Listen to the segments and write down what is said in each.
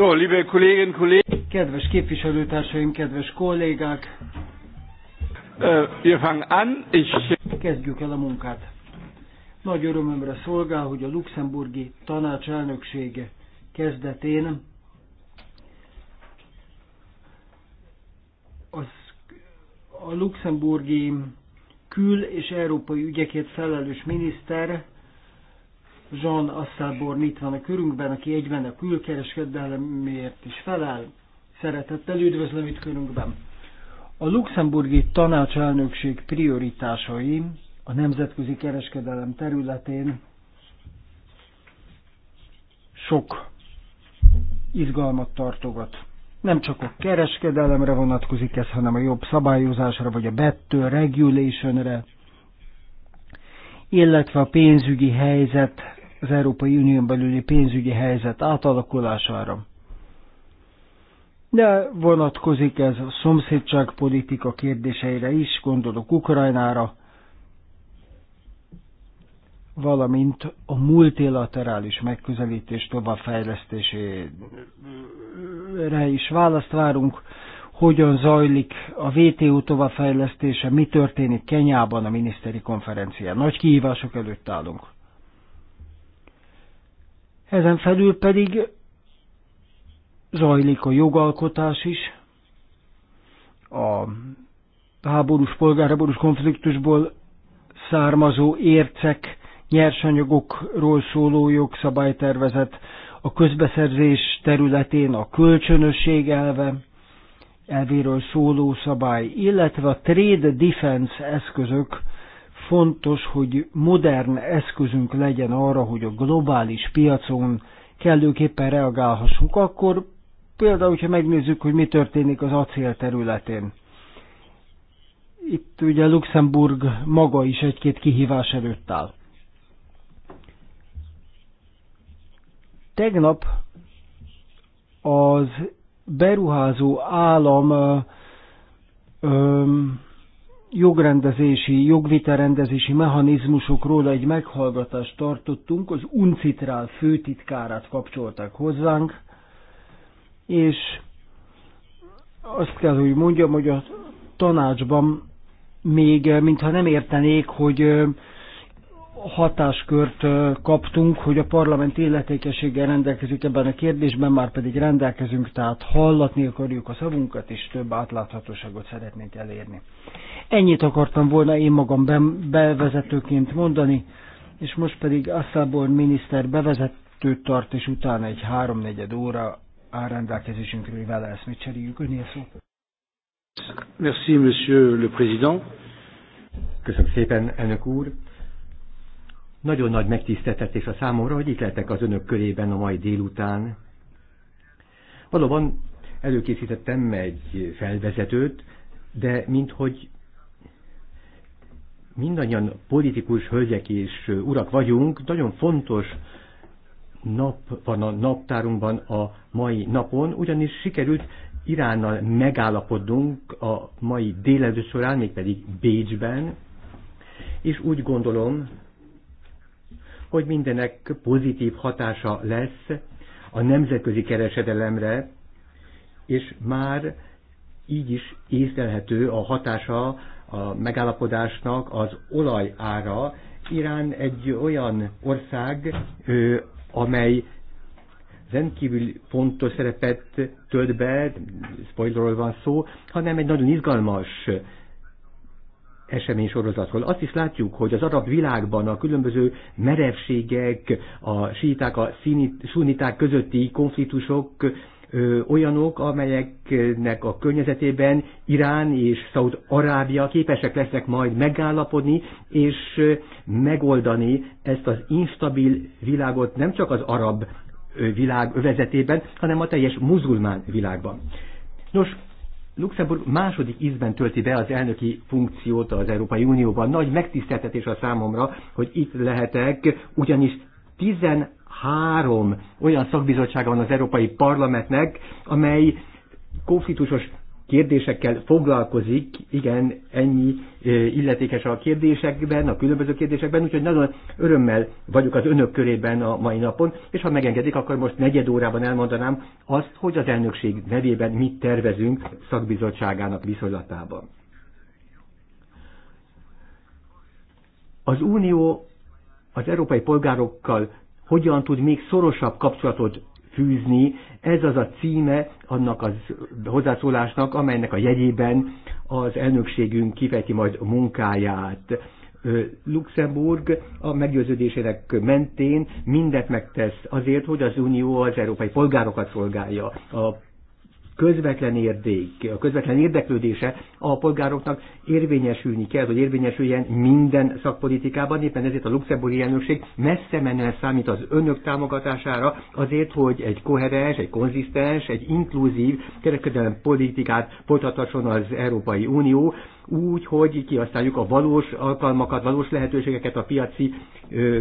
So, liebe Kolleginnen, Kollegen. Kedves képviselőtársaim, kedves kollégák. Uh, wir fangen an. Ich... Kezdjük el a munkát. Nagy örömömre szolgál, hogy a luxemburgi tanácselnöksége kezdetén az, a luxemburgi kül- és európai ügyekért felelős miniszter Jean Asselborn itt van a körünkben, aki egyben a külkereskedelemért is felel. Szeretettel üdvözlöm itt körünkben. A luxemburgi tanácselnökség prioritásai a nemzetközi kereskedelem területén sok izgalmat tartogat. Nem csak a kereskedelemre vonatkozik ez, hanem a jobb szabályozásra, vagy a better regulationre, illetve a pénzügyi helyzet az Európai Unión belüli pénzügyi helyzet átalakulására. De vonatkozik ez a politika kérdéseire is, gondolok Ukrajnára, valamint a multilaterális megközelítés továbbfejlesztésére is választ várunk, hogyan zajlik a WTO továbbfejlesztése, mi történik Kenyában a miniszteri konferencián. Nagy kihívások előtt állunk. Ezen felül pedig zajlik a jogalkotás is, a háborús, polgárháborús konfliktusból származó ércek, nyersanyagokról szóló jogszabálytervezet, a közbeszerzés területén a kölcsönösség elve, elvéről szóló szabály, illetve a trade defense eszközök fontos, hogy modern eszközünk legyen arra, hogy a globális piacon kellőképpen reagálhassunk. Akkor például, hogyha megnézzük, hogy mi történik az acél területén. Itt ugye Luxemburg maga is egy-két kihívás előtt áll. Tegnap az beruházó állam ö, ö, jogrendezési, jogvitarendezési mechanizmusokról egy meghallgatást tartottunk, az UNCITRÁL főtitkárát kapcsolták hozzánk, és azt kell, hogy mondjam, hogy a tanácsban még, mintha nem értenék, hogy hatáskört kaptunk, hogy a parlament életékességgel rendelkezik ebben a kérdésben, már pedig rendelkezünk, tehát hallatni akarjuk a szavunkat, és több átláthatóságot szeretnénk elérni. Ennyit akartam volna én magam bevezetőként mondani, és most pedig Asszábor miniszter bevezetőt tart, és utána egy háromnegyed óra áll rendelkezésünkre, hogy vele ezt mit cseréljük. Önél szó. Merci, monsieur le président. Köszönöm szépen, elnök úr. Nagyon nagy megtiszteltetés a számomra, hogy itt lehetek az önök körében a mai délután. Valóban előkészítettem egy felvezetőt, de minthogy mindannyian politikus hölgyek és urak vagyunk, nagyon fontos nap van a naptárunkban a mai napon, ugyanis sikerült Iránnal megállapodnunk a mai délelőtt során, mégpedig Bécsben, és úgy gondolom, hogy mindenek pozitív hatása lesz a nemzetközi kereskedelemre, és már így is észlelhető a hatása a megállapodásnak az olajára. Irán egy olyan ország, amely rendkívül fontos szerepet tölt be, spoilerról van szó, hanem egy nagyon izgalmas sorozatról. Azt is látjuk, hogy az arab világban a különböző merevségek, a síták, a szuniták közötti konfliktusok ö, olyanok, amelyeknek a környezetében Irán és Szaud-Arábia képesek lesznek majd megállapodni és megoldani ezt az instabil világot nem csak az arab világ övezetében, hanem a teljes muzulmán világban. Nos, Luxemburg második ízben tölti be az elnöki funkciót az Európai Unióban. Nagy megtiszteltetés a számomra, hogy itt lehetek, ugyanis 13 olyan szakbizottsága van az Európai Parlamentnek, amely konfliktusos kérdésekkel foglalkozik, igen, ennyi illetékes a kérdésekben, a különböző kérdésekben, úgyhogy nagyon örömmel vagyok az önök körében a mai napon, és ha megengedik, akkor most negyed órában elmondanám azt, hogy az elnökség nevében mit tervezünk szakbizottságának viszonylatában. Az Unió az európai polgárokkal hogyan tud még szorosabb kapcsolatot fűzni. Ez az a címe annak az hozzászólásnak, amelynek a jegyében az elnökségünk kifejti majd munkáját. Luxemburg a meggyőződésének mentén mindent megtesz azért, hogy az Unió az európai polgárokat szolgálja, a közvetlen érdék, a közvetlen érdeklődése a polgároknak érvényesülni kell, hogy érvényesüljen minden szakpolitikában. Éppen ezért a luxemburgi elnökség messze menően számít az önök támogatására azért, hogy egy koherens, egy konzisztens, egy inkluzív kereskedelmi politikát folytathasson az Európai Unió, úgy, hogy kihasználjuk a valós alkalmakat, valós lehetőségeket a piaci ö,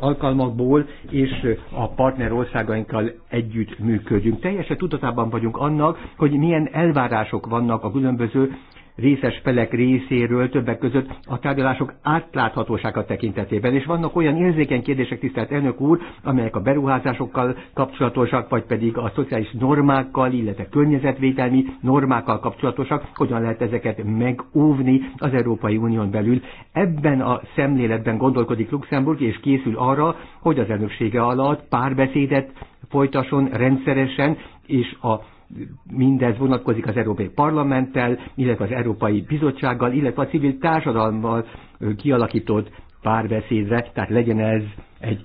alkalmakból, és a partner országainkkal együtt működjünk. Teljesen tudatában vagyunk annak, hogy milyen elvárások vannak a különböző részes felek részéről többek között a tárgyalások átláthatósága tekintetében. És vannak olyan érzékeny kérdések, tisztelt elnök úr, amelyek a beruházásokkal kapcsolatosak, vagy pedig a szociális normákkal, illetve környezetvédelmi normákkal kapcsolatosak, hogyan lehet ezeket megóvni az Európai Unión belül. Ebben a szemléletben gondolkodik Luxemburg, és készül arra, hogy az elnöksége alatt párbeszédet folytasson rendszeresen, és a mindez vonatkozik az Európai Parlamenttel, illetve az Európai Bizottsággal, illetve a civil társadalommal kialakított párbeszédre, tehát legyen ez egy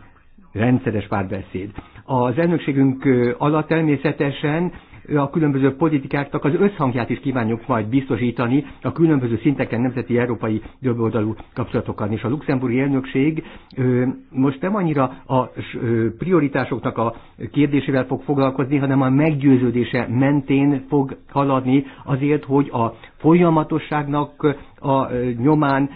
rendszeres párbeszéd. Az elnökségünk alatt természetesen a különböző politikáknak az összhangját is kívánjuk majd biztosítani a különböző szinteken nemzeti európai jobboldalú kapcsolatokkal. És a luxemburgi elnökség most nem annyira a prioritásoknak a kérdésével fog foglalkozni, hanem a meggyőződése mentén fog haladni azért, hogy a folyamatosságnak a nyomán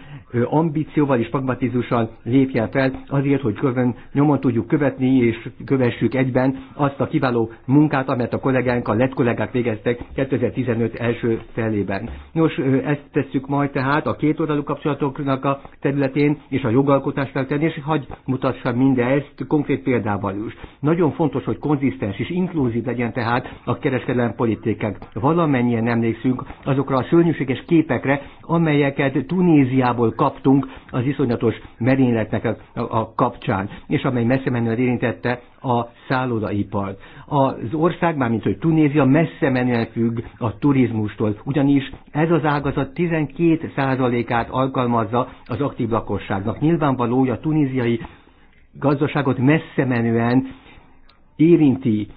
ambícióval és pragmatizussal lépjen fel azért, hogy köven, nyomon tudjuk követni és kövessük egyben azt a kiváló munkát, amelyet a kollégánk, a lett kollégák végeztek 2015 első felében. Nos, ezt tesszük majd tehát a két oldalú kapcsolatoknak a területén és a jogalkotás területén, és hagy mutassa mindezt konkrét példával is. Nagyon fontos, hogy konzisztens és inkluzív legyen tehát a kereskedelem politikák. Valamennyien emlékszünk azokra a szörnyűséges képekre, amelyeket Tunéziából kaptunk az iszonyatos merényletnek a, a, a kapcsán, és amely messze menően érintette a szállodaipart. Az ország, mármint hogy Tunézia messze menően függ a turizmustól, ugyanis ez az ágazat 12%-át alkalmazza az aktív lakosságnak. Nyilvánvaló, hogy a tunéziai gazdaságot messze menően érinti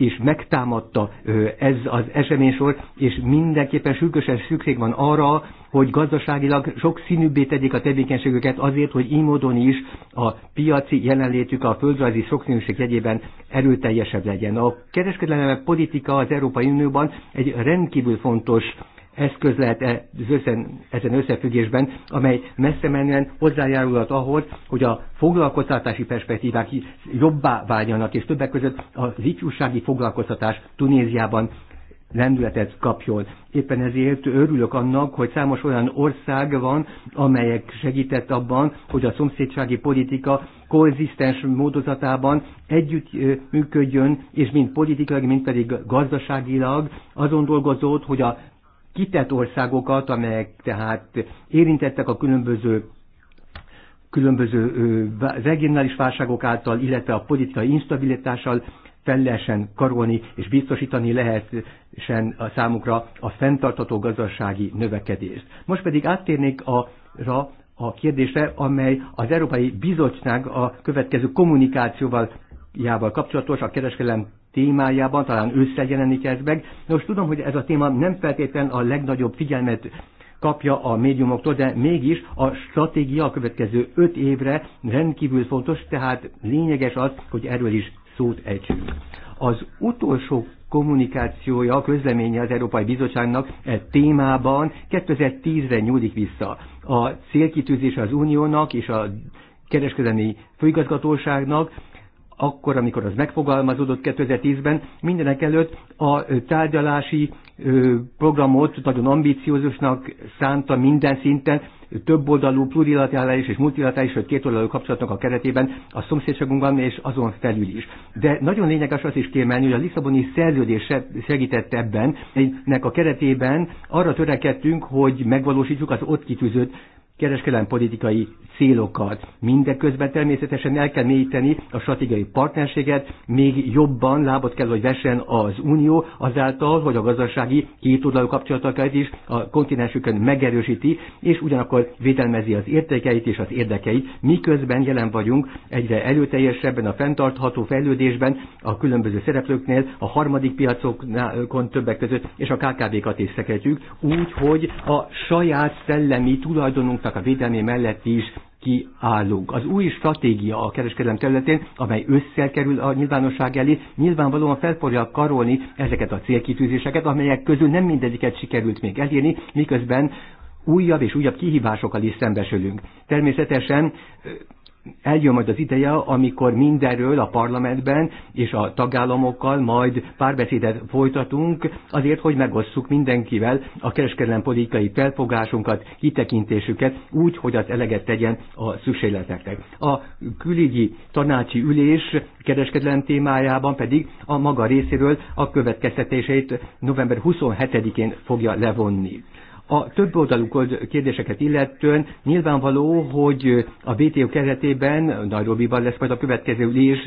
és megtámadta ez az eseménysor, és mindenképpen sürgősen szükség van arra, hogy gazdaságilag sok színűbbé tegyék a tevékenységüket azért, hogy így módon is a piaci jelenlétük a földrajzi sokszínűség jegyében erőteljesebb legyen. A kereskedelem politika az Európai Unióban egy rendkívül fontos eszköz lehet -e ezen összefüggésben, amely messze menően hozzájárulhat ahhoz, hogy a foglalkoztatási perspektívák jobbá váljanak, és többek között az ifjúsági foglalkoztatás Tunéziában lendületet kapjon. Éppen ezért örülök annak, hogy számos olyan ország van, amelyek segített abban, hogy a szomszédsági politika konzisztens módozatában együtt működjön, és mind politikailag, mind pedig gazdaságilag azon dolgozott, hogy a kitett országokat, amelyek tehát érintettek a különböző különböző regionális válságok által, illetve a politikai instabilitással fel lehessen karolni és biztosítani lehessen a számukra a fenntartató gazdasági növekedést. Most pedig áttérnék arra a kérdésre, amely az Európai Bizottság a következő kommunikációval jával kapcsolatos a kereskedelem témájában, talán ősszel jelenik ez meg. Most tudom, hogy ez a téma nem feltétlen a legnagyobb figyelmet kapja a médiumoktól, de mégis a stratégia a következő öt évre rendkívül fontos, tehát lényeges az, hogy erről is szót ejtsünk. Az utolsó kommunikációja, közleménye az Európai Bizottságnak e témában 2010-re nyúlik vissza. A célkitűzés az Uniónak és a kereskedelmi főigazgatóságnak akkor, amikor az megfogalmazódott 2010-ben, mindenek előtt a tárgyalási programot nagyon ambiciózusnak szánta minden szinten, több oldalú, plurilaterális és multilaterális, vagy kétoldalú kapcsolatnak a keretében a szomszédságunkban és azon felül is. De nagyon lényeges az is kiemelni, hogy a Lisszaboni szerződés segített ebben, ennek a keretében arra törekedtünk, hogy megvalósítsuk az ott kitűzött kereskedelmi politikai célokat. Mindeközben természetesen el kell mélyíteni a stratégiai partnerséget, még jobban lábat kell, hogy vessen az Unió, azáltal, hogy a gazdasági kétoldalú kapcsolatokat is a kontinensükön megerősíti, és ugyanakkor védelmezi az értékeit és az érdekeit, miközben jelen vagyunk egyre előteljesebben a fenntartható fejlődésben, a különböző szereplőknél, a harmadik piacokon többek között, és a KKV-kat is szeketjük, úgy, hogy a saját szellemi tulajdonunknak piacnak a védelmé mellett is kiállunk. Az új stratégia a kereskedelem területén, amely ősszel kerül a nyilvánosság elé, nyilvánvalóan fel fogja karolni ezeket a célkitűzéseket, amelyek közül nem mindegyiket sikerült még elérni, miközben újabb és újabb kihívásokkal is szembesülünk. Természetesen eljön majd az ideje, amikor mindenről a parlamentben és a tagállamokkal majd párbeszédet folytatunk, azért, hogy megosszuk mindenkivel a kereskedelem politikai felfogásunkat, kitekintésüket, úgy, hogy az eleget tegyen a szükségleteknek. A külügyi tanácsi ülés kereskedelem témájában pedig a maga részéről a következtetéseit november 27-én fogja levonni. A több oldalú kérdéseket illetően nyilvánvaló, hogy a BTO keretében Nairobiban lesz majd a következő ülés,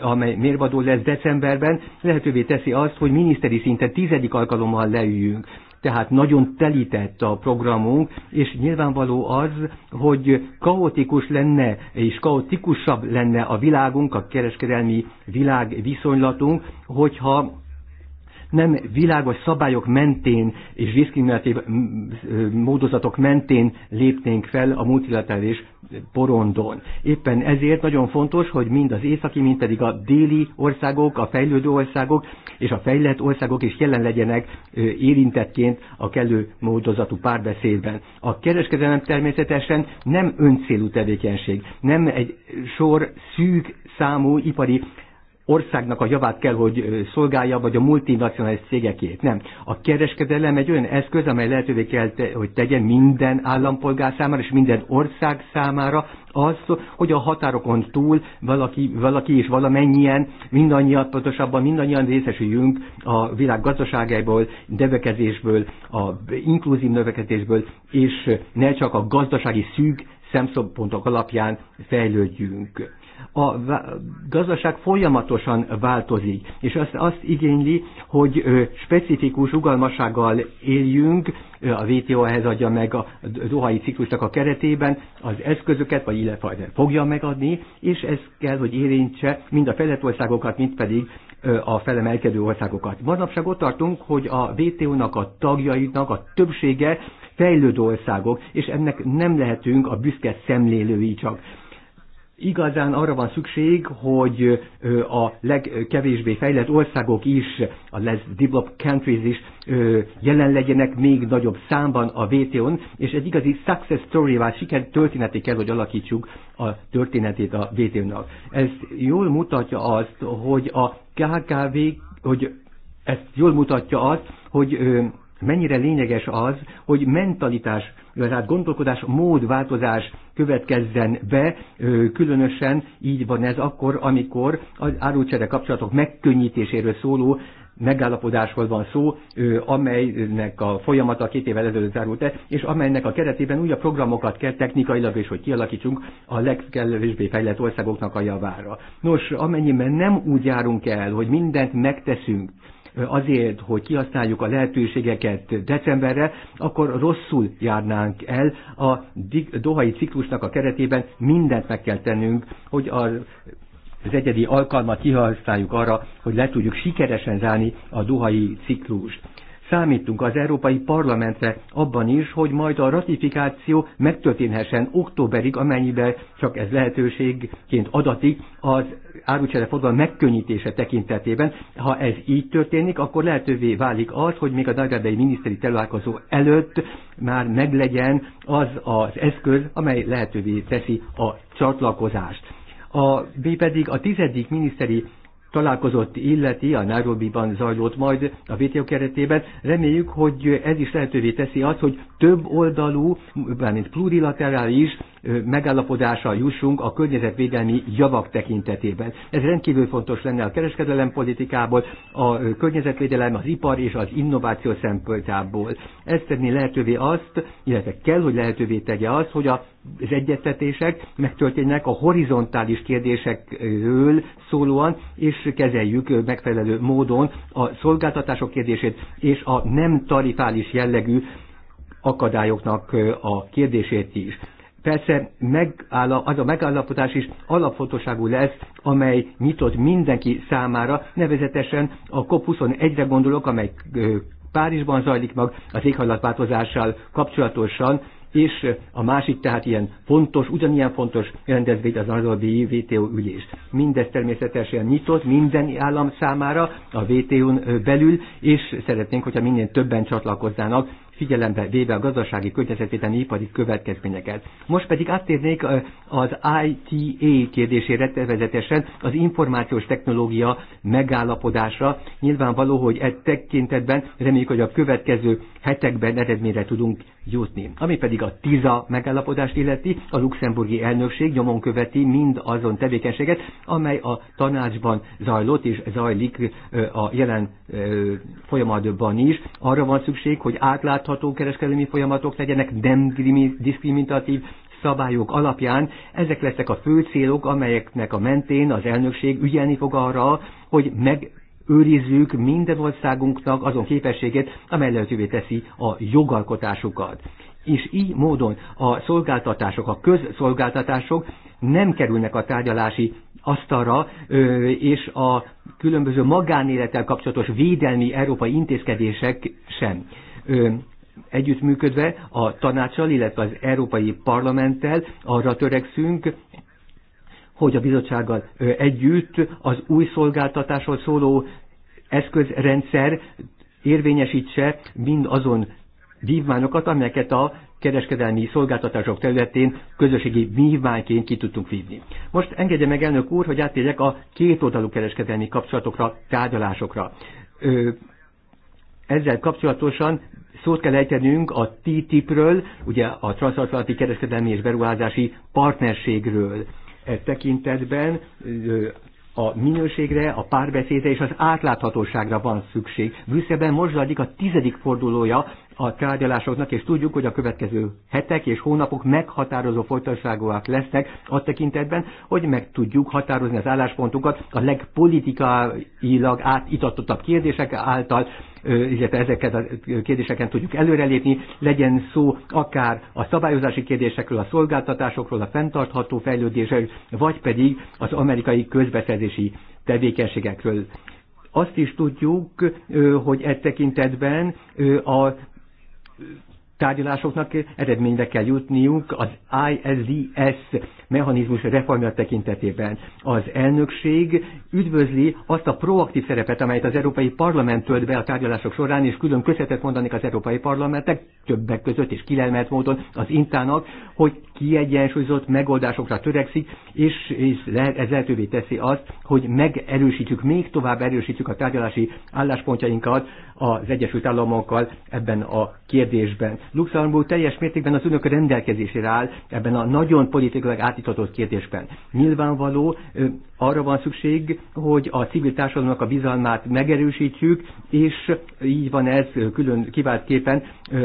amely mérvadó lesz decemberben, lehetővé teszi azt, hogy miniszteri szinten tizedik alkalommal leüljünk tehát nagyon telített a programunk, és nyilvánvaló az, hogy kaotikus lenne, és kaotikusabb lenne a világunk, a kereskedelmi világ viszonylatunk, hogyha nem világos szabályok mentén és diszkriminatív módozatok mentén lépnénk fel a multilaterális porondon. Éppen ezért nagyon fontos, hogy mind az északi, mind pedig a déli országok, a fejlődő országok és a fejlett országok is jelen legyenek érintettként a kellő módozatú párbeszédben. A kereskedelem természetesen nem öncélú tevékenység, nem egy sor szűk számú ipari országnak a javát kell, hogy szolgálja, vagy a multinacionális cégekét. Nem. A kereskedelem egy olyan eszköz, amely lehetővé kell, hogy tegyen minden állampolgár számára és minden ország számára az, hogy a határokon túl valaki, valaki és valamennyien, mindannyian, pontosabban mindannyian részesüljünk a világ gazdaságából, növekedésből, a inkluzív növekedésből, és ne csak a gazdasági szűk szemszompontok alapján fejlődjünk. A gazdaság folyamatosan változik, és azt, azt igényli, hogy specifikus rugalmassággal éljünk, a WTO ehhez adja meg a dohai ciklusnak a keretében az eszközöket, vagy illetve fogja megadni, és ez kell, hogy érintse mind a fejlett országokat, mind pedig a felemelkedő országokat. Manapság ott tartunk, hogy a WTO-nak a tagjainak a többsége fejlődő országok, és ennek nem lehetünk a büszke szemlélői csak igazán arra van szükség, hogy a legkevésbé fejlett országok is, a less developed countries is jelen legyenek még nagyobb számban a WTO-n, és egy igazi success story vál siker történeté kell, hogy alakítsuk a történetét a WTO-nak. Ez jól mutatja azt, hogy a KKV, hogy ezt jól mutatja azt, hogy mennyire lényeges az, hogy mentalitás, tehát gondolkodás, módváltozás következzen be, különösen így van ez akkor, amikor az árucsere kapcsolatok megkönnyítéséről szóló megállapodásról van szó, amelynek a folyamata két évvel ezelőtt zárult el, és amelynek a keretében újabb programokat kell technikailag és hogy kialakítsunk a legkevésbé fejlett országoknak a javára. Nos, amennyiben nem úgy járunk el, hogy mindent megteszünk, azért, hogy kihasználjuk a lehetőségeket decemberre, akkor rosszul járnánk el. A dohai ciklusnak a keretében mindent meg kell tennünk, hogy a az egyedi alkalmat kihasználjuk arra, hogy le tudjuk sikeresen zárni a duhai ciklust. Számítunk az Európai Parlamentre abban is, hogy majd a ratifikáció megtörténhessen októberig, amennyiben csak ez lehetőségként adatik az árucsereforgalom megkönnyítése tekintetében. Ha ez így történik, akkor lehetővé válik az, hogy még a Dagradai miniszteri találkozó előtt már meglegyen az az eszköz, amely lehetővé teszi a csatlakozást. A B pedig a tizedik miniszteri találkozott illeti a Nairobi-ban zajlott majd a VTO keretében. Reméljük, hogy ez is lehetővé teszi azt, hogy több oldalú, mármint plurilaterális megállapodásra jussunk a környezetvédelmi javak tekintetében. Ez rendkívül fontos lenne a kereskedelem politikából, a környezetvédelem, az ipar és az innováció szempontjából. Ez tenni lehetővé azt, illetve kell, hogy lehetővé tegye azt, hogy a az egyeztetések megtörténnek a horizontális kérdésekről szólóan, és kezeljük megfelelő módon a szolgáltatások kérdését és a nem tarifális jellegű akadályoknak a kérdését is. Persze megáll, az a megállapodás is alapfontosságú lesz, amely nyitott mindenki számára, nevezetesen a cop 21 egyre gondolok, amely Párizsban zajlik meg az éghajlatváltozással kapcsolatosan, és a másik tehát ilyen fontos, ugyanilyen fontos rendezvény az Nairobi VTO ülés. Mindez természetesen nyitott minden állam számára a VTO-n belül, és szeretnénk, hogyha minél többen csatlakoznának figyelembe véve a gazdasági környezetvédelmi ipari következményeket. Most pedig áttérnék az ITA e kérdésére tervezetesen az információs technológia megállapodásra. Nyilvánvaló, hogy egy tekintetben reméljük, hogy a következő hetekben eredményre tudunk jutni. Ami pedig a TISA megállapodást illeti, a luxemburgi elnökség nyomon követi mind azon tevékenységet, amely a tanácsban zajlott és zajlik a jelen folyamatban is. Arra van szükség, hogy átlátható fenntartható kereskedelmi folyamatok legyenek, nem diszkriminatív szabályok alapján. Ezek lesznek a fő célok, amelyeknek a mentén az elnökség ügyelni fog arra, hogy meg őrizzük minden országunknak azon képességét, amely lehetővé teszi a jogalkotásukat. És így módon a szolgáltatások, a közszolgáltatások nem kerülnek a tárgyalási asztalra, és a különböző magánélettel kapcsolatos védelmi európai intézkedések sem együttműködve a tanácssal, illetve az Európai Parlamenttel arra törekszünk, hogy a bizottsággal együtt az új szolgáltatásról szóló eszközrendszer érvényesítse mind azon vívmányokat, amelyeket a kereskedelmi szolgáltatások területén közösségi vívmányként ki tudtunk vívni. Most engedje meg, elnök úr, hogy áttérjek a két oldalú kereskedelmi kapcsolatokra, tárgyalásokra. ezzel kapcsolatosan szót kell ejtenünk a TTIP-ről, ugye a Transatlanti Kereskedelmi és Beruházási Partnerségről. E tekintetben a minőségre, a párbeszédre és az átláthatóságra van szükség. Brüsszelben most zajlik a tizedik fordulója a tárgyalásoknak, és tudjuk, hogy a következő hetek és hónapok meghatározó folytasságúak lesznek a tekintetben, hogy meg tudjuk határozni az álláspontokat a legpolitikailag átitatottabb kérdések által, illetve ezeket a kérdéseken tudjuk előrelépni, legyen szó akár a szabályozási kérdésekről, a szolgáltatásokról, a fenntartható fejlődésről, vagy pedig az amerikai közbeszerzési tevékenységekről. Azt is tudjuk, hogy e tekintetben a tárgyalásoknak eredményre kell jutniuk az ISDS mechanizmus reformja tekintetében. Az elnökség üdvözli azt a proaktív szerepet, amelyet az Európai Parlament tölt be a tárgyalások során, és külön köszönetet mondanék az Európai Parlamentnek, többek között és kilelmet módon az Intának, hogy kiegyensúlyozott megoldásokra törekszik, és ez lehetővé teszi azt, hogy megerősítjük, még tovább erősítjük a tárgyalási álláspontjainkat az Egyesült Államokkal ebben a kérdésben. Luxemburg teljes mértékben az önök rendelkezésére áll ebben a nagyon politikailag átítatott kérdésben. Nyilvánvaló arra van szükség, hogy a civil társadalomnak a bizalmát megerősítjük, és így van ez külön kiváltképpen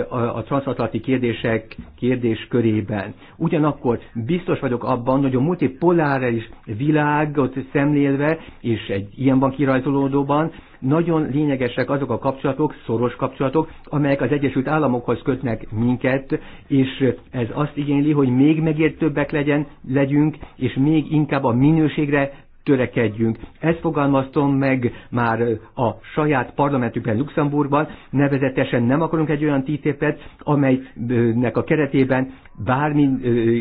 a transatlanti kérdések kérdés körében. Ugyanakkor biztos vagyok abban, hogy a multipoláris világot szemlélve, és egy ilyen van kirajzolódóban, nagyon lényegesek azok a kapcsolatok, szoros kapcsolatok, amelyek az Egyesült Államokhoz kötnek minket, és ez azt igényli, hogy még megértőbbek legyen, legyünk, és még inkább a minőségre törekedjünk. Ezt fogalmaztam meg már a saját parlamentükben Luxemburgban, nevezetesen nem akarunk egy olyan TTIP-et, amelynek a keretében bármi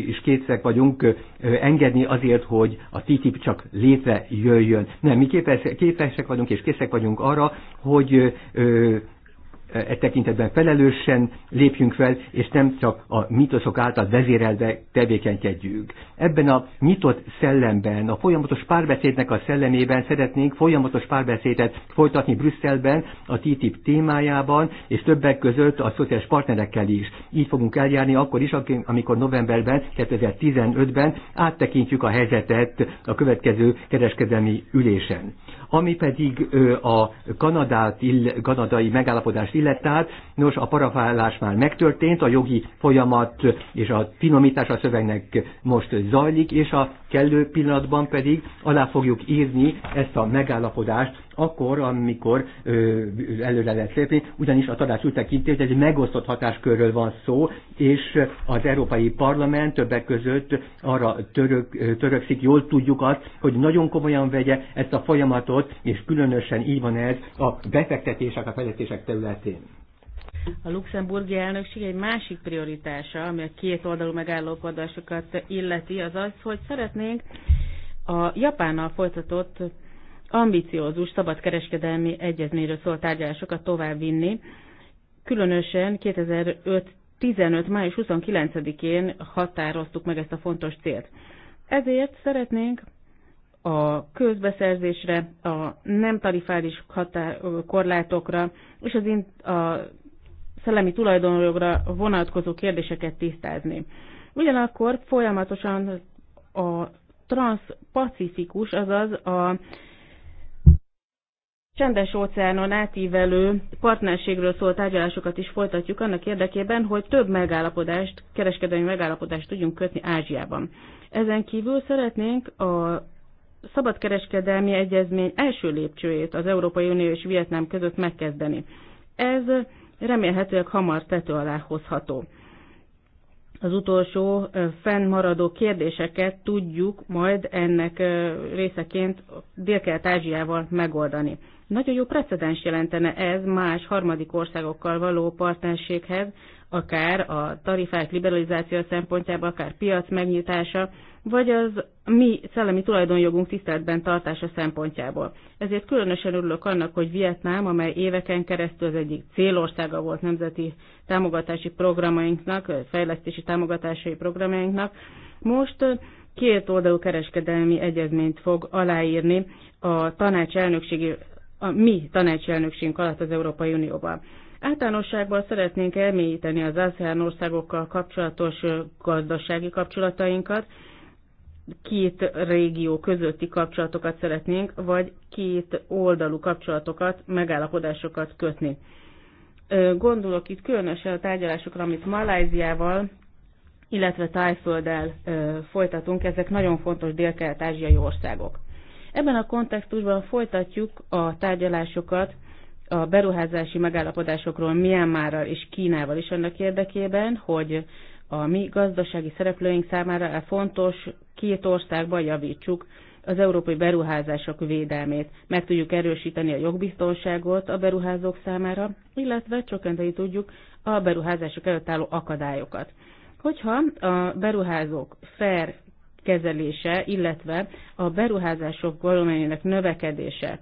is kétszek vagyunk engedni azért, hogy a TTIP csak létrejöjjön. Nem, mi képesek vagyunk és készek vagyunk arra, hogy E, e tekintetben felelősen lépjünk fel, és nem csak a mitoszok által vezérelve tevékenykedjünk. Ebben a nyitott szellemben, a folyamatos párbeszédnek a szellemében szeretnénk folyamatos párbeszédet folytatni Brüsszelben, a TTIP témájában, és többek között a szociális partnerekkel is. Így fogunk eljárni akkor is, amikor novemberben, 2015-ben áttekintjük a helyzetet a következő kereskedelmi ülésen. Ami pedig a Kanadát, ill, kanadai megállapodást illeti, illet át. Nos, a parafálás már megtörtént, a jogi folyamat és a finomítás a szövegnek most zajlik, és a kellő pillanatban pedig alá fogjuk írni ezt a megállapodást akkor, amikor ö, előre lehet lépni, ugyanis a tanács úgy tekinti, hogy egy megosztott hatáskörről van szó, és az Európai Parlament többek között arra török, törökszik, jól tudjuk azt, hogy nagyon komolyan vegye ezt a folyamatot, és különösen így van ez a befektetések, a fejlesztések területén. A luxemburgi elnökség egy másik prioritása, ami a két oldalú megállapodásokat illeti, az az, hogy szeretnénk a Japánnal folytatott ambiciózus szabadkereskedelmi egyezményről szól tárgyalásokat továbbvinni, különösen 2005 15. május 29-én határoztuk meg ezt a fontos célt. Ezért szeretnénk a közbeszerzésre, a nem tarifális korlátokra és az in, a szellemi tulajdonjogra vonatkozó kérdéseket tisztázni. Ugyanakkor folyamatosan a transpacifikus, azaz a csendes óceánon átívelő partnerségről szóló tárgyalásokat is folytatjuk annak érdekében, hogy több megállapodást, kereskedelmi megállapodást tudjunk kötni Ázsiában. Ezen kívül szeretnénk a szabadkereskedelmi egyezmény első lépcsőjét az Európai Unió és Vietnám között megkezdeni. Ez remélhetőleg hamar tető alá hozható. Az utolsó fennmaradó kérdéseket tudjuk majd ennek részeként Dél-Kelet-Ázsiával megoldani. Nagyon jó precedens jelentene ez más harmadik országokkal való partnerséghez, akár a tarifák liberalizáció szempontjából, akár piac megnyitása, vagy az mi szellemi tulajdonjogunk tiszteletben tartása szempontjából. Ezért különösen örülök annak, hogy Vietnám, amely éveken keresztül az egyik célországa volt nemzeti támogatási programainknak, fejlesztési támogatási programainknak, most két oldalú kereskedelmi egyezményt fog aláírni a tanács elnökségi a mi tanácselnökségünk alatt az Európai Unióban. Általánosságban szeretnénk elmélyíteni az ASEAN országokkal kapcsolatos gazdasági kapcsolatainkat, két régió közötti kapcsolatokat szeretnénk, vagy két oldalú kapcsolatokat, megállapodásokat kötni. Gondolok itt különösen a tárgyalásokra, amit Malajziával, illetve Tájfölddel folytatunk, ezek nagyon fontos dél-kelet-ázsiai országok. Ebben a kontextusban folytatjuk a tárgyalásokat a beruházási megállapodásokról Myanmarral és Kínával is annak érdekében, hogy a mi gazdasági szereplőink számára a e fontos két országban javítsuk az európai beruházások védelmét. Meg tudjuk erősíteni a jogbiztonságot a beruházók számára, illetve csökkenteni tudjuk a beruházások előtt álló akadályokat. Hogyha a beruházók fair kezelése, illetve a beruházások volumenének növekedése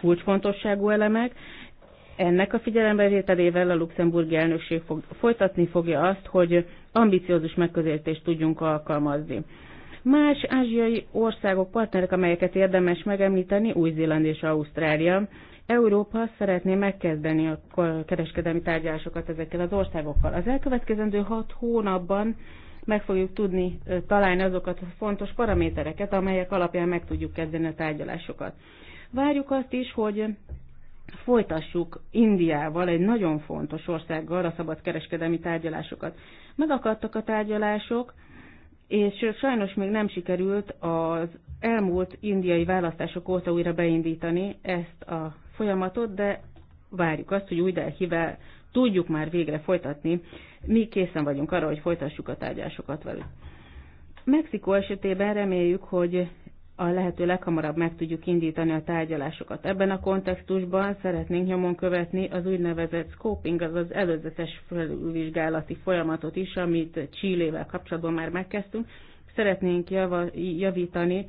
kulcsfontosságú elemek. Ennek a figyelembevételével a luxemburgi elnökség fog, folytatni fogja azt, hogy ambiciózus megközelítést tudjunk alkalmazni. Más ázsiai országok partnerek, amelyeket érdemes megemlíteni, Új-Zéland és Ausztrália. Európa szeretné megkezdeni a kereskedelmi tárgyalásokat ezekkel az országokkal. Az elkövetkezendő hat hónapban meg fogjuk tudni találni azokat a fontos paramétereket, amelyek alapján meg tudjuk kezdeni a tárgyalásokat. Várjuk azt is, hogy folytassuk Indiával, egy nagyon fontos országgal a kereskedelmi tárgyalásokat. Megakadtak a tárgyalások, és sajnos még nem sikerült az elmúlt indiai választások óta újra beindítani ezt a folyamatot, de várjuk azt, hogy újra tudjuk már végre folytatni, mi készen vagyunk arra, hogy folytassuk a tárgyásokat velük. Mexikó esetében reméljük, hogy a lehető leghamarabb meg tudjuk indítani a tárgyalásokat. Ebben a kontextusban szeretnénk nyomon követni az úgynevezett scoping, azaz előzetes felülvizsgálati folyamatot is, amit Csillével kapcsolatban már megkezdtünk. Szeretnénk java, javítani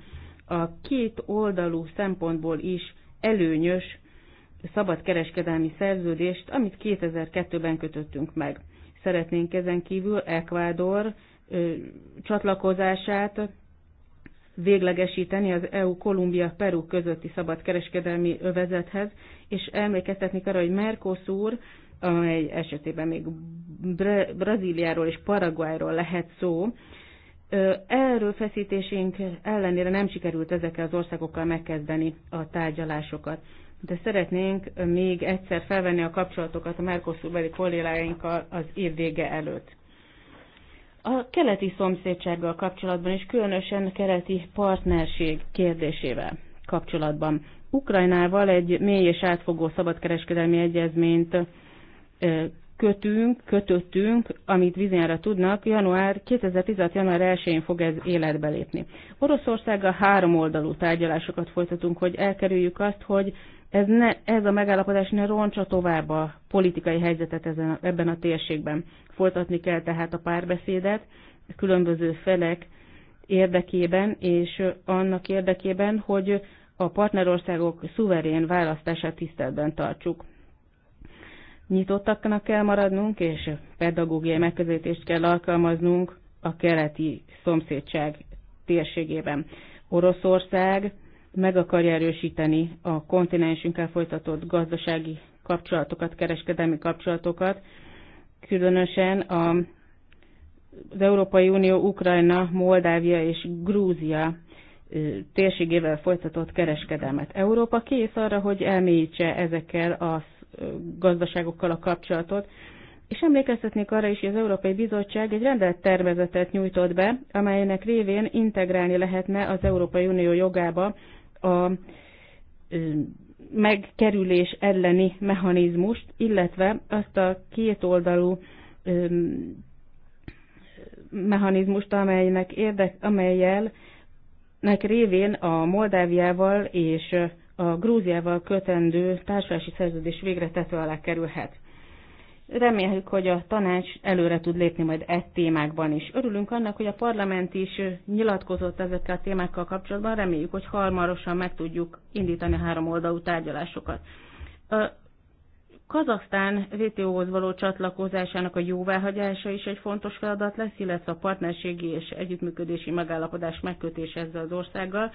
a két oldalú szempontból is előnyös szabadkereskedelmi szerződést, amit 2002-ben kötöttünk meg. Szeretnénk ezen kívül Ecuador csatlakozását véglegesíteni az EU-Kolumbia-Peru közötti szabadkereskedelmi övezethez, és emlékeztetni arra, hogy Mercosur, amely esetében még Bra- Brazíliáról és Paraguayról lehet szó, feszítésénk ellenére nem sikerült ezekkel az országokkal megkezdeni a tárgyalásokat de szeretnénk még egyszer felvenni a kapcsolatokat a Mercosur-beli kollégáinkkal az év vége előtt. A keleti szomszédsággal kapcsolatban és különösen keleti partnerség kérdésével kapcsolatban. Ukrajnával egy mély és átfogó szabadkereskedelmi egyezményt kötünk, kötöttünk, amit vizénre tudnak, január 2016. január 1-én fog ez életbe lépni. Oroszországgal három oldalú tárgyalásokat folytatunk, hogy elkerüljük azt, hogy ez, ne, ez a megállapodás ne roncsa tovább a politikai helyzetet ezen, ebben a térségben. Folytatni kell tehát a párbeszédet különböző felek érdekében, és annak érdekében, hogy a partnerországok szuverén választását tiszteletben tartsuk. Nyitottaknak kell maradnunk, és pedagógiai megközelítést kell alkalmaznunk a keleti szomszédság térségében. Oroszország meg akarja erősíteni a kontinensünkkel folytatott gazdasági kapcsolatokat, kereskedelmi kapcsolatokat, különösen a, az Európai Unió, Ukrajna, Moldávia és Grúzia térségével folytatott kereskedelmet. Európa kész arra, hogy elmélyítse ezekkel a gazdaságokkal a kapcsolatot, és emlékeztetnék arra is, hogy az Európai Bizottság egy rendelt tervezetet nyújtott be, amelynek révén integrálni lehetne az Európai Unió jogába a megkerülés elleni mechanizmust, illetve azt a kétoldalú mechanizmust, amelynek érdek, amelyel nek révén a Moldáviával és a Grúziával kötendő társulási szerződés végre tető alá kerülhet. Reméljük, hogy a tanács előre tud lépni majd e témákban is. Örülünk annak, hogy a parlament is nyilatkozott ezekkel a témákkal kapcsolatban, reméljük, hogy hamarosan meg tudjuk indítani a három oldalú tárgyalásokat. A Kazaksztán WTO-hoz való csatlakozásának a jóváhagyása is egy fontos feladat lesz, illetve a partnerségi és együttműködési megállapodás megkötése ezzel az országgal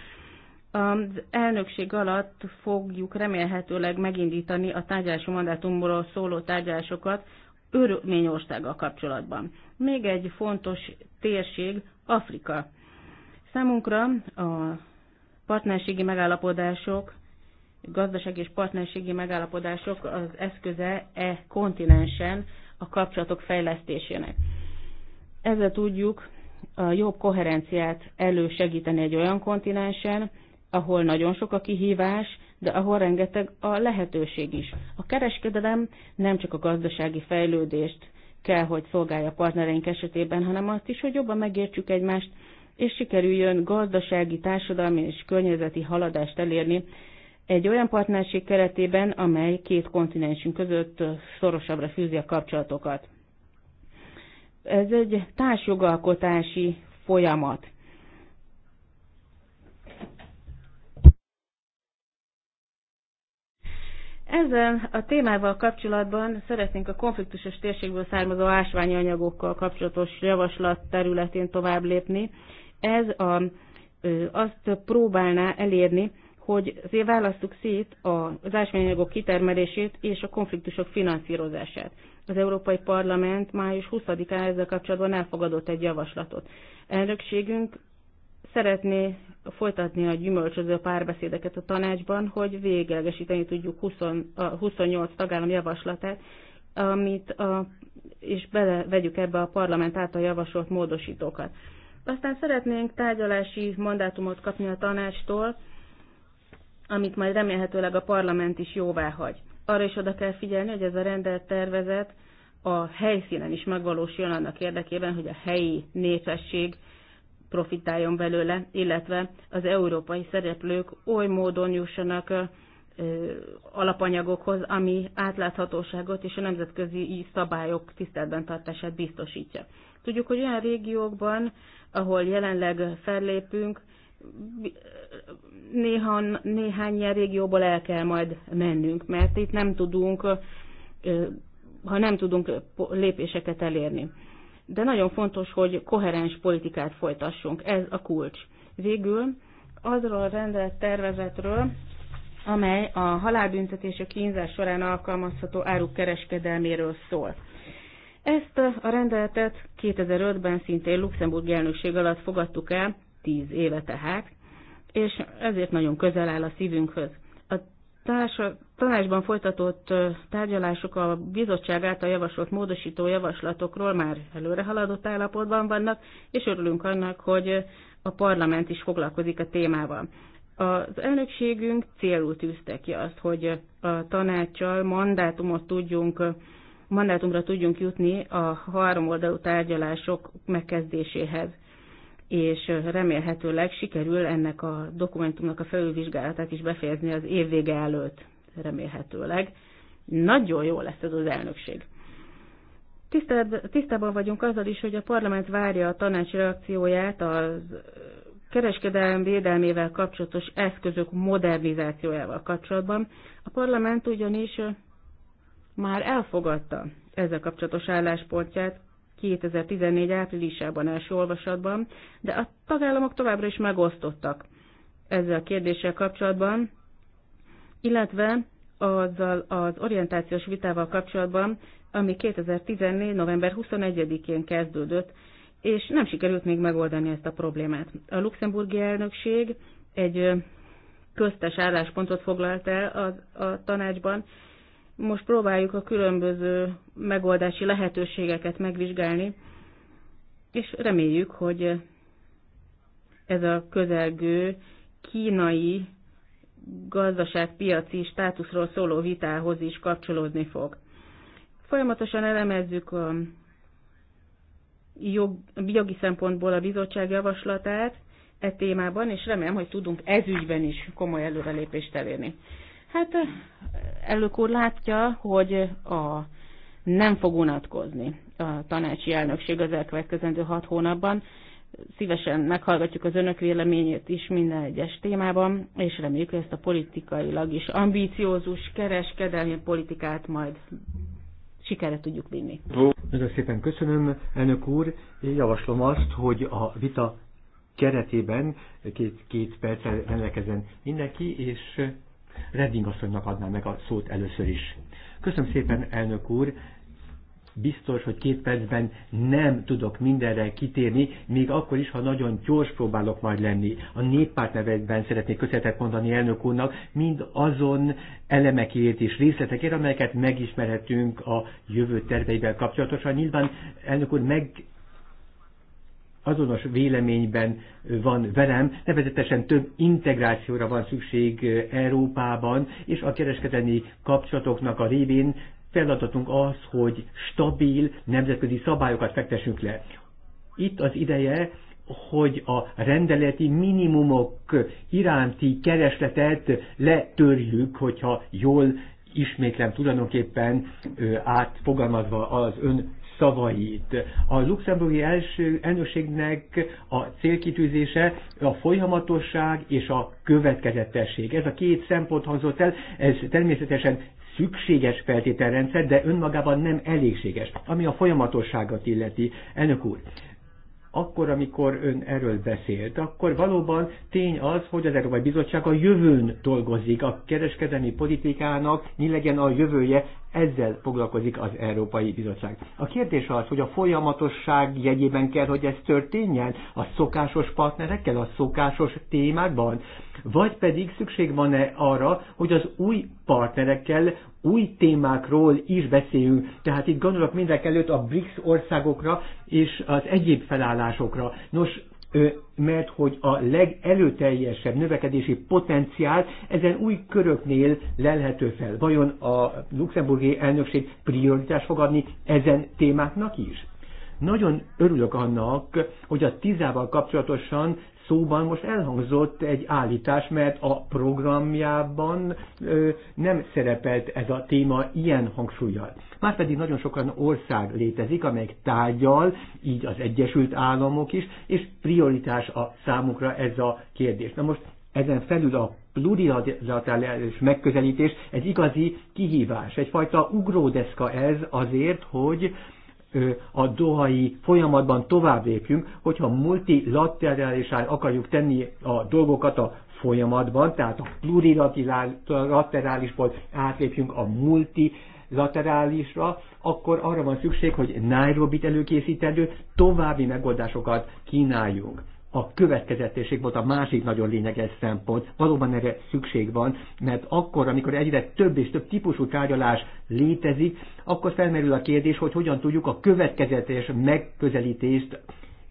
az elnökség alatt fogjuk remélhetőleg megindítani a tárgyalási mandátumról szóló tárgyalásokat Örményországgal kapcsolatban. Még egy fontos térség Afrika. Számunkra a partnerségi megállapodások, gazdasági és partnerségi megállapodások az eszköze e kontinensen a kapcsolatok fejlesztésének. Ezzel tudjuk a jobb koherenciát elősegíteni egy olyan kontinensen, ahol nagyon sok a kihívás, de ahol rengeteg a lehetőség is. A kereskedelem nem csak a gazdasági fejlődést kell, hogy szolgálja a partnereink esetében, hanem azt is, hogy jobban megértsük egymást, és sikerüljön gazdasági, társadalmi és környezeti haladást elérni egy olyan partnerség keretében, amely két kontinensünk között szorosabbra fűzi a kapcsolatokat. Ez egy társjogalkotási folyamat Ezzel a témával kapcsolatban szeretnénk a konfliktusos térségből származó ásványi anyagokkal kapcsolatos javaslat területén tovább lépni. Ez a, azt próbálná elérni, hogy azért választjuk szét az anyagok kitermelését és a konfliktusok finanszírozását. Az Európai Parlament május 20-án ezzel kapcsolatban elfogadott egy javaslatot. Elnökségünk szeretné folytatni a gyümölcsöző párbeszédeket a tanácsban, hogy véglegesíteni tudjuk 20, a 28 tagállam javaslatát, amit a, és belevegyük ebbe a parlament által javasolt módosítókat. Aztán szeretnénk tárgyalási mandátumot kapni a tanácstól, amit majd remélhetőleg a parlament is jóvá hagy. Arra is oda kell figyelni, hogy ez a rendelt tervezet a helyszínen is megvalósuljon annak érdekében, hogy a helyi népesség profitáljon belőle, illetve az európai szereplők oly módon jussanak alapanyagokhoz, ami átláthatóságot és a nemzetközi szabályok tiszteletben tartását biztosítja. Tudjuk, hogy olyan régiókban, ahol jelenleg fellépünk, néha, néhány ilyen régióból el kell majd mennünk, mert itt nem tudunk, ha nem tudunk lépéseket elérni de nagyon fontos, hogy koherens politikát folytassunk. Ez a kulcs. Végül azról a rendelet tervezetről, amely a halálbüntetés a kínzás során alkalmazható áruk kereskedelméről szól. Ezt a rendeletet 2005-ben szintén Luxemburg elnökség alatt fogadtuk el, 10 éve tehát, és ezért nagyon közel áll a szívünkhöz tanácsban folytatott tárgyalások a bizottság által javasolt módosító javaslatokról már előre haladott állapotban vannak, és örülünk annak, hogy a parlament is foglalkozik a témával. Az elnökségünk célul tűzte ki azt, hogy a tanácssal mandátumot tudjunk, mandátumra tudjunk jutni a háromoldalú tárgyalások megkezdéséhez és remélhetőleg sikerül ennek a dokumentumnak a felülvizsgálatát is befejezni az évvége előtt, remélhetőleg. Nagyon jó lesz ez az elnökség. Tisztában vagyunk azzal is, hogy a parlament várja a tanács reakcióját az kereskedelem védelmével kapcsolatos eszközök modernizációjával kapcsolatban. A parlament ugyanis már elfogadta ezzel kapcsolatos álláspontját 2014 áprilisában első olvasatban, de a tagállamok továbbra is megosztottak ezzel a kérdéssel kapcsolatban, illetve azzal az orientációs vitával kapcsolatban, ami 2014. november 21-én kezdődött, és nem sikerült még megoldani ezt a problémát. A luxemburgi elnökség egy köztes álláspontot foglalt el a, a tanácsban, most próbáljuk a különböző megoldási lehetőségeket megvizsgálni, és reméljük, hogy ez a közelgő kínai gazdaságpiaci státuszról szóló vitához is kapcsolódni fog. Folyamatosan elemezzük a jogi szempontból a bizottság javaslatát e témában, és remélem, hogy tudunk ezügyben is komoly előrelépést elérni. Hát elnök úr látja, hogy a nem fog unatkozni a tanácsi elnökség az elkövetkezendő hat hónapban. Szívesen meghallgatjuk az önök véleményét is minden egyes témában, és reméljük, hogy ezt a politikailag is ambíciózus kereskedelmi politikát majd sikerre tudjuk vinni. Nagyon szépen köszönöm, elnök úr. Én javaslom azt, hogy a vita keretében két, két perccel rendelkezzen mindenki, és Redding asszonynak adnám meg a szót először is. Köszönöm szépen, elnök úr! Biztos, hogy két percben nem tudok mindenre kitérni, még akkor is, ha nagyon gyors próbálok majd lenni. A néppárt nevekben szeretnék köszönetet mondani elnök úrnak, mind azon elemekért és részletekért, amelyeket megismerhetünk a jövő terveivel kapcsolatosan. Nyilván elnök úr meg azonos véleményben van velem, nevezetesen több integrációra van szükség Európában, és a kereskedelmi kapcsolatoknak a révén feladatunk az, hogy stabil nemzetközi szabályokat fektessünk le. Itt az ideje, hogy a rendeleti minimumok iránti keresletet letörjük, hogyha jól ismétlem tulajdonképpen átfogalmazva az ön szavait. A luxemburgi első elnökségnek a célkitűzése a folyamatosság és a következetesség. Ez a két szempont hangzott el, ez természetesen szükséges feltételrendszer, de önmagában nem elégséges, ami a folyamatosságot illeti. Elnök úr, akkor, amikor ön erről beszélt, akkor valóban tény az, hogy az Európai Bizottság a jövőn dolgozik, a kereskedelmi politikának mi legyen a jövője ezzel foglalkozik az Európai Bizottság. A kérdés az, hogy a folyamatosság jegyében kell, hogy ez történjen a szokásos partnerekkel, a szokásos témákban, vagy pedig szükség van-e arra, hogy az új partnerekkel új témákról is beszéljünk. Tehát itt gondolok mindenek előtt a BRICS országokra és az egyéb felállásokra. Nos, mert hogy a legelőteljesebb növekedési potenciál ezen új köröknél lelhető fel. Vajon a luxemburgi elnökség prioritás fogadni ezen témáknak is? Nagyon örülök annak, hogy a tízával kapcsolatosan szóban most elhangzott egy állítás, mert a programjában nem szerepelt ez a téma ilyen hangsúlyjal. Márpedig nagyon sokan ország létezik, amelyek tárgyal, így az Egyesült Államok is, és prioritás a számukra ez a kérdés. Na most ezen felül a plurilaterális megközelítés egy igazi kihívás, egyfajta ugródeszka ez azért, hogy a dohai folyamatban tovább lépjünk, hogyha áll akarjuk tenni a dolgokat a folyamatban, tehát a plurilaterálisból átlépjünk a multi laterálisra, akkor arra van szükség, hogy Nairobi-t előkészítendő további megoldásokat kínáljunk a következetesség volt a másik nagyon lényeges szempont. Valóban erre szükség van, mert akkor, amikor egyre több és több típusú tárgyalás létezik, akkor felmerül a kérdés, hogy hogyan tudjuk a következetes megközelítést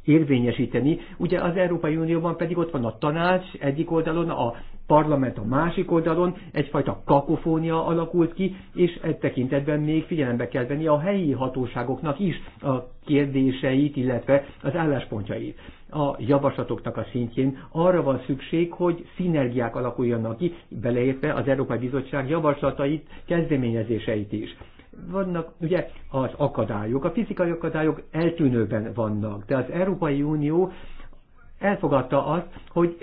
érvényesíteni. Ugye az Európai Unióban pedig ott van a tanács egyik oldalon, a parlament a másik oldalon egyfajta kakofónia alakult ki, és e tekintetben még figyelembe kell venni a helyi hatóságoknak is a kérdéseit, illetve az álláspontjait. A javaslatoknak a szintjén arra van szükség, hogy szinergiák alakuljanak ki, beleértve az Európai Bizottság javaslatait, kezdeményezéseit is vannak ugye az akadályok, a fizikai akadályok eltűnőben vannak, de az Európai Unió elfogadta azt, hogy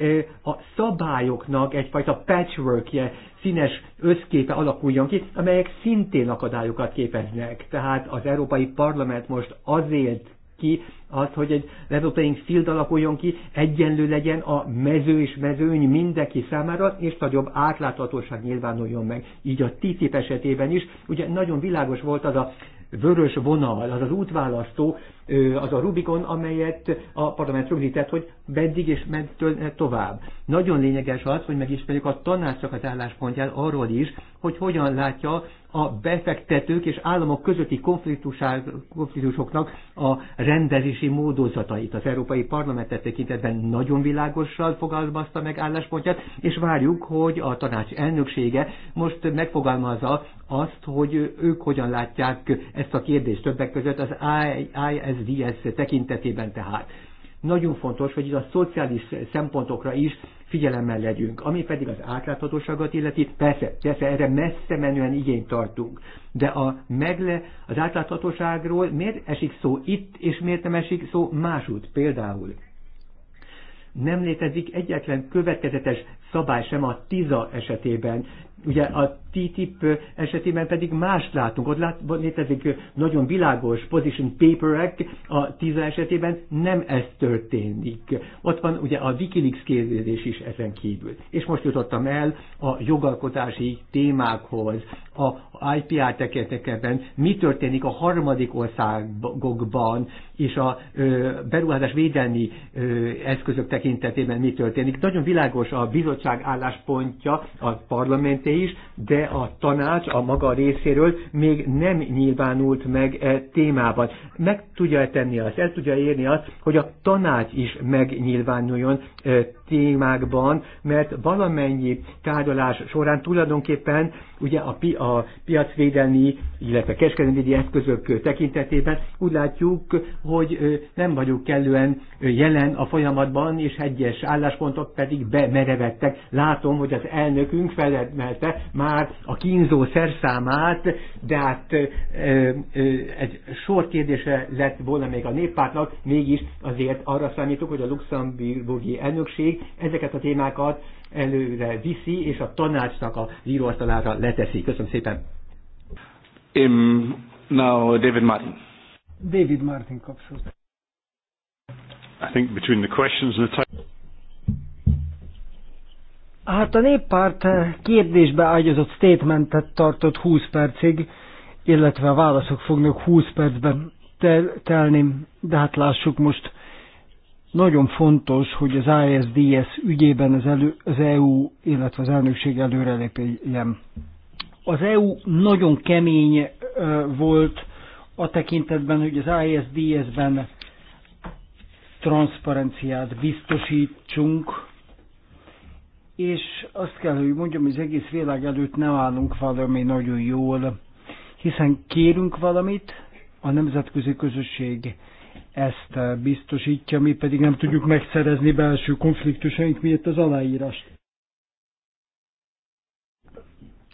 a szabályoknak egyfajta patchworkje, színes összképe alakuljon ki, amelyek szintén akadályokat képeznek. Tehát az Európai Parlament most azért ki az, hogy egy level playing field alakuljon ki, egyenlő legyen a mező és mezőny mindenki számára, és nagyobb átláthatóság nyilvánuljon meg. Így a TTIP esetében is, ugye nagyon világos volt az a vörös vonal, az az útválasztó, az a Rubikon, amelyet a parlament rögzített, hogy meddig és meddig tovább. Nagyon lényeges az, hogy megismerjük a tanácsnak az álláspontját arról is, hogy hogyan látja a befektetők és államok közötti konfliktusoknak a rendezési módozatait. Az Európai Parlament tekintetben nagyon világosan fogalmazta meg álláspontját, és várjuk, hogy a tanács elnöksége most megfogalmazza azt, hogy ők hogyan látják ezt a kérdést többek között az ISDS tekintetében tehát nagyon fontos, hogy itt a szociális szempontokra is figyelemmel legyünk. Ami pedig az átláthatóságot illeti, persze, persze erre messze menően igényt tartunk. De a megle, az átláthatóságról miért esik szó itt, és miért nem esik szó másút például? Nem létezik egyetlen következetes szabály sem a TISA esetében. Ugye a TTIP esetében pedig mást látunk. Ott lát, létezik nagyon világos position paperek, a TISA esetében nem ez történik. Ott van ugye a Wikileaks kérdés is ezen kívül. És most jutottam el a jogalkotási témákhoz, a IPR tekintetében mi történik a harmadik országokban, és a ö, beruházás védelmi ö, eszközök tekintetében mi történik. Nagyon világos a bizottság álláspontja, a parlamenté is, de a tanács a maga részéről még nem nyilvánult meg e témában. Meg tudja -e tenni azt, el tudja érni azt, hogy a tanács is megnyilvánuljon e témákban, mert valamennyi tárgyalás során tulajdonképpen ugye a, pi, a piacvédelmi, illetve kereskedelmi eszközök tekintetében úgy látjuk, hogy nem vagyunk kellően jelen a folyamatban, és egyes álláspontok pedig bemerevettek. Látom, hogy az elnökünk felemelte már a kínzó szerszámát, de hát egy sor kérdése lett volna még a néppártnak, mégis azért arra számítok, hogy a luxemburgi elnökség ezeket a témákat előre viszi, és a tanácsnak a íróasztalára leteszi. Köszönöm szépen. Um, now David Martin. David Martin kapcsolat. I think between the questions and the time... Hát a néppárt kérdésbe ágyazott statementet tartott 20 percig, illetve a válaszok fognak 20 percben tel- telni, de hát lássuk most, nagyon fontos, hogy az ISDS ügyében az, elő, az EU, illetve az elnökség előrelépjen. Az EU nagyon kemény volt a tekintetben, hogy az ISDS-ben transzparenciát biztosítsunk, és azt kell, hogy mondjam, hogy az egész világ előtt nem állunk valami nagyon jól, hiszen kérünk valamit, a nemzetközi közösség ezt biztosítja, mi pedig nem tudjuk megszerezni belső konfliktusaink miatt az aláírást.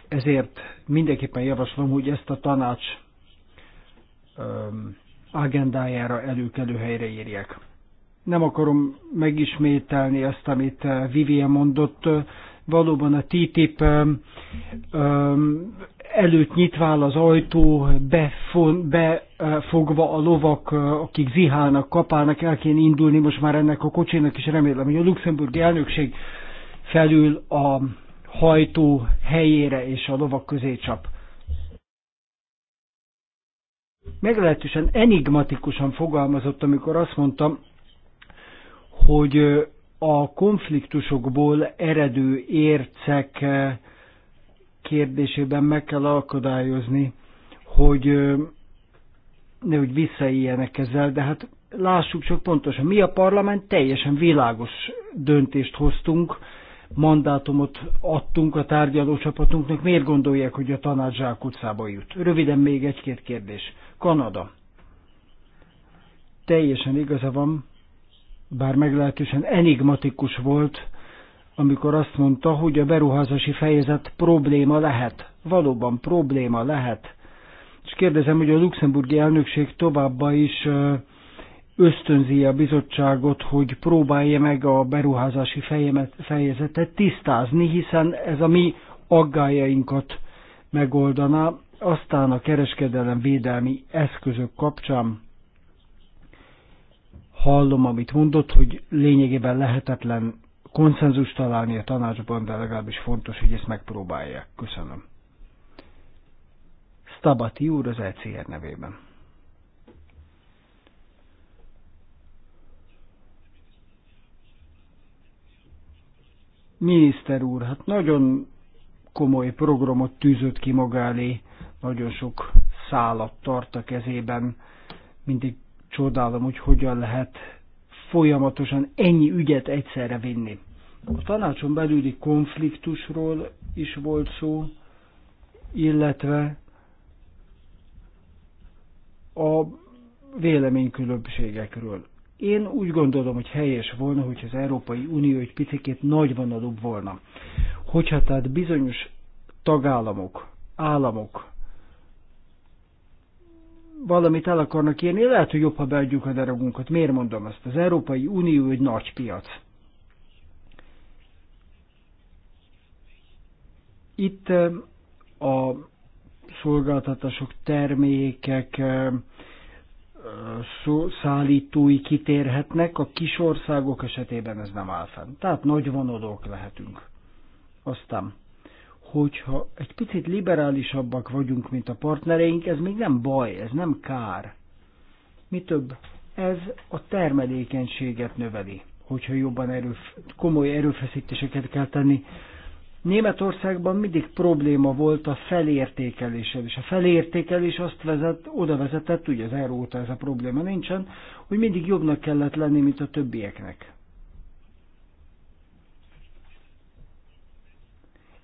Ezért mindenképpen javaslom, hogy ezt a tanács agendájára előkelő helyre írják. Nem akarom megismételni azt, amit Vivien mondott, valóban a TTIP um, um, előtt nyitva áll az ajtó, befogva a lovak, akik zihálnak, kapálnak, el kéne indulni most már ennek a kocsinak, és remélem, hogy a luxemburgi elnökség felül a hajtó helyére és a lovak közé csap. Meglehetősen enigmatikusan fogalmazott, amikor azt mondtam, hogy a konfliktusokból eredő ércek eh, kérdésében meg kell akadályozni, hogy eh, nehogy visszaéljenek ezzel, de hát lássuk csak pontosan, mi a parlament teljesen világos döntést hoztunk, mandátumot adtunk a tárgyaló csapatunknak, miért gondolják, hogy a tanács zsákutcába jut? Röviden még egy-két kérdés. Kanada. Teljesen igaza van, bár meglehetősen enigmatikus volt, amikor azt mondta, hogy a beruházási fejezet probléma lehet. Valóban probléma lehet. És kérdezem, hogy a luxemburgi elnökség továbbá is ösztönzi a bizottságot, hogy próbálja meg a beruházási fejezetet tisztázni, hiszen ez a mi aggájainkat megoldaná. Aztán a kereskedelem védelmi eszközök kapcsán hallom, amit mondott, hogy lényegében lehetetlen konszenzus találni a tanácsban, de legalábbis fontos, hogy ezt megpróbálják. Köszönöm. Stabati úr az ECR nevében. Miniszter úr, hát nagyon komoly programot tűzött ki maga elé, nagyon sok szálat tart a kezében, mindig Csodálom, hogy hogyan lehet folyamatosan ennyi ügyet egyszerre vinni. A tanácson belüli konfliktusról is volt szó, illetve a véleménykülönbségekről. Én úgy gondolom, hogy helyes volna, hogy az Európai Unió egy picit nagyvonalúbb volna. Hogyha tehát bizonyos tagállamok, államok valamit el akarnak érni, lehet, hogy jobb, ha beadjuk a darabunkat. Miért mondom ezt? Az Európai Unió egy nagy piac. Itt a szolgáltatások, termékek, szállítói kitérhetnek, a kis országok esetében ez nem áll fenn. Tehát nagy vonodók lehetünk. Aztán hogyha egy picit liberálisabbak vagyunk, mint a partnereink, ez még nem baj, ez nem kár. Mi több, ez a termelékenységet növeli, hogyha jobban erőf- komoly erőfeszítéseket kell tenni. Németországban mindig probléma volt a felértékeléssel, és a felértékelés azt vezet, oda vezetett, ugye az euróta ez a probléma nincsen, hogy mindig jobbnak kellett lenni, mint a többieknek.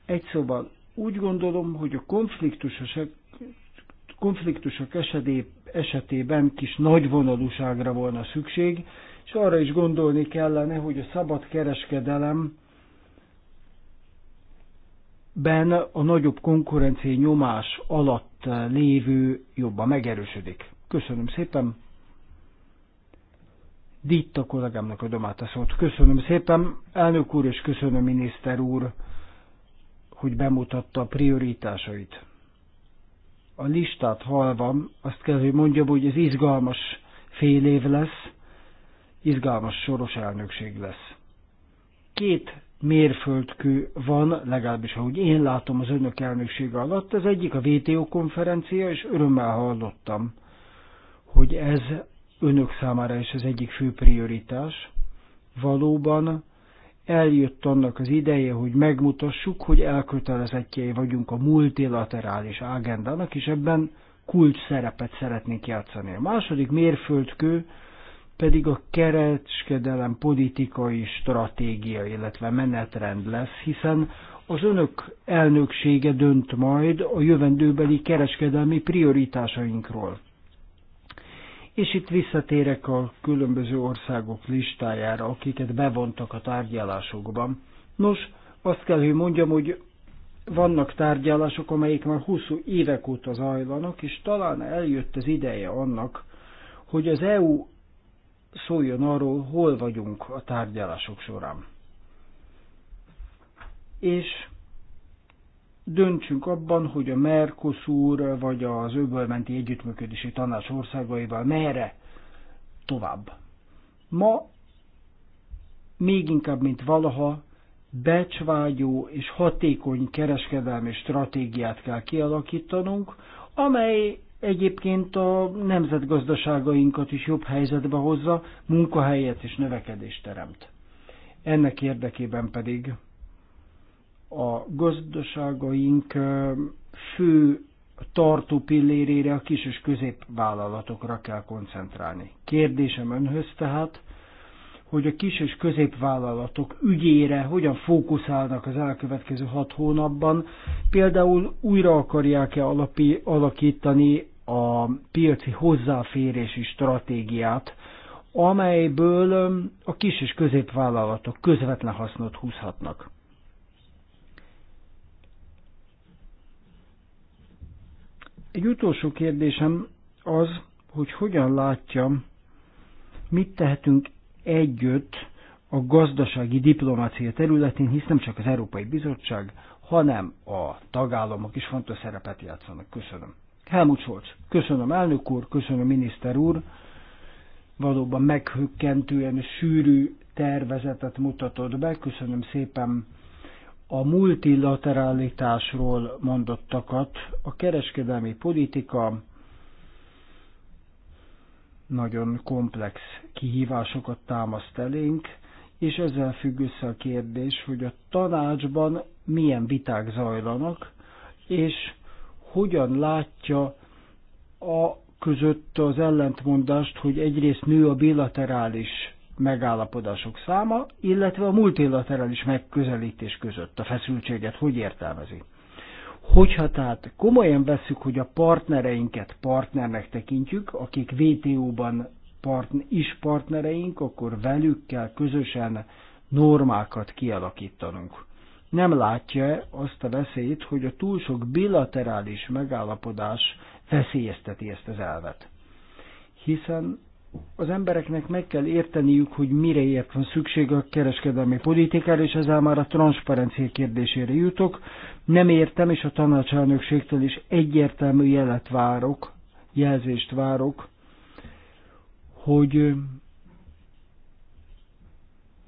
Egy szóval úgy gondolom, hogy a konfliktusok esetében kis vonalúságra volna szükség, és arra is gondolni kellene, hogy a szabad kereskedelem ben a nagyobb konkurenciai nyomás alatt lévő jobban megerősödik. Köszönöm szépen. Ditta kollégámnak adom át a szót. Köszönöm szépen, elnök úr, és köszönöm miniszter úr hogy bemutatta a prioritásait. A listát hallvam, azt kell, hogy mondjam, hogy ez izgalmas fél év lesz, izgalmas soros elnökség lesz. Két mérföldkő van, legalábbis ahogy én látom az önök elnöksége alatt, az egyik a VTO konferencia, és örömmel hallottam, hogy ez önök számára is az egyik fő prioritás. Valóban eljött annak az ideje, hogy megmutassuk, hogy elkötelezettjei vagyunk a multilaterális agendának, és ebben kulcs szerepet szeretnénk játszani. A második mérföldkő pedig a kereskedelem politikai stratégia, illetve menetrend lesz, hiszen az önök elnöksége dönt majd a jövendőbeli kereskedelmi prioritásainkról és itt visszatérek a különböző országok listájára, akiket bevontak a tárgyalásokban. Nos, azt kell, hogy mondjam, hogy vannak tárgyalások, amelyik már hosszú évek óta zajlanak, és talán eljött az ideje annak, hogy az EU szóljon arról, hol vagyunk a tárgyalások során. És döntsünk abban, hogy a Mercosur vagy az öbölmenti együttműködési tanács országaival merre tovább. Ma még inkább, mint valaha, becsvágyó és hatékony kereskedelmi stratégiát kell kialakítanunk, amely egyébként a nemzetgazdaságainkat is jobb helyzetbe hozza, munkahelyet és növekedést teremt. Ennek érdekében pedig a gazdaságaink fő tartó pillérére, a kis és középvállalatokra kell koncentrálni. Kérdésem önhöz tehát, hogy a kis és középvállalatok ügyére hogyan fókuszálnak az elkövetkező hat hónapban. Például újra akarják-e alapi, alakítani a piaci hozzáférési stratégiát, amelyből a kis és középvállalatok közvetlen hasznot húzhatnak. Egy utolsó kérdésem az, hogy hogyan látja, mit tehetünk együtt a gazdasági diplomácia területén, hisz nem csak az Európai Bizottság, hanem a tagállamok is fontos szerepet játszanak. Köszönöm. Helmut Scholz, köszönöm elnök úr, köszönöm miniszter úr, valóban meghökkentően sűrű tervezetet mutatott be, köszönöm szépen a multilateralitásról mondottakat. A kereskedelmi politika nagyon komplex kihívásokat támaszt elénk, és ezzel függ össze a kérdés, hogy a tanácsban milyen viták zajlanak, és hogyan látja a között az ellentmondást, hogy egyrészt nő a bilaterális megállapodások száma, illetve a multilaterális megközelítés között a feszültséget hogy értelmezi. Hogyha tehát komolyan vesszük, hogy a partnereinket partnernek tekintjük, akik WTO-ban partn- is partnereink, akkor velük kell közösen normákat kialakítanunk. Nem látja azt a veszélyt, hogy a túl sok bilaterális megállapodás veszélyezteti ezt az elvet. Hiszen az embereknek meg kell érteniük, hogy mire ért van szükség a kereskedelmi politikára, és ezzel már a transzparencia kérdésére jutok. Nem értem, és a tanácselnökségtől is egyértelmű jelet várok, jelzést várok, hogy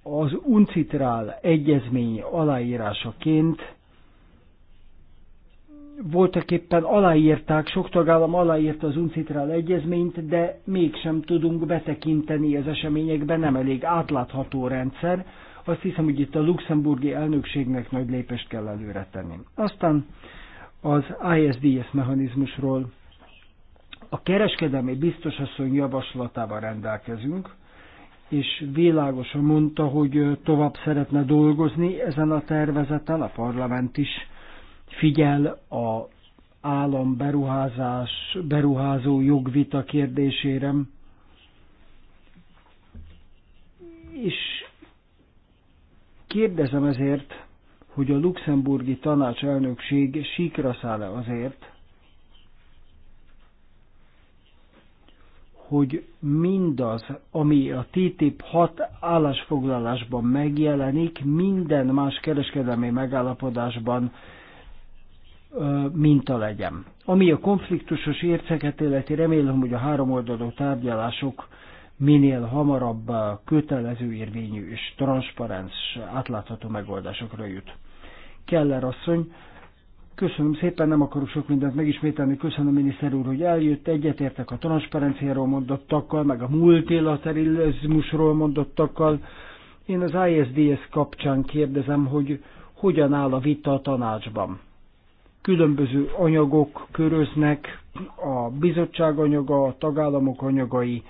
az uncitrál egyezmény aláírásaként voltak éppen aláírták, sok tagállam aláírta az UNCITRAL egyezményt, de mégsem tudunk betekinteni az eseményekbe, nem elég átlátható rendszer. Azt hiszem, hogy itt a luxemburgi elnökségnek nagy lépést kell előre tenni. Aztán az ISDS mechanizmusról a kereskedelmi biztosasszony javaslatával rendelkezünk, és világosan mondta, hogy tovább szeretne dolgozni ezen a tervezeten, a parlament is figyel a állam beruházás, beruházó jogvita kérdésére, és kérdezem ezért, hogy a luxemburgi tanácselnökség síkra száll azért, hogy mindaz, ami a TTIP 6 állásfoglalásban megjelenik, minden más kereskedelmi megállapodásban minta legyen. Ami a konfliktusos érceket illeti, remélem, hogy a háromoldalú tárgyalások minél hamarabb kötelező érvényű és transzparens átlátható megoldásokra jut. Keller asszony, köszönöm szépen, nem akarok sok mindent megismételni, köszönöm miniszter úr, hogy eljött, egyetértek a transzparenciáról mondottakkal, meg a multilaterizmusról mondottakkal. Én az ISDS kapcsán kérdezem, hogy hogyan áll a vita a tanácsban különböző anyagok köröznek, a bizottság anyaga, a tagállamok anyagai,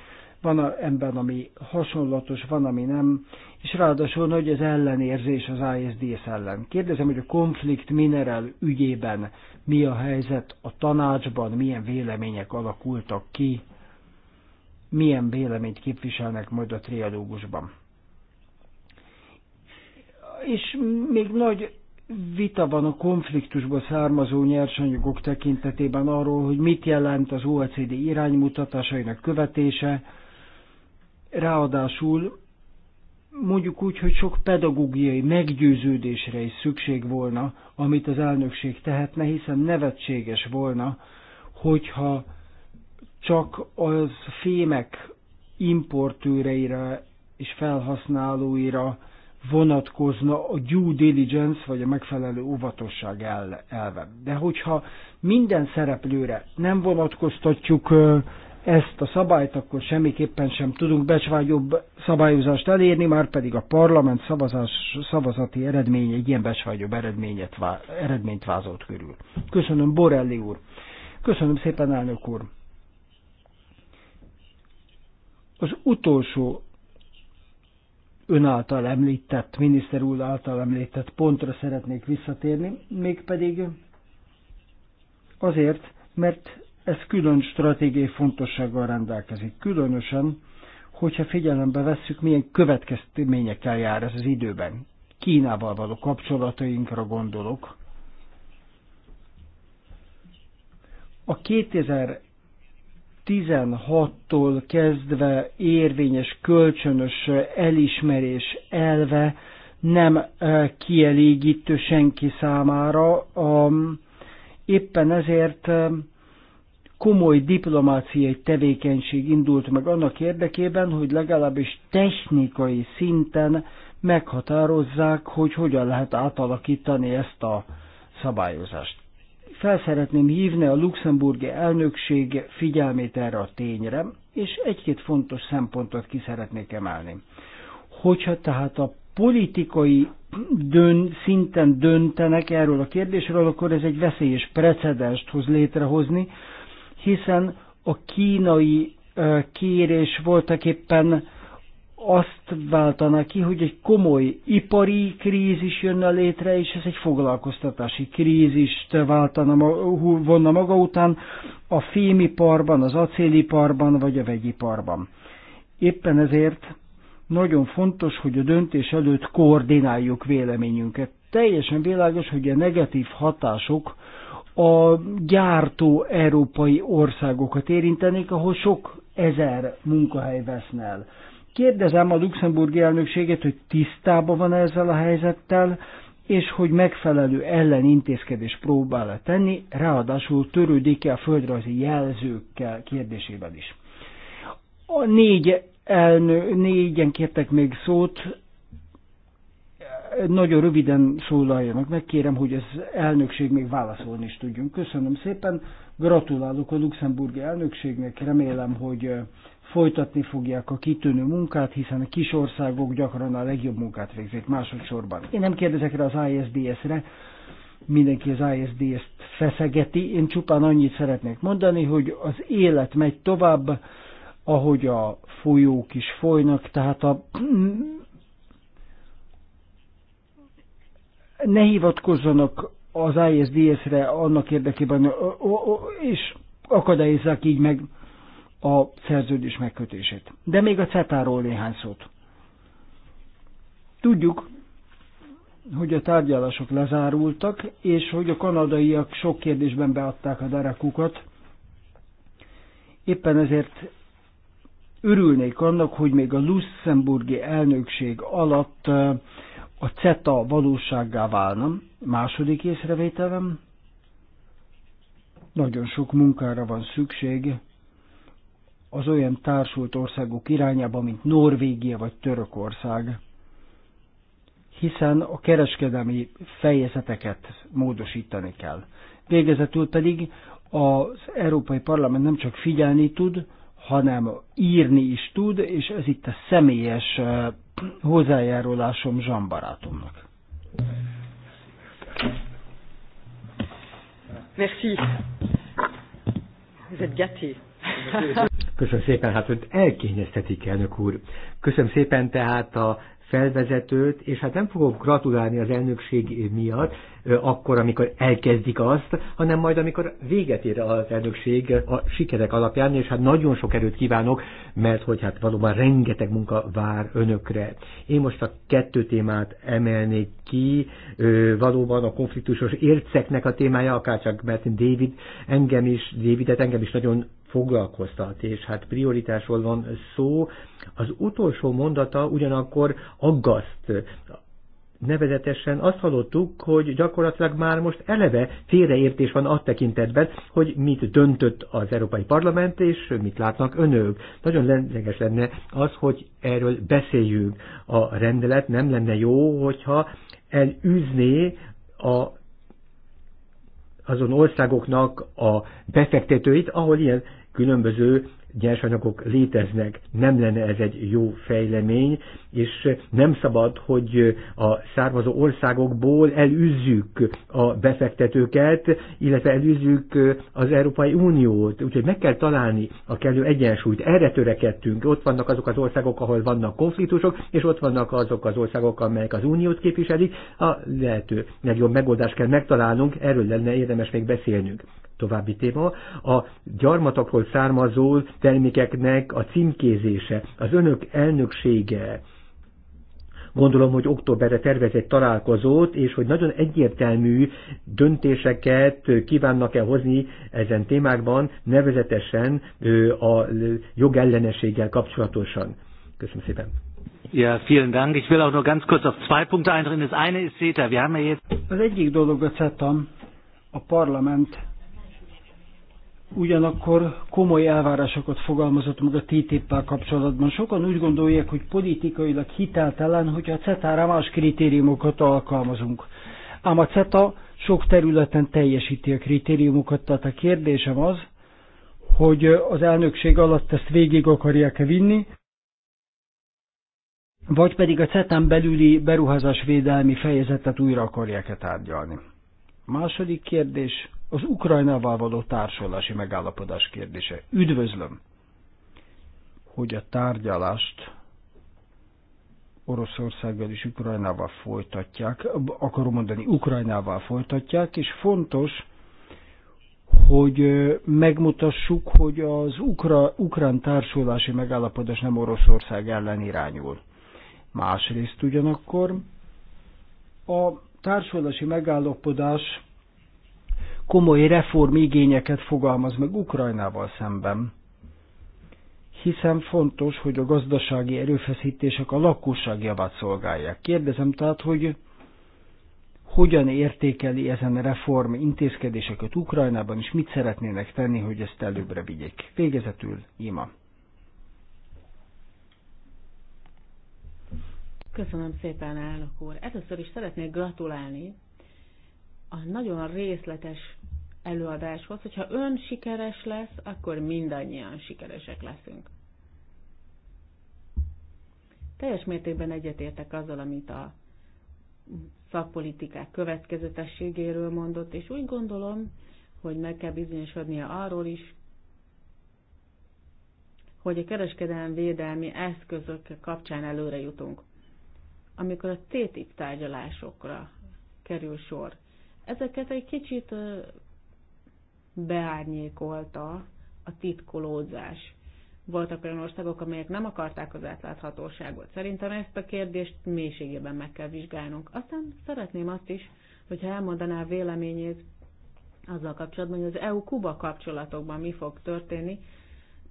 van a ember, ami hasonlatos, van, ami nem, és ráadásul nagy az ellenérzés az ISDS ellen. Kérdezem, hogy a konflikt minerál ügyében mi a helyzet a tanácsban, milyen vélemények alakultak ki, milyen véleményt képviselnek majd a triadógusban. És még nagy vita van a konfliktusból származó nyersanyagok tekintetében arról, hogy mit jelent az OECD iránymutatásainak követése. Ráadásul mondjuk úgy, hogy sok pedagógiai meggyőződésre is szükség volna, amit az elnökség tehetne, hiszen nevetséges volna, hogyha csak az fémek importőreire és felhasználóira vonatkozna a due diligence, vagy a megfelelő óvatosság elve. De hogyha minden szereplőre nem vonatkoztatjuk ezt a szabályt, akkor semmiképpen sem tudunk besvágyóbb szabályozást elérni, már pedig a parlament szavazás, szavazati eredménye egy ilyen besvágyóbb eredményet, eredményt vázolt körül. Köszönöm, Borelli úr. Köszönöm szépen, elnök úr. Az utolsó ön által említett, miniszter úr által említett pontra szeretnék visszatérni, mégpedig azért, mert ez külön stratégiai fontossággal rendelkezik. Különösen, hogyha figyelembe vesszük, milyen következményekkel jár ez az időben. Kínával való kapcsolatainkra gondolok. A 2000 16-tól kezdve érvényes kölcsönös elismerés elve nem eh, kielégítő senki számára. Éppen ezért komoly diplomáciai tevékenység indult meg annak érdekében, hogy legalábbis technikai szinten meghatározzák, hogy hogyan lehet átalakítani ezt a szabályozást fel szeretném hívni a luxemburgi elnökség figyelmét erre a tényre, és egy-két fontos szempontot ki szeretnék emelni. Hogyha tehát a politikai dön, szinten döntenek erről a kérdésről, akkor ez egy veszélyes precedest hoz létrehozni, hiszen a kínai kérés voltak éppen azt váltanak, ki, hogy egy komoly ipari krízis jönne létre, és ez egy foglalkoztatási krízist váltana, vonna maga után a fémiparban, az acéliparban vagy a vegyiparban. Éppen ezért nagyon fontos, hogy a döntés előtt koordináljuk véleményünket. Teljesen világos, hogy a negatív hatások a gyártó európai országokat érintenék, ahol sok ezer munkahely veszne el. Kérdezem a luxemburgi elnökséget, hogy tisztában van -e ezzel a helyzettel, és hogy megfelelő ellenintézkedés próbál -e tenni, ráadásul törődik-e a földrajzi jelzőkkel kérdésében is. A négy elnő, négyen kértek még szót, nagyon röviden szólaljanak meg, kérem, hogy az elnökség még válaszolni is tudjunk. Köszönöm szépen, gratulálok a luxemburgi elnökségnek, remélem, hogy folytatni fogják a kitűnő munkát, hiszen a kis országok gyakran a legjobb munkát végzik másodszorban. Én nem kérdezek rá az ISDS-re, mindenki az ISDS-t feszegeti, én csupán annyit szeretnék mondani, hogy az élet megy tovább, ahogy a folyók is folynak, tehát a ne hivatkozzanak az ISDS-re annak érdekében, és akadályozzák így meg a szerződés megkötését. De még a CETA-ról néhány szót. Tudjuk, hogy a tárgyalások lezárultak, és hogy a kanadaiak sok kérdésben beadták a derekukat. Éppen ezért örülnék annak, hogy még a luxemburgi elnökség alatt a CETA valósággá válna. Második észrevételem, nagyon sok munkára van szükség, az olyan társult országok irányába, mint Norvégia vagy Törökország, hiszen a kereskedelmi fejezeteket módosítani kell. Végezetül pedig az Európai Parlament nem csak figyelni tud, hanem írni is tud, és ez itt a személyes hozzájárulásom Zsan barátomnak. Merci. Vous êtes gâtés. Köszönöm szépen, hát őt elkényeztetik, elnök úr. Köszönöm szépen tehát a felvezetőt, és hát nem fogok gratulálni az elnökség miatt, akkor, amikor elkezdik azt, hanem majd, amikor véget ér az elnökség a sikerek alapján, és hát nagyon sok erőt kívánok, mert hogy hát valóban rengeteg munka vár önökre. Én most a kettő témát emelnék ki, valóban a konfliktusos érceknek a témája, akárcsak mert David engem is, Davidet engem is nagyon foglalkoztat, és hát prioritásról van szó. Az utolsó mondata ugyanakkor aggaszt, nevezetesen azt hallottuk, hogy gyakorlatilag már most eleve félreértés van a tekintetben, hogy mit döntött az Európai Parlament, és mit látnak önök. Nagyon lényeges lenne az, hogy erről beszéljünk. A rendelet nem lenne jó, hogyha elűzné a azon országoknak a befektetőit, ahol ilyen különböző gyersanyagok léteznek, nem lenne ez egy jó fejlemény, és nem szabad, hogy a származó országokból elűzzük a befektetőket, illetve elűzzük az Európai Uniót, úgyhogy meg kell találni a kellő egyensúlyt. Erre törekedtünk. Ott vannak azok az országok, ahol vannak konfliktusok, és ott vannak azok az országok, amelyek az Uniót képviselik. A lehető legjobb megoldást kell megtalálnunk, erről lenne érdemes még beszélnünk. További téma, a gyarmatokról származó termékeknek a címkézése, az önök elnöksége, gondolom, hogy októberre tervez egy találkozót, és hogy nagyon egyértelmű döntéseket kívánnak-e hozni ezen témákban, nevezetesen a jogelleneséggel kapcsolatosan. Köszönöm szépen. Ja, vielen Dank. Ich will auch nur ganz kurz auf zwei Punkte eindringen. Das eine ist CETA. Wir haben ja jetzt... Az egyik dolog a CETA, a parlament ugyanakkor komoly elvárásokat fogalmazott meg a TTIP-pel kapcsolatban. Sokan úgy gondolják, hogy politikailag hiteltelen, hogyha a CETA-ra más kritériumokat alkalmazunk. Ám a CETA sok területen teljesíti a kritériumokat, tehát a kérdésem az, hogy az elnökség alatt ezt végig akarják-e vinni, vagy pedig a ceta belüli beruházás védelmi fejezetet újra akarják-e tárgyalni. Második kérdés, az Ukrajnával való társulási megállapodás kérdése. Üdvözlöm, hogy a tárgyalást Oroszországgal és Ukrajnával folytatják, akarom mondani, Ukrajnával folytatják, és fontos, hogy megmutassuk, hogy az ukra, ukrán társulási megállapodás nem Oroszország ellen irányul. Másrészt ugyanakkor a társulási megállapodás komoly igényeket fogalmaz meg Ukrajnával szemben hiszen fontos, hogy a gazdasági erőfeszítések a lakosság javát szolgálják. Kérdezem tehát, hogy hogyan értékeli ezen reform intézkedéseket Ukrajnában, és mit szeretnének tenni, hogy ezt előbbre vigyék. Végezetül, Ima. Köszönöm szépen, elnök úr. Először is szeretnék gratulálni a nagyon részletes előadáshoz, hogyha ön sikeres lesz, akkor mindannyian sikeresek leszünk. Teljes mértékben egyetértek azzal, amit a szakpolitikák következetességéről mondott, és úgy gondolom, hogy meg kell bizonyosodnia arról is, hogy a kereskedelmi védelmi eszközök kapcsán előre jutunk. Amikor a TTIP tárgyalásokra kerül sor, ezeket egy kicsit beárnyékolta a titkolódzás. Voltak olyan országok, amelyek nem akarták az átláthatóságot. Szerintem ezt a kérdést mélységében meg kell vizsgálnunk. Aztán szeretném azt is, hogyha elmondaná véleményét azzal kapcsolatban, hogy az EU-Kuba kapcsolatokban mi fog történni,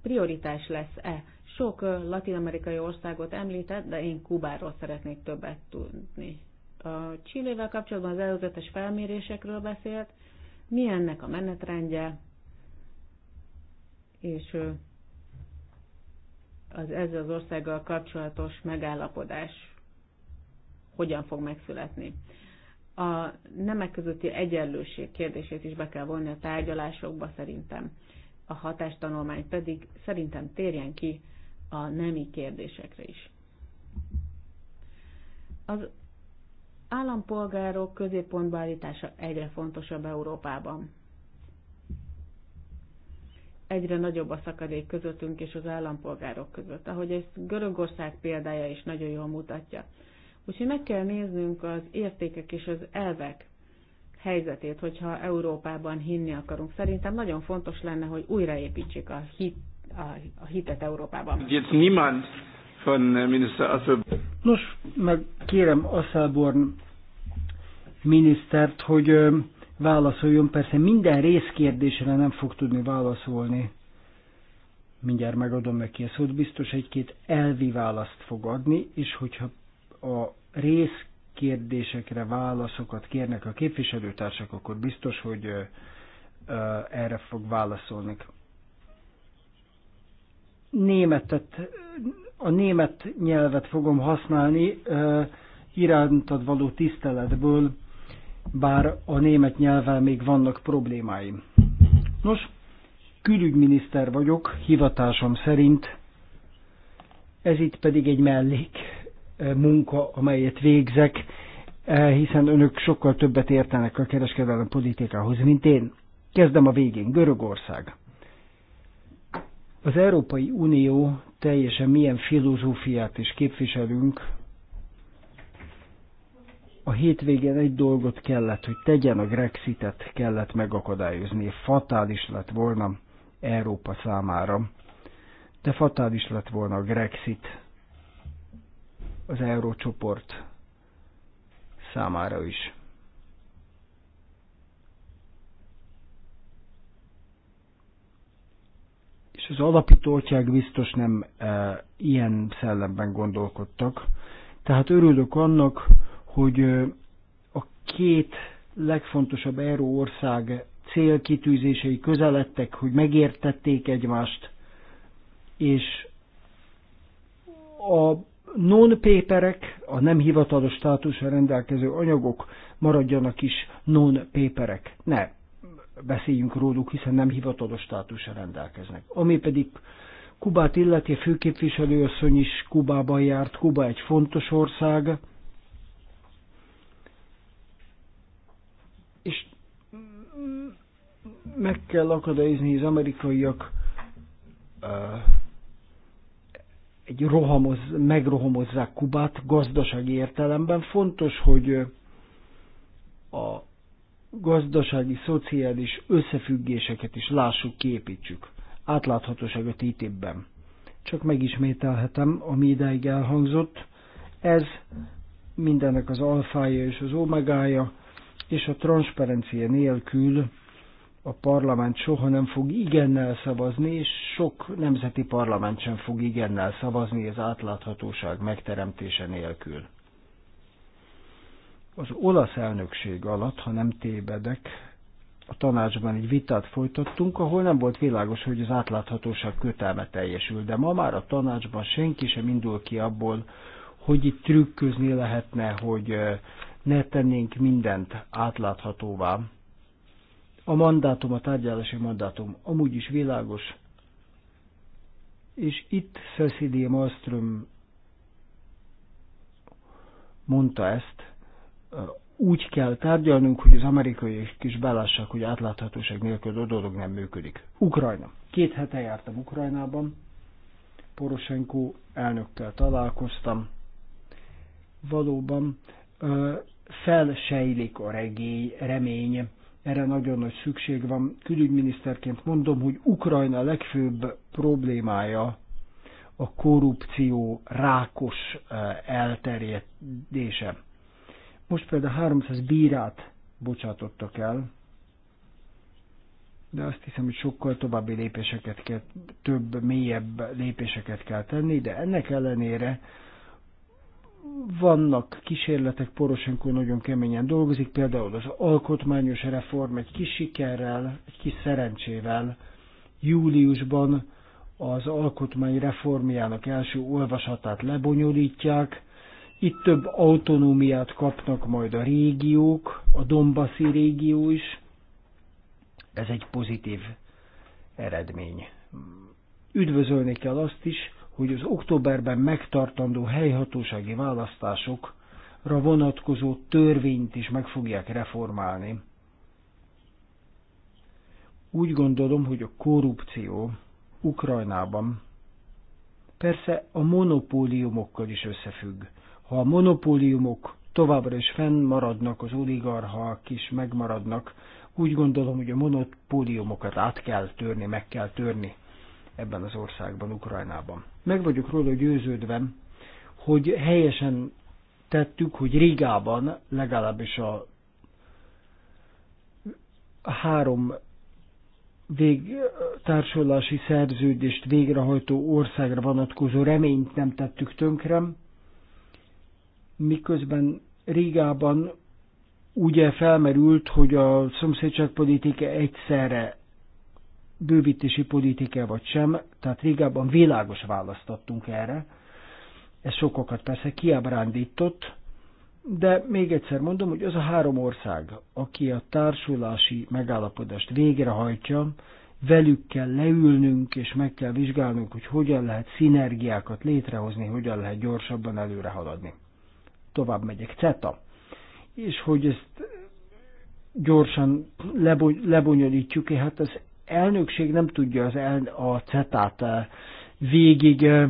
prioritás lesz-e. Sok latin-amerikai országot említett, de én Kubáról szeretnék többet tudni. A Csillével kapcsolatban az előzetes felmérésekről beszélt, mi ennek a menetrendje, és az ezzel az országgal kapcsolatos megállapodás hogyan fog megszületni. A nemek közötti egyenlőség kérdését is be kell vonni a tárgyalásokba szerintem. A hatástanulmány pedig szerintem térjen ki a nemi kérdésekre is. Az állampolgárok középpontba állítása egyre fontosabb Európában. Egyre nagyobb a szakadék közöttünk és az állampolgárok között, ahogy ezt Görögország példája is nagyon jól mutatja. Úgyhogy meg kell néznünk az értékek és az elvek helyzetét, hogyha Európában hinni akarunk. Szerintem nagyon fontos lenne, hogy újraépítsék a, hit, a, a hitet Európában. Jetzt niemand von Minister Asselborn. Nos, meg kérem Asselborn minisztert, hogy válaszoljon. Persze minden részkérdésre nem fog tudni válaszolni. Mindjárt megadom neki a szót. Biztos egy-két elvi választ fog adni, és hogyha a részkérdésekre válaszokat kérnek a képviselőtársak, akkor biztos, hogy erre fog válaszolni németet a német nyelvet fogom használni irántad való tiszteletből, bár a német nyelvvel még vannak problémáim. Nos, külügyminiszter vagyok, hivatásom szerint, ez itt pedig egy mellék munka, amelyet végzek, hiszen önök sokkal többet értenek a kereskedelem politikához, mint én. Kezdem a végén, Görögország. Az Európai Unió teljesen milyen filozófiát is képviselünk, a hétvégén egy dolgot kellett, hogy tegyen a Grexitet, kellett megakadályozni. Fatális lett volna Európa számára, de fatális lett volna a Grexit az eurócsoport számára is. az alapító atyák biztos nem e, ilyen szellemben gondolkodtak. Tehát örülök annak, hogy e, a két legfontosabb euró ország célkitűzései közeledtek, hogy megértették egymást, és a non-paperek, a nem hivatalos státusra rendelkező anyagok maradjanak is non-paperek. Ne beszéljünk róluk, hiszen nem hivatalos státusra rendelkeznek. Ami pedig Kubát illeti, a főképviselőasszony is Kubában járt. Kuba egy fontos ország, és meg kell akadályozni az amerikaiak egy rohamoz, megrohamozzák Kubát gazdasági értelemben. Fontos, hogy a gazdasági, szociális összefüggéseket is lássuk, képítsük. Átláthatóság a TTIP-ben. Csak megismételhetem, ami ideig elhangzott. Ez mindennek az alfája és az omegája, és a transzparencia nélkül a parlament soha nem fog igennel szavazni, és sok nemzeti parlament sem fog igennel szavazni az átláthatóság megteremtése nélkül az olasz elnökség alatt, ha nem tévedek, a tanácsban egy vitát folytattunk, ahol nem volt világos, hogy az átláthatóság kötelme teljesül, de ma már a tanácsban senki sem indul ki abból, hogy itt trükközni lehetne, hogy ne tennénk mindent átláthatóvá. A mandátum, a tárgyalási mandátum amúgy is világos, és itt Cecilia Malmström mondta ezt, úgy kell tárgyalnunk, hogy az és kis belássák, hogy átláthatóság nélkül a dolog nem működik. Ukrajna. Két hete jártam Ukrajnában, Poroshenko elnökkel találkoztam. Valóban felsejlik a regély, remény, erre nagyon nagy szükség van. Külügyminiszterként mondom, hogy Ukrajna legfőbb problémája a korrupció rákos elterjedése most például 300 bírát bocsátottak el, de azt hiszem, hogy sokkal további lépéseket kell, több, mélyebb lépéseket kell tenni, de ennek ellenére vannak kísérletek, Poroshenko nagyon keményen dolgozik, például az alkotmányos reform egy kis sikerrel, egy kis szerencsével júliusban az alkotmány reformjának első olvasatát lebonyolítják, itt több autonómiát kapnak majd a régiók, a Dombaszi régió is. Ez egy pozitív eredmény. Üdvözölni kell azt is, hogy az októberben megtartandó helyhatósági választásokra vonatkozó törvényt is meg fogják reformálni. Úgy gondolom, hogy a korrupció Ukrajnában persze a monopóliumokkal is összefügg, ha a monopóliumok továbbra is fennmaradnak, az oligarchák is megmaradnak, úgy gondolom, hogy a monopóliumokat át kell törni, meg kell törni ebben az országban, Ukrajnában. Meg vagyok róla győződve, hogy helyesen tettük, hogy Rigában legalábbis a három végtársulási szerződést végrehajtó országra vonatkozó reményt nem tettük tönkre, miközben Rigában ugye felmerült, hogy a szomszédságpolitika egyszerre bővítési politika vagy sem, tehát Rigában világos választattunk erre. Ez sokokat persze kiábrándított, de még egyszer mondom, hogy az a három ország, aki a társulási megállapodást végrehajtja, velük kell leülnünk, és meg kell vizsgálnunk, hogy hogyan lehet szinergiákat létrehozni, hogyan lehet gyorsabban előre haladni tovább megyek, CETA. És hogy ezt gyorsan lebonyolítjuk, hát az elnökség nem tudja az el, a CETA-t eh, végig eh,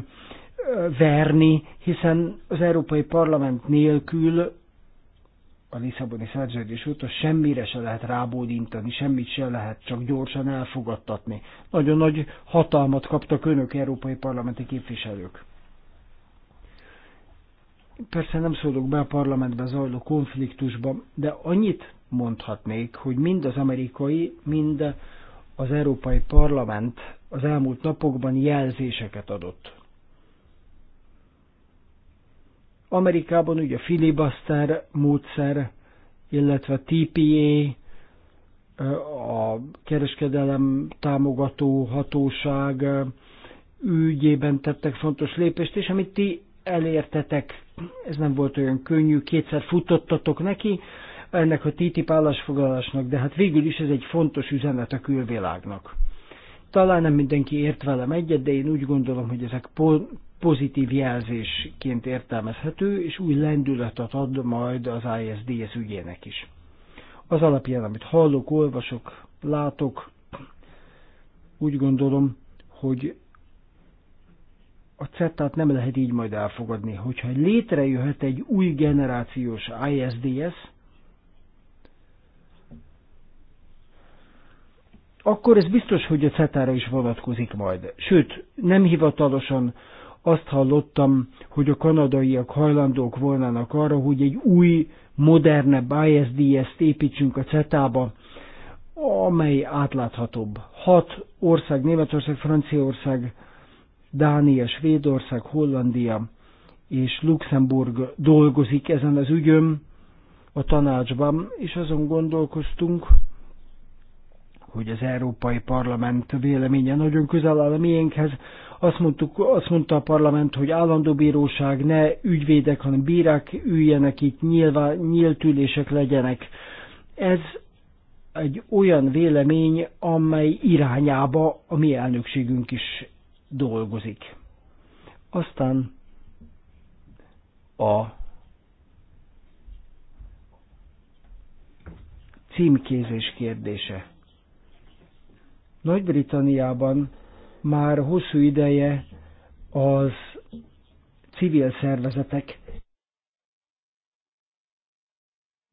verni, hiszen az Európai Parlament nélkül a Lisszaboni szerződés óta semmire se lehet rábódintani, semmit se lehet csak gyorsan elfogadtatni. Nagyon nagy hatalmat kaptak önök, európai parlamenti képviselők. Persze nem szólok be a parlamentben zajló konfliktusba, de annyit mondhatnék, hogy mind az amerikai, mind az Európai Parlament az elmúlt napokban jelzéseket adott. Amerikában ugye a filibuster módszer, illetve a TPA, a kereskedelem támogató hatóság ügyében tettek fontos lépést, és amit ti elértetek ez nem volt olyan könnyű, kétszer futottatok neki ennek a TTIP állásfoglalásnak, de hát végül is ez egy fontos üzenet a külvilágnak. Talán nem mindenki ért velem egyet, de én úgy gondolom, hogy ezek pozitív jelzésként értelmezhető, és új lendületet ad majd az ISDS ügyének is. Az alapján, amit hallok, olvasok, látok, úgy gondolom, hogy a CETA-t nem lehet így majd elfogadni. Hogyha létrejöhet egy új generációs ISDS, akkor ez biztos, hogy a CETA-ra is vonatkozik majd. Sőt, nem hivatalosan azt hallottam, hogy a kanadaiak hajlandók volnának arra, hogy egy új, modernebb ISDS-t építsünk a CETA-ba, amely átláthatóbb. Hat ország, Németország, Franciaország, Dánia, Svédország, Hollandia és Luxemburg dolgozik ezen az ügyön a tanácsban, és azon gondolkoztunk, hogy az Európai Parlament véleménye nagyon közel áll a miénkhez. Azt, mondtuk, azt mondta a parlament, hogy állandó bíróság, ne ügyvédek, hanem bírák üljenek itt, nyilvá, nyílt ülések legyenek. Ez egy olyan vélemény, amely irányába a mi elnökségünk is dolgozik. Aztán a címkézés kérdése. Nagy-Britanniában már hosszú ideje az civil szervezetek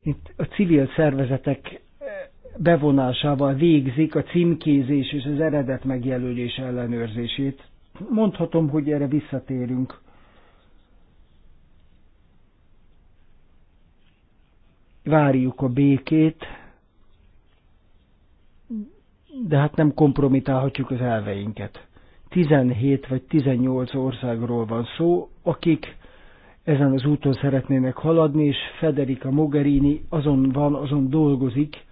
itt a civil szervezetek bevonásával végzik a címkézés és az eredet megjelölés ellenőrzését. Mondhatom, hogy erre visszatérünk. Várjuk a békét, de hát nem kompromitálhatjuk az elveinket. 17 vagy 18 országról van szó, akik ezen az úton szeretnének haladni, és Federica Mogherini azon van, azon dolgozik,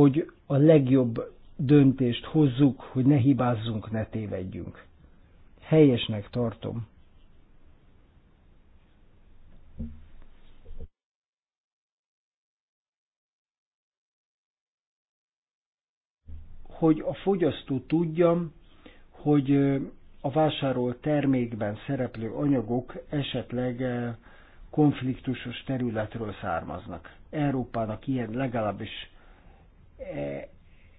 hogy a legjobb döntést hozzuk, hogy ne hibázzunk, ne tévedjünk. Helyesnek tartom. Hogy a fogyasztó tudja, hogy a vásárolt termékben szereplő anyagok esetleg konfliktusos területről származnak. Európának ilyen legalábbis E,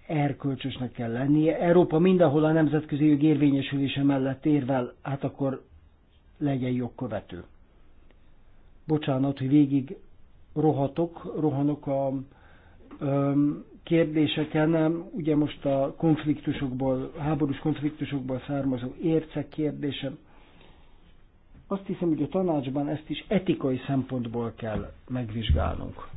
erkölcsösnek kell lennie. Európa mindenhol a nemzetközi jog érvényesülése mellett érvel, hát akkor legyen jogkövető. Bocsánat, hogy végig rohatok, rohanok a kérdéseken, ugye most a konfliktusokból, háborús konfliktusokból származó érce kérdése. Azt hiszem, hogy a tanácsban ezt is etikai szempontból kell megvizsgálnunk.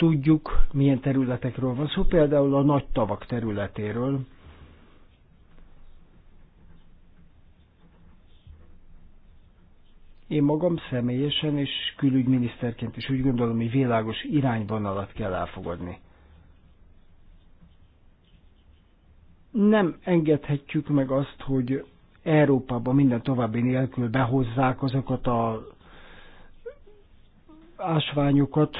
tudjuk, milyen területekről van szó, szóval például a nagy tavak területéről. Én magam személyesen és külügyminiszterként is úgy gondolom, hogy világos irányvonalat kell elfogadni. Nem engedhetjük meg azt, hogy Európában minden további nélkül behozzák azokat a ásványokat,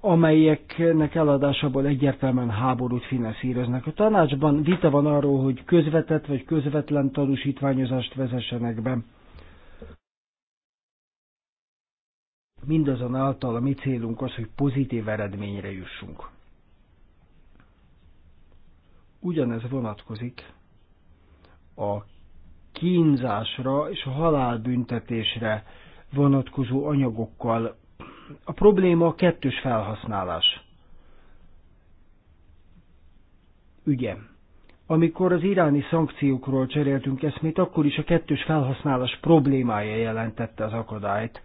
amelyeknek eladásából egyértelműen háborút finanszíroznak. A tanácsban vita van arról, hogy közvetett vagy közvetlen tanúsítványozást vezessenek be. Mindazonáltal a mi célunk az, hogy pozitív eredményre jussunk. Ugyanez vonatkozik a kínzásra és a halálbüntetésre vonatkozó anyagokkal a probléma a kettős felhasználás. Ügye. Amikor az iráni szankciókról cseréltünk eszmét, akkor is a kettős felhasználás problémája jelentette az akadályt.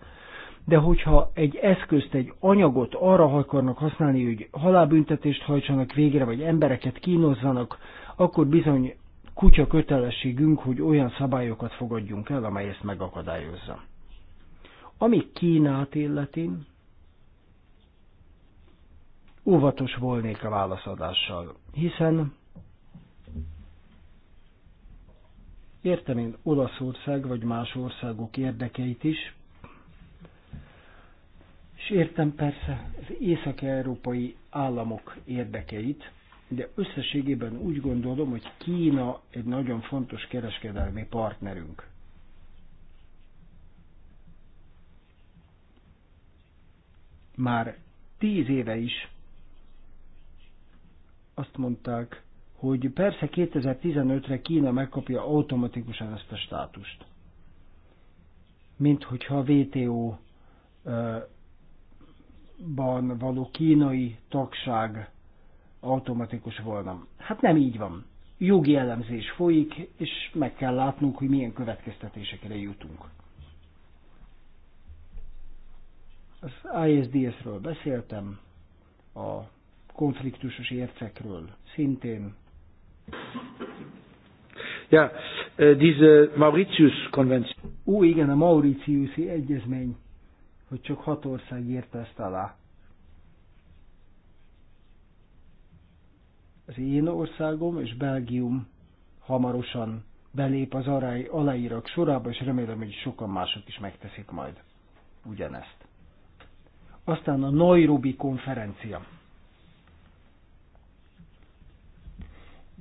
De hogyha egy eszközt, egy anyagot arra akarnak használni, hogy halálbüntetést hajtsanak végre, vagy embereket kínozzanak, akkor bizony kutya kötelességünk, hogy olyan szabályokat fogadjunk el, amely ezt megakadályozza. Ami Kínát illeti, óvatos volnék a válaszadással, hiszen értem én Olaszország vagy más országok érdekeit is, és értem persze az észak-európai államok érdekeit, de összességében úgy gondolom, hogy Kína egy nagyon fontos kereskedelmi partnerünk. Már tíz éve is azt mondták, hogy persze 2015-re Kína megkapja automatikusan ezt a státust. Mint hogyha a WTO ban való kínai tagság automatikus volna. Hát nem így van. Jogi elemzés folyik, és meg kell látnunk, hogy milyen következtetésekre jutunk. Az ISDS-ről beszéltem, a konfliktusos ércekről. Szintén. Ja, eh, diese Mauritius konvenció. Ó, igen, a Mauritiusi egyezmény, hogy csak hat ország írta ezt alá. Az én országom és Belgium hamarosan belép az arály aláírak sorába, és remélem, hogy sokan mások is megteszik majd ugyanezt. Aztán a Nairobi konferencia.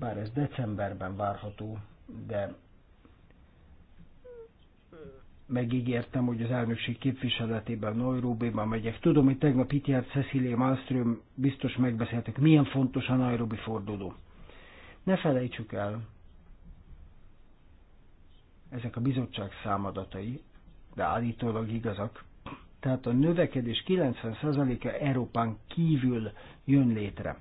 bár ez decemberben várható, de megígértem, hogy az elnökség képviseletében Nairobiban megyek. Tudom, hogy tegnap itt járt Cecilia Malmström, biztos megbeszéltek, milyen fontos a Nairobi forduló. Ne felejtsük el, ezek a bizottság számadatai, de állítólag igazak. Tehát a növekedés 90%-a Európán kívül jön létre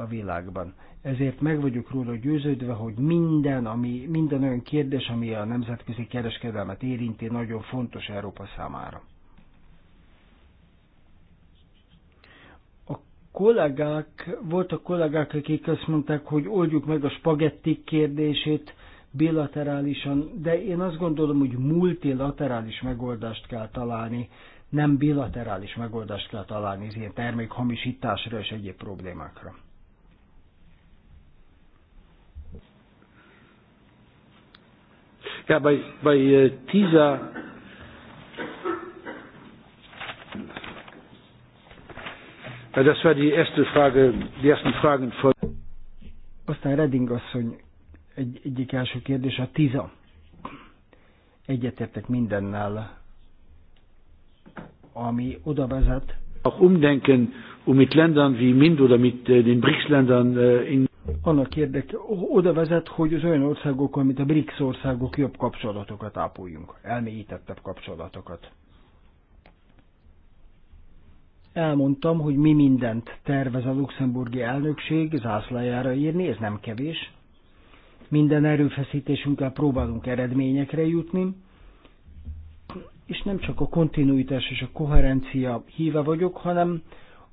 a világban. Ezért meg vagyok róla győződve, hogy minden, ami, minden olyan kérdés, ami a nemzetközi kereskedelmet érinti, nagyon fontos Európa számára. A kollégák, voltak kollégák, akik azt mondták, hogy oldjuk meg a spagettik kérdését bilaterálisan, de én azt gondolom, hogy multilaterális megoldást kell találni, nem bilaterális megoldást kell találni az ilyen termékhamisításra és egyéb problémákra. Ja, bei, bei äh, dieser ja, das war die erste Frage, die ersten Fragen von Aztán Redding asszony egy, egyik első kérdés a TISA. Egyetértek mindennel, ami oda vezet. Auch umdenken, um mit Ländern wie MIND oder mit äh, den BRICS-Ländern äh, in annak érdeke, oda vezet, hogy az olyan országok, mint a BRICS országok jobb kapcsolatokat ápoljunk, elmélyítettebb kapcsolatokat. Elmondtam, hogy mi mindent tervez a luxemburgi elnökség zászlajára írni, ez nem kevés. Minden erőfeszítésünkkel próbálunk eredményekre jutni, és nem csak a kontinuitás és a koherencia híve vagyok, hanem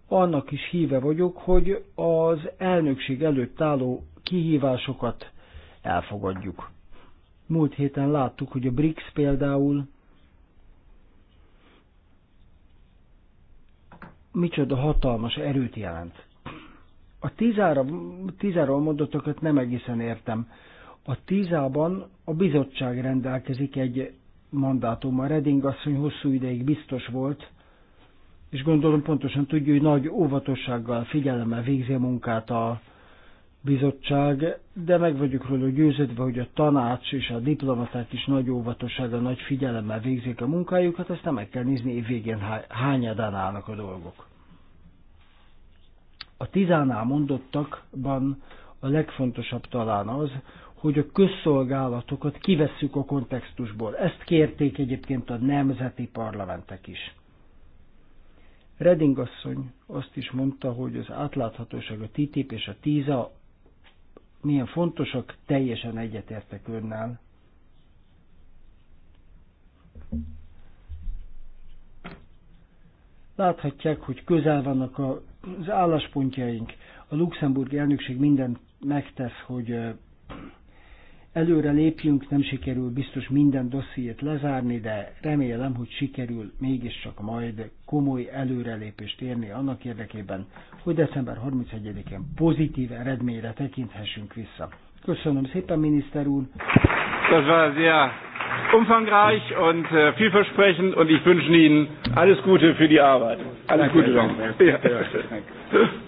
annak is híve vagyok, hogy az elnökség előtt álló kihívásokat elfogadjuk. Múlt héten láttuk, hogy a BRICS például micsoda hatalmas erőt jelent. A tízára, tízáról mondatokat nem egészen értem. A tízában a bizottság rendelkezik egy mandátummal. Reding asszony hosszú ideig biztos volt, és gondolom pontosan tudja, hogy nagy óvatossággal, figyelemmel végzi a munkát a bizottság, de meg vagyok róla győződve, hogy a tanács és a diplomaták is nagy óvatossággal, nagy figyelemmel végzik a munkájukat, aztán meg kell nézni évvégén hányadán állnak a dolgok. A tizánál mondottakban a legfontosabb talán az, hogy a közszolgálatokat kivesszük a kontextusból. Ezt kérték egyébként a nemzeti parlamentek is. Reding asszony azt is mondta, hogy az átláthatóság, a TTIP és a TISA milyen fontosak, teljesen egyetértek önnel. Láthatják, hogy közel vannak az álláspontjaink. A luxemburgi elnökség mindent megtesz, hogy előre lépjünk, nem sikerül biztos minden dossziét lezárni, de remélem, hogy sikerül mégiscsak majd komoly előrelépést érni annak érdekében, hogy december 31-én pozitív eredményre tekinthessünk vissza. Köszönöm szépen, miniszter úr! Das war sehr umfangreich und äh, vielversprechend und ich wünsche Ihnen alles Gute für die Arbeit. Alles Gute. Ja.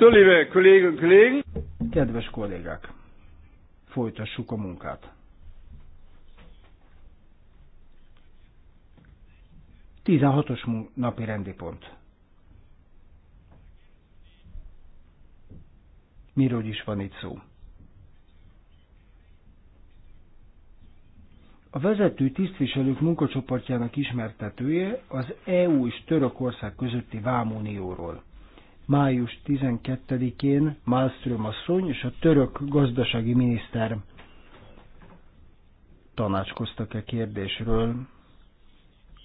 So, liebe Kolleginnen und Kollegen. Kedves kollégák, folytassuk a munkát. Tizenhatos napi rendi pont. Miről is van itt szó? A vezető tisztviselők munkacsoportjának ismertetője az EU és Törökország közötti vámunióról május 12-én Malmström asszony és a török gazdasági miniszter tanácskoztak e kérdésről.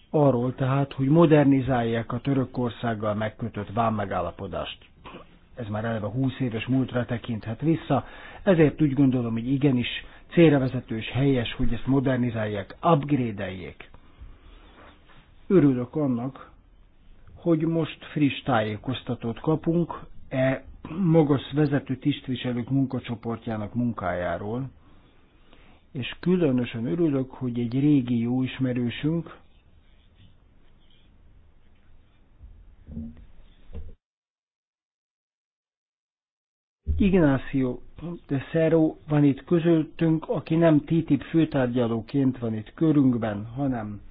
Arról tehát, hogy modernizálják a Törökországgal megkötött vámmegállapodást. Ez már eleve 20 éves múltra tekinthet vissza, ezért úgy gondolom, hogy igenis célra vezető és helyes, hogy ezt modernizálják, upgrade-eljék. Örülök annak, hogy most friss tájékoztatót kapunk e magas vezető tisztviselők munkacsoportjának munkájáról, és különösen örülök, hogy egy régi jó ismerősünk, Ignacio de Cerro van itt közöttünk, aki nem TTIP főtárgyalóként van itt körünkben, hanem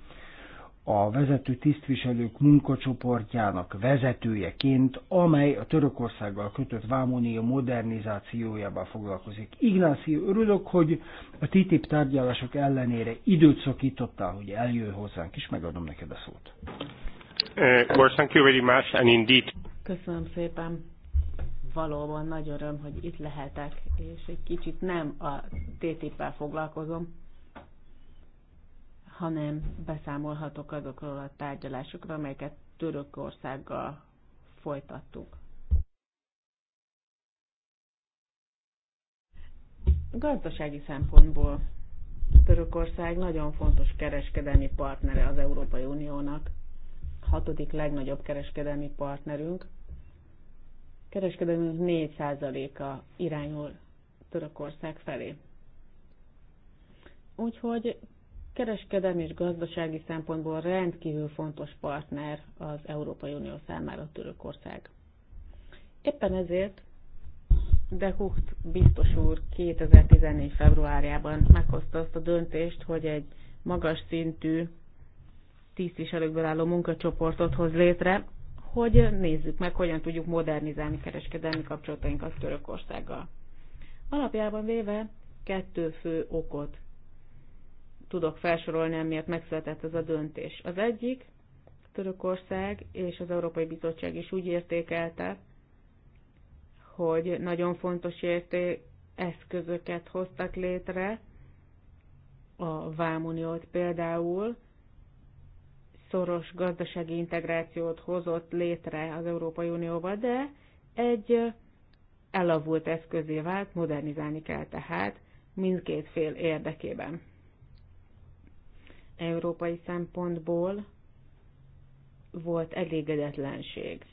a vezető tisztviselők munkacsoportjának vezetőjeként, amely a Törökországgal kötött Vámonia modernizációjával foglalkozik. Ignácio, örülök, hogy a TTIP tárgyalások ellenére időt szakítottál, hogy eljöjj hozzánk, és megadom neked a szót. Eh, Köszönöm szépen. Valóban nagy öröm, hogy itt lehetek, és egy kicsit nem a TTIP-el foglalkozom, hanem beszámolhatok azokról a tárgyalásokról, amelyeket Törökországgal folytattuk. Gazdasági szempontból Törökország nagyon fontos kereskedelmi partnere az Európai Uniónak, hatodik legnagyobb kereskedelmi partnerünk. Kereskedelmünk 4%-a irányul Törökország felé. Úgyhogy kereskedelmi és gazdasági szempontból rendkívül fontos partner az Európai Unió számára Törökország. Éppen ezért de Hucht biztos úr 2014. februárjában meghozta azt a döntést, hogy egy magas szintű tisztviselőkből álló munkacsoportot hoz létre, hogy nézzük meg, hogyan tudjuk modernizálni kereskedelmi kapcsolatainkat Törökországgal. Alapjában véve kettő fő okot tudok felsorolni, amiért megszületett ez a döntés. Az egyik, Törökország és az Európai Bizottság is úgy értékelte, hogy nagyon fontos érté eszközöket hoztak létre, a Vámuniót például, szoros gazdasági integrációt hozott létre az Európai Unióba, de egy elavult eszközé vált, modernizálni kell tehát mindkét fél érdekében európai szempontból volt elégedetlenség.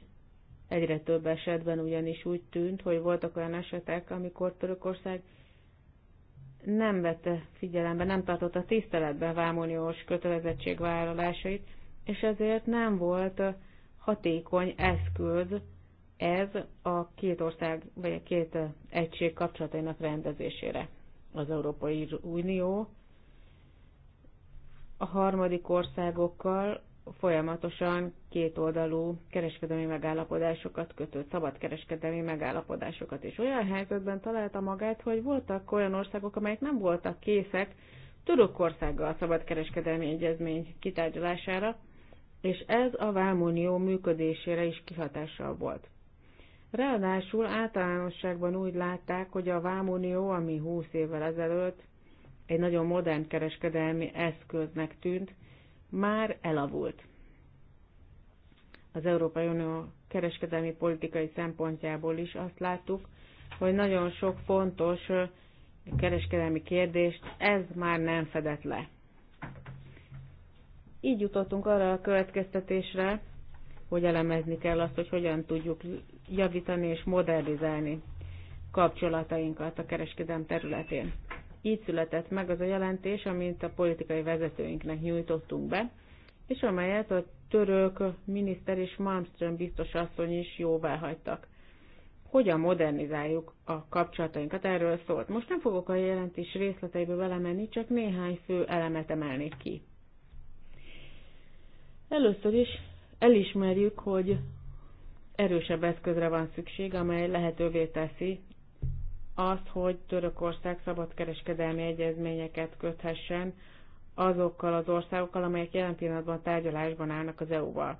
Egyre több esetben ugyanis úgy tűnt, hogy voltak olyan esetek, amikor Törökország nem vette figyelembe, nem tartotta tiszteletbe vámoniós kötelezettségvállalásait, és ezért nem volt hatékony eszköz ez a két ország, vagy a két egység kapcsolatainak rendezésére. Az Európai Unió a harmadik országokkal folyamatosan kétoldalú kereskedelmi megállapodásokat kötött, szabad kereskedelmi megállapodásokat. És olyan helyzetben találta magát, hogy voltak olyan országok, amelyek nem voltak készek Törökországgal kereskedelmi egyezmény kitárgyalására, és ez a Vámunió működésére is kihatással volt. Ráadásul általánosságban úgy látták, hogy a Vámunió, ami 20 évvel ezelőtt egy nagyon modern kereskedelmi eszköznek tűnt, már elavult. Az Európai Unió kereskedelmi politikai szempontjából is azt láttuk, hogy nagyon sok fontos kereskedelmi kérdést ez már nem fedett le. Így jutottunk arra a következtetésre, hogy elemezni kell azt, hogy hogyan tudjuk javítani és modernizálni kapcsolatainkat a kereskedelm területén. Így született meg az a jelentés, amit a politikai vezetőinknek nyújtottunk be, és amelyet a török miniszter és Malmström biztos asszony is jóvá hagytak. Hogyan modernizáljuk a kapcsolatainkat, erről szólt. Most nem fogok a jelentés részleteiből belemenni, csak néhány fő elemet emelnék ki. Először is elismerjük, hogy erősebb eszközre van szükség, amely lehetővé teszi azt, hogy Törökország szabadkereskedelmi egyezményeket köthessen azokkal az országokkal, amelyek jelen pillanatban tárgyalásban állnak az EU-val.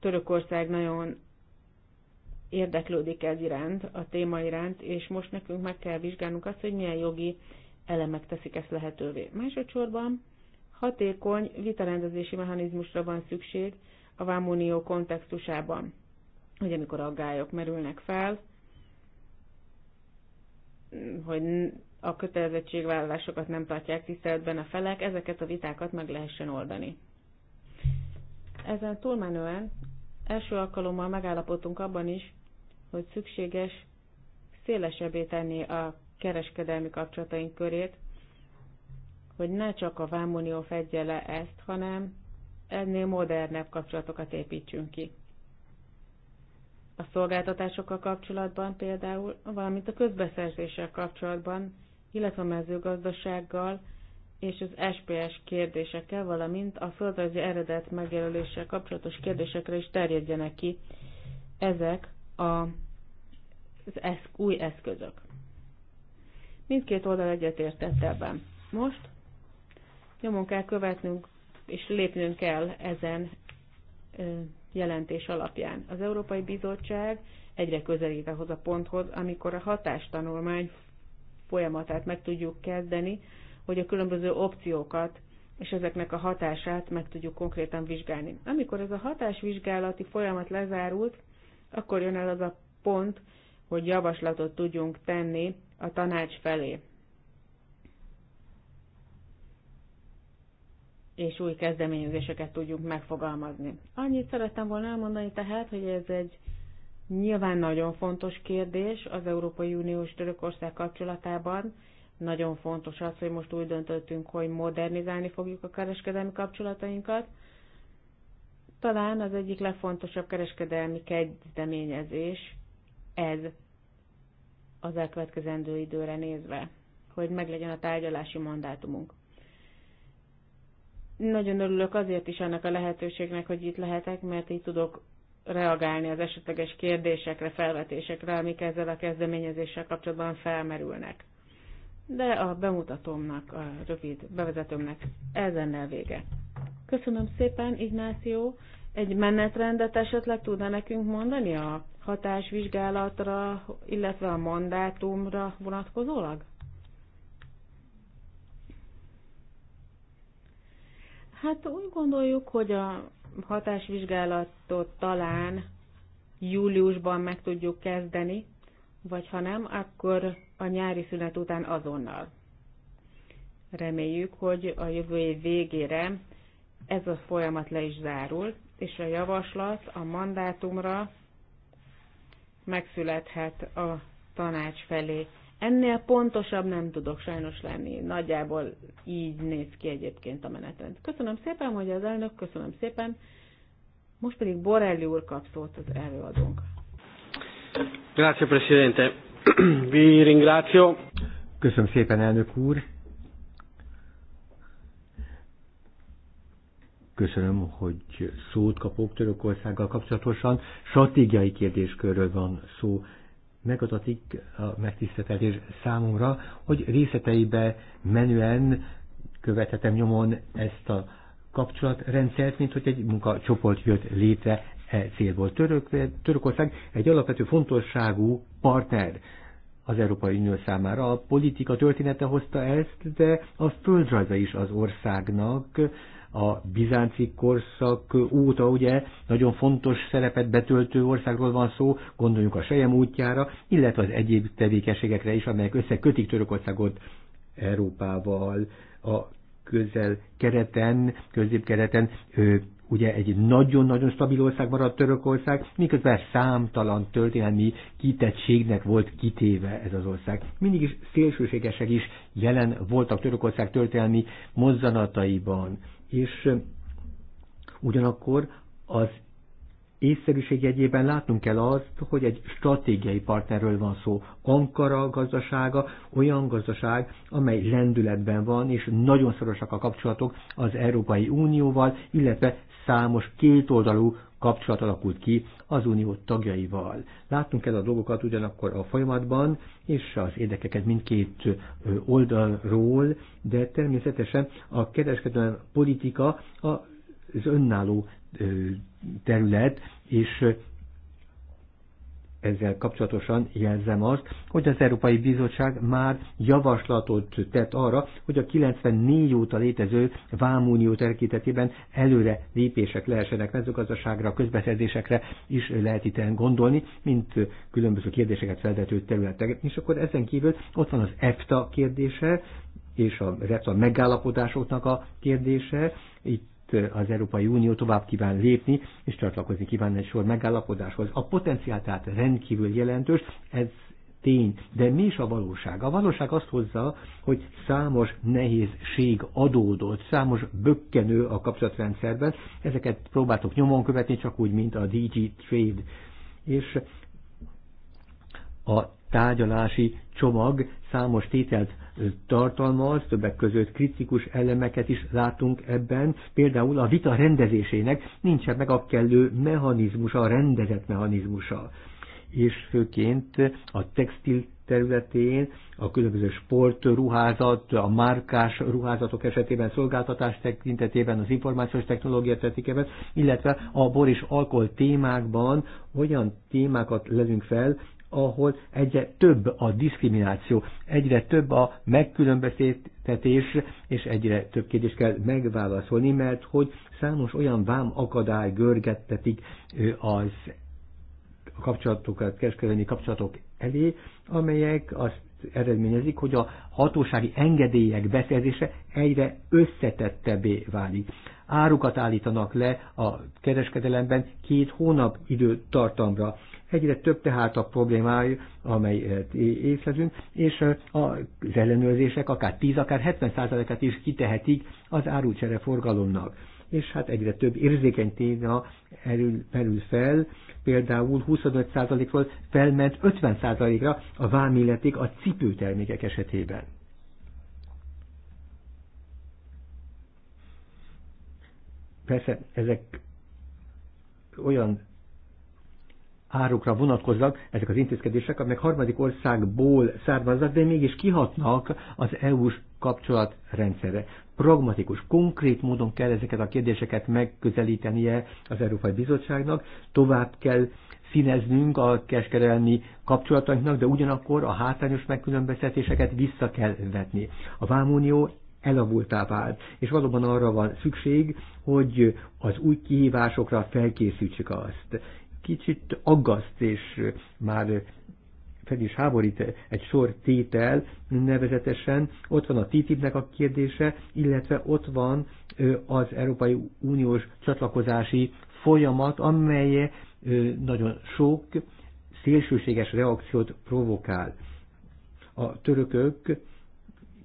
Törökország nagyon érdeklődik ez iránt, a téma iránt, és most nekünk meg kell vizsgálnunk azt, hogy milyen jogi elemek teszik ezt lehetővé. Másodszorban hatékony vitarendezési mechanizmusra van szükség a vámunió kontextusában, hogy amikor aggályok merülnek fel, hogy a kötelezettségvállalásokat nem tartják tiszteletben a felek, ezeket a vitákat meg lehessen oldani. Ezen túlmenően első alkalommal megállapodtunk abban is, hogy szükséges szélesebbé tenni a kereskedelmi kapcsolataink körét, hogy ne csak a Vámunió fedje le ezt, hanem ennél modernebb kapcsolatokat építsünk ki a szolgáltatásokkal kapcsolatban például, valamint a közbeszerzéssel kapcsolatban, illetve a mezőgazdasággal és az SPS kérdésekkel, valamint a földrajzi eredet megjelöléssel kapcsolatos kérdésekre is terjedjenek ki ezek a, az esz, új eszközök. Mindkét oldal egyetértett ebben. Most nyomon kell követnünk, és lépnünk kell ezen jelentés alapján. Az Európai Bizottság egyre közelít ahhoz a ponthoz, amikor a hatástanulmány folyamatát meg tudjuk kezdeni, hogy a különböző opciókat és ezeknek a hatását meg tudjuk konkrétan vizsgálni. Amikor ez a hatásvizsgálati folyamat lezárult, akkor jön el az a pont, hogy javaslatot tudjunk tenni a tanács felé és új kezdeményezéseket tudjunk megfogalmazni. Annyit szerettem volna elmondani tehát, hogy ez egy nyilván nagyon fontos kérdés az Európai Unió és Törökország kapcsolatában. Nagyon fontos az, hogy most úgy döntöttünk, hogy modernizálni fogjuk a kereskedelmi kapcsolatainkat. Talán az egyik legfontosabb kereskedelmi kezdeményezés ez az elkövetkezendő időre nézve, hogy meglegyen a tárgyalási mandátumunk. Nagyon örülök azért is annak a lehetőségnek, hogy itt lehetek, mert így tudok reagálni az esetleges kérdésekre, felvetésekre, amik ezzel a kezdeményezéssel kapcsolatban felmerülnek. De a bemutatómnak, a rövid bevezetőmnek ezennel vége. Köszönöm szépen, Ignáció. Egy menetrendet esetleg tudna nekünk mondani a hatásvizsgálatra, illetve a mandátumra vonatkozólag? Hát úgy gondoljuk, hogy a hatásvizsgálatot talán júliusban meg tudjuk kezdeni, vagy ha nem, akkor a nyári szünet után azonnal. Reméljük, hogy a jövő év végére ez a folyamat le is zárul, és a javaslat a mandátumra megszülethet a tanács felé Ennél pontosabb nem tudok sajnos lenni. Nagyjából így néz ki egyébként a menetrend. Köszönöm szépen, hogy az elnök, köszönöm szépen. Most pedig Borelli úr kap szót az előadónk. Grazie, Presidente. Vi ringrazio. Köszönöm szépen, elnök úr. Köszönöm, hogy szót kapok Törökországgal kapcsolatosan. Stratégiai kérdéskörről van szó megadatik a megtiszteltetés számomra, hogy részleteibe menően követhetem nyomon ezt a kapcsolatrendszert, mint hogy egy munkacsoport jött létre e célból. Török, Törökország egy alapvető fontosságú partner az Európai Unió számára. A politika története hozta ezt, de a földrajza is az országnak a bizánci korszak óta ugye nagyon fontos szerepet betöltő országról van szó, gondoljunk a Sejem útjára, illetve az egyéb tevékenységekre is, amelyek összekötik Törökországot Európával a közel kereten, középkereten ugye egy nagyon-nagyon stabil ország maradt Törökország, miközben számtalan történelmi kitettségnek volt kitéve ez az ország. Mindig is szélsőségesek is jelen voltak Törökország történelmi mozzanataiban és ugyanakkor az észszerűség jegyében látnunk kell azt, hogy egy stratégiai partnerről van szó. Ankara gazdasága olyan gazdaság, amely lendületben van, és nagyon szorosak a kapcsolatok az Európai Unióval, illetve számos kétoldalú kapcsolat alakult ki az unió tagjaival. Láttunk kell a dolgokat ugyanakkor a folyamatban, és az érdekeket mindkét oldalról, de természetesen a kereskedelmi politika az önálló terület, és ezzel kapcsolatosan jelzem azt, hogy az Európai Bizottság már javaslatot tett arra, hogy a 94 óta létező vámunió terkítetében előre lépések lehessenek mezőgazdaságra, közbeszerzésekre is lehet itt gondolni, mint különböző kérdéseket feltető területek. És akkor ezen kívül ott van az EFTA kérdése, és a, a megállapodásoknak a kérdése, itt az Európai Unió tovább kíván lépni, és csatlakozni kíván egy sor megállapodáshoz. A potenciál tehát rendkívül jelentős, ez tény. De mi is a valóság? A valóság azt hozza, hogy számos nehézség adódott, számos bökkenő a kapcsolatrendszerben. Ezeket próbáltok nyomon követni, csak úgy, mint a DG Trade. És a tárgyalási csomag számos tételt tartalmaz, többek között kritikus elemeket is látunk ebben, például a vita rendezésének nincsen meg a kellő mechanizmusa, a rendezett mechanizmusa. És főként a textil területén, a különböző sportruházat, a márkás ruházatok esetében, szolgáltatás tekintetében, az információs technológia tekintetében, illetve a bor és alkohol témákban olyan témákat lelünk fel, ahol egyre több a diszkrimináció, egyre több a megkülönböztetés, és egyre több kérdést kell megválaszolni, mert hogy számos olyan vám akadály görgettetik az kapcsolatokat, kereskedelmi kapcsolatok elé, amelyek azt eredményezik, hogy a hatósági engedélyek beszerzése egyre összetettebbé válik. Árukat állítanak le a kereskedelemben két hónap időtartamra. Egyre több tehát a problémája, amely eh, észlezünk, és eh, az ellenőrzések akár 10, akár 70 százalékát is kitehetik az árucsere forgalomnak. És hát egyre több érzékeny téma merül fel, például 25 százalékról felment 50 százalékra a vámilleték a cipőtermékek esetében. Persze ezek olyan árukra vonatkoznak ezek az intézkedések, amelyek harmadik országból származnak, de mégis kihatnak az EU-s kapcsolatrendszerre. Pragmatikus, konkrét módon kell ezeket a kérdéseket megközelítenie az Európai Bizottságnak, tovább kell színeznünk a kereskedelmi kapcsolatainknak, de ugyanakkor a hátrányos megkülönböztetéseket vissza kell vetni. A Vámunió elavultá vált, és valóban arra van szükség, hogy az új kihívásokra felkészítsük azt kicsit aggaszt, és már fel is háborít egy sor tétel, nevezetesen ott van a TTIP-nek a kérdése, illetve ott van az Európai Uniós csatlakozási folyamat, amelye nagyon sok szélsőséges reakciót provokál. A törökök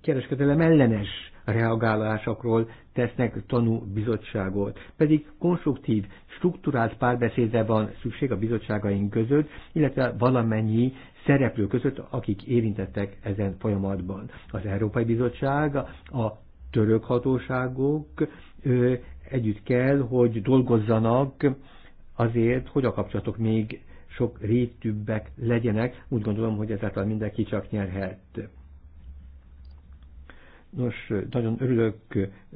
kereskedelem ellenes reagálásokról tesznek tanú bizottságot. Pedig konstruktív, strukturált párbeszédre van szükség a bizottságaink között, illetve valamennyi szereplő között, akik érintettek ezen folyamatban. Az Európai Bizottság, a török hatóságok ö, együtt kell, hogy dolgozzanak azért, hogy a kapcsolatok még sok rétűbbek legyenek. Úgy gondolom, hogy ezáltal mindenki csak nyerhet. Nos, nagyon örülök,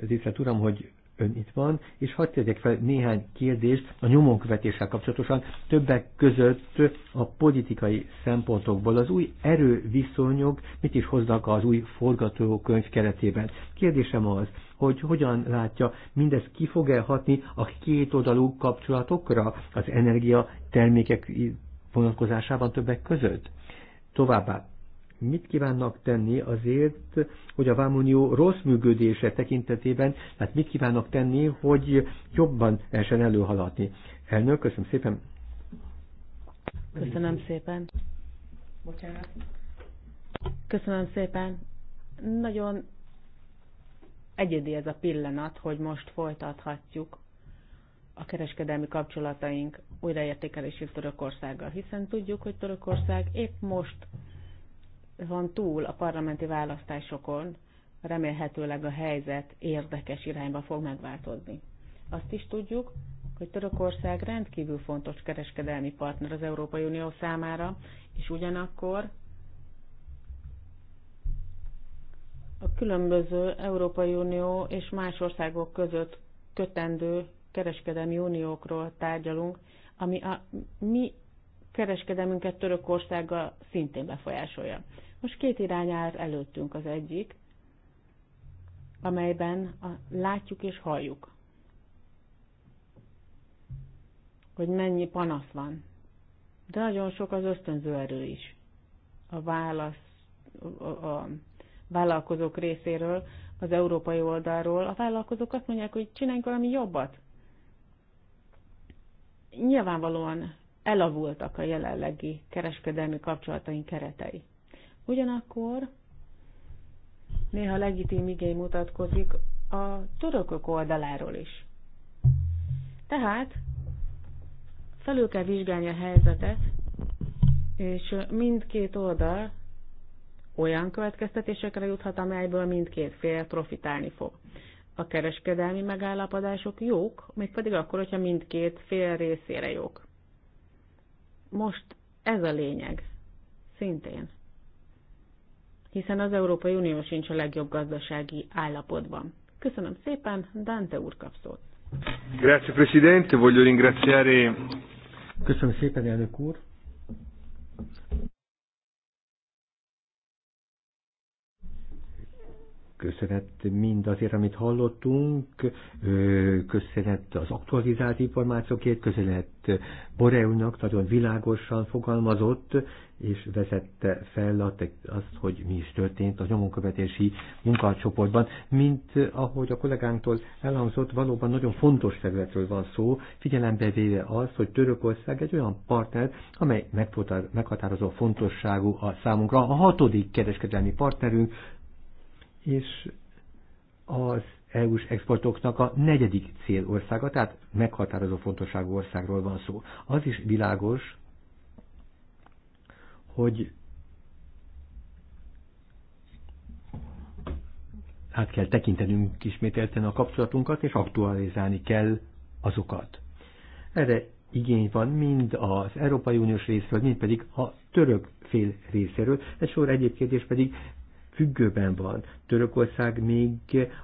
tisztelt Uram, hogy ön itt van, és hadd tegyek fel néhány kérdést a nyomonkövetéssel kapcsolatosan, többek között a politikai szempontokból. Az új erőviszonyok mit is hoznak az új forgatókönyv keretében? Kérdésem az, hogy hogyan látja, mindez ki fog elhatni a kétoldalú kapcsolatokra az energia termékek vonatkozásában többek között? Továbbá mit kívánnak tenni azért, hogy a Vámunió rossz működése tekintetében, tehát mit kívánnak tenni, hogy jobban lehessen előhaladni. Elnök, köszönöm szépen. Köszönöm szépen. Bocsánat. Köszönöm szépen. Nagyon egyedi ez a pillanat, hogy most folytathatjuk a kereskedelmi kapcsolataink újraértékelését Törökországgal, hiszen tudjuk, hogy Törökország épp most van túl a parlamenti választásokon, remélhetőleg a helyzet érdekes irányba fog megváltozni. Azt is tudjuk, hogy Törökország rendkívül fontos kereskedelmi partner az Európai Unió számára, és ugyanakkor a különböző Európai Unió és más országok között kötendő kereskedelmi uniókról tárgyalunk, ami a mi kereskedelmünket Törökországgal szintén befolyásolja. Most két irány áll előttünk az egyik, amelyben a, látjuk és halljuk, hogy mennyi panasz van. De nagyon sok az ösztönző erő is a, válasz, a, a vállalkozók részéről, az európai oldalról. A vállalkozók azt mondják, hogy csináljunk valami jobbat. Nyilvánvalóan elavultak a jelenlegi kereskedelmi kapcsolataink keretei. Ugyanakkor néha legitim igény mutatkozik a törökök oldaláról is. Tehát felül kell vizsgálni a helyzetet, és mindkét oldal olyan következtetésekre juthat, amelyből mindkét fél profitálni fog. A kereskedelmi megállapodások jók, mégpedig akkor, hogyha mindkét fél részére jók. Most ez a lényeg. Szintén. Hiszen az Európai Unió sincs a legjobb gazdasági állapotban. Köszönöm szépen, Dante úr kap szót. Grazie Presidente, voglio ringraziare... Köszönöm szépen, elnök úr. köszönet mind azért amit hallottunk, köszönet az aktualizált információkért, köszönet Boreunak, nagyon világosan fogalmazott, és vezette fel azt, hogy mi is történt a nyomonkövetési munkacsoportban. Mint ahogy a kollégánktól elhangzott, valóban nagyon fontos területről van szó, figyelembe véve az, hogy Törökország egy olyan partner, amely meghatározó fontosságú a számunkra. A hatodik kereskedelmi partnerünk és az EU-s exportoknak a negyedik célországa, tehát meghatározó fontosságú országról van szó. Az is világos, hogy át kell tekintenünk ismételten a kapcsolatunkat, és aktualizálni kell azokat. Erre igény van mind az Európai Uniós részről, mind pedig a török fél részéről. Egy sor egyéb kérdés pedig függőben van. Törökország még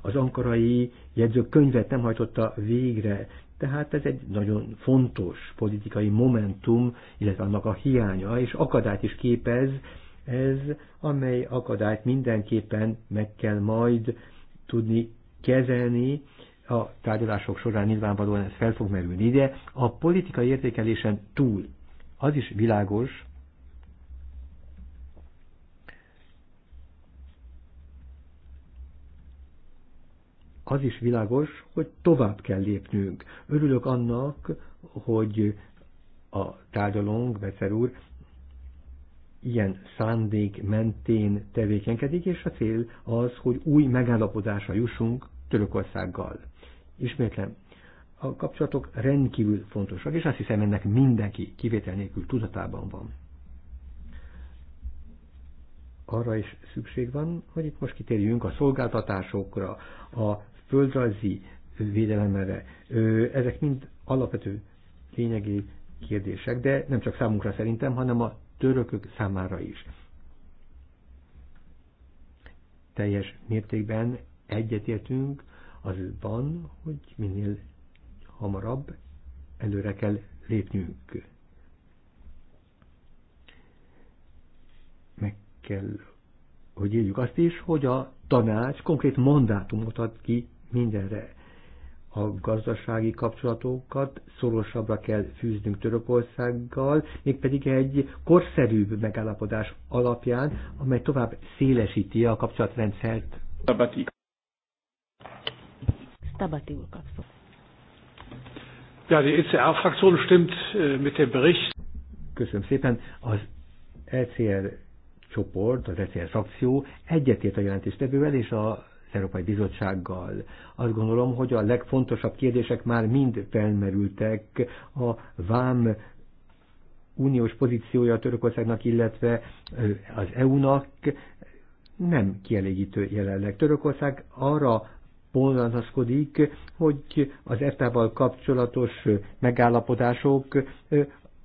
az ankarai jegyzőkönyvet nem hajtotta végre, tehát ez egy nagyon fontos politikai momentum, illetve annak a hiánya, és akadályt is képez, ez, amely akadályt mindenképpen meg kell majd tudni kezelni, a tárgyalások során nyilvánvalóan ez fel fog merülni, de a politikai értékelésen túl az is világos, az is világos, hogy tovább kell lépnünk. Örülök annak, hogy a tárgyalónk, Becer úr, ilyen szándék mentén tevékenykedik, és a cél az, hogy új megállapodásra jussunk Törökországgal. Ismétlem, a kapcsolatok rendkívül fontosak, és azt hiszem ennek mindenki kivétel nélkül tudatában van. Arra is szükség van, hogy itt most kitérjünk a szolgáltatásokra, a földrajzi védelemre. Ezek mind alapvető lényegi kérdések, de nem csak számunkra szerintem, hanem a törökök számára is. Teljes mértékben egyetértünk azban, hogy minél hamarabb előre kell lépnünk. Meg kell, hogy éljük azt is, hogy a tanács konkrét mandátumot ad ki mindenre. A gazdasági kapcsolatokat szorosabbra kell fűznünk Törökországgal, mégpedig egy korszerűbb megállapodás alapján, amely tovább szélesíti a kapcsolatrendszert. Szabati. Szabati úr Ja, die ECR-Fraktion stimmt äh, mit dem Bericht. Köszönöm szépen. Az ECR csoport, az ECR frakció egyetért a jelentéstevővel és a az Európai Bizottsággal. Azt gondolom, hogy a legfontosabb kérdések már mind felmerültek a vám uniós pozíciója a Törökországnak, illetve az EU-nak nem kielégítő jelenleg. Törökország arra panaszkodik, hogy az EFTA-val kapcsolatos megállapodások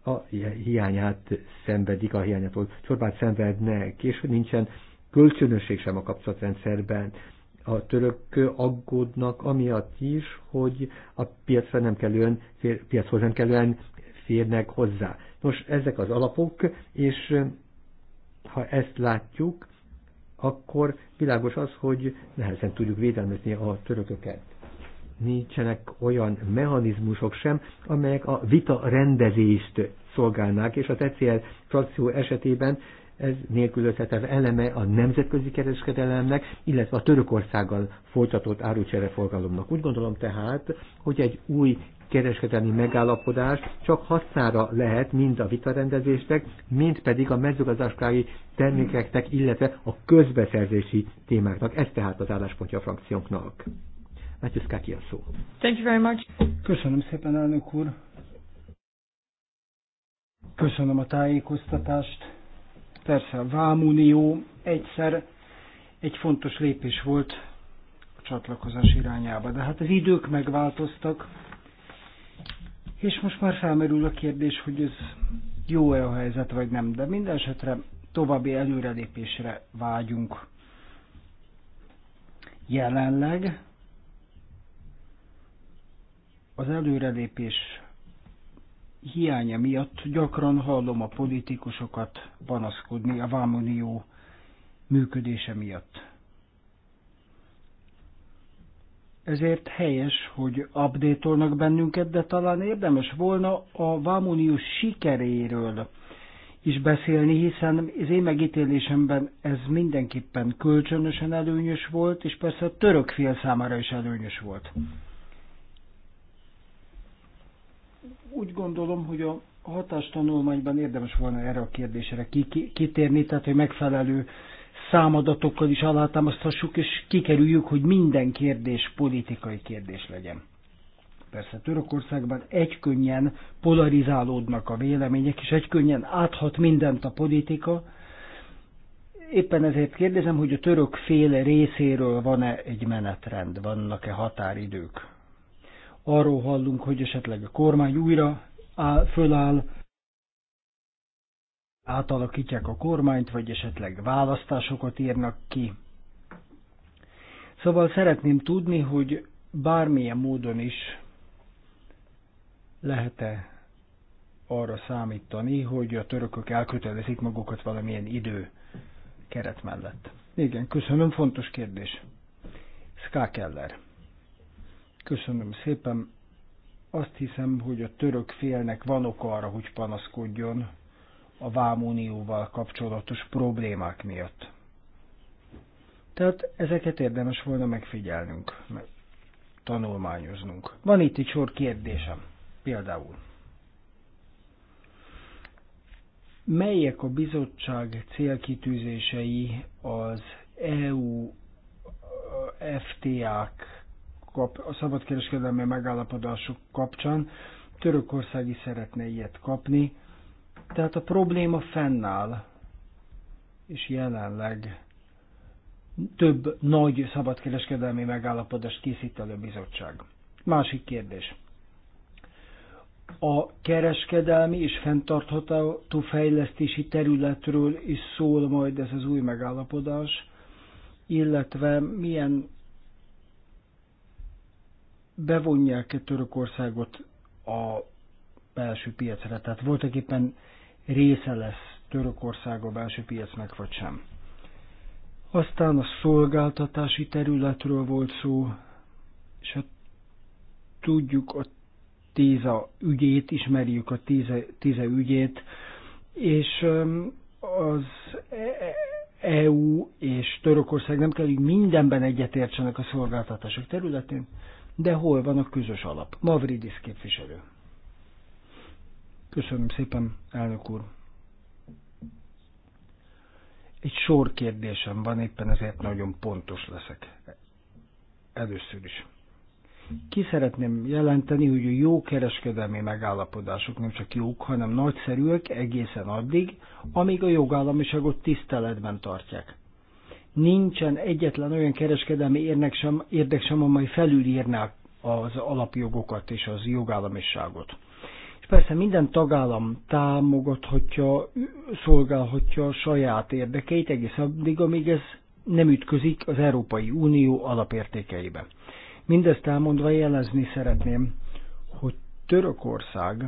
a hiányát szenvedik, a hiányától csorbát szenvednek, és hogy nincsen kölcsönösség sem a kapcsolatrendszerben a török aggódnak amiatt is, hogy a piacra nem kellően, fér, piachoz nem kellően férnek hozzá. Nos, ezek az alapok, és ha ezt látjuk, akkor világos az, hogy nehezen tudjuk védelmezni a törököket. Nincsenek olyan mechanizmusok sem, amelyek a vita rendezést szolgálnák, és a TCL frakció esetében ez nélkülözhetetlen eleme a nemzetközi kereskedelemnek, illetve a Törökországgal folytatott árucsereforgalomnak. Úgy gondolom tehát, hogy egy új kereskedelmi megállapodás csak hasznára lehet mind a vitarendezésnek, mind pedig a mezőgazdasági termékeknek, illetve a közbeszerzési témáknak. Ez tehát az álláspontja a frakciónknak. Matthews Kaki a szó. Thank you very much. Köszönöm szépen, elnök úr. Köszönöm a tájékoztatást. Persze a Vámunió egyszer egy fontos lépés volt a csatlakozás irányába, de hát az idők megváltoztak, és most már felmerül a kérdés, hogy ez jó-e a helyzet, vagy nem, de minden esetre további előrelépésre vágyunk. Jelenleg az előrelépés hiánya miatt gyakran hallom a politikusokat panaszkodni a Vámunió működése miatt. Ezért helyes, hogy updatolnak bennünket, de talán érdemes volna a Vámunió sikeréről is beszélni, hiszen az én megítélésemben ez mindenképpen kölcsönösen előnyös volt, és persze a török fél számára is előnyös volt. úgy gondolom, hogy a hatástanulmányban érdemes volna erre a kérdésre kitérni, tehát hogy megfelelő számadatokkal is alátámaszthassuk, és kikerüljük, hogy minden kérdés politikai kérdés legyen. Persze Törökországban egykönnyen polarizálódnak a vélemények, és egykönnyen áthat mindent a politika. Éppen ezért kérdezem, hogy a török fél részéről van-e egy menetrend, vannak-e határidők arról hallunk, hogy esetleg a kormány újra áll, föláll, átalakítják a kormányt, vagy esetleg választásokat írnak ki. Szóval szeretném tudni, hogy bármilyen módon is lehet-e arra számítani, hogy a törökök elkötelezik magukat valamilyen idő keret mellett. Igen, köszönöm, fontos kérdés. Ská Keller. Köszönöm szépen. Azt hiszem, hogy a török félnek van ok arra, hogy panaszkodjon a vámunióval kapcsolatos problémák miatt. Tehát ezeket érdemes volna megfigyelnünk, meg tanulmányoznunk. Van itt egy sor kérdésem. Például, melyek a bizottság célkitűzései az EU FTA-k kap, a szabadkereskedelmi megállapodások kapcsán. Törökország is szeretne ilyet kapni. Tehát a probléma fennáll, és jelenleg több nagy szabadkereskedelmi megállapodást készít elő bizottság. Másik kérdés. A kereskedelmi és fenntartható fejlesztési területről is szól majd ez az új megállapodás, illetve milyen bevonják-e Törökországot a belső piacra? Tehát voltak éppen része lesz Törökország a belső piacnak, vagy sem. Aztán a szolgáltatási területről volt szó, és hát tudjuk a Tíza ügyét, ismerjük a tíze tíze ügyét, és az EU e-, e és Törökország nem kell, hogy mindenben egyetértsenek a szolgáltatások területén, de hol van a közös alap? Mavridis képviselő. Köszönöm szépen, elnök úr. Egy sor kérdésem van, éppen ezért nagyon pontos leszek. Először is. Ki szeretném jelenteni, hogy a jó kereskedelmi megállapodások nem csak jók, hanem nagyszerűek egészen addig, amíg a jogállamiságot tiszteletben tartják nincsen egyetlen olyan kereskedelmi érnek sem, érdek sem, amely felülírná az alapjogokat és az jogállamiságot. És persze minden tagállam támogathatja, szolgálhatja a saját érdekeit egész addig, amíg ez nem ütközik az Európai Unió alapértékeibe. Mindezt elmondva jelezni szeretném, hogy Törökország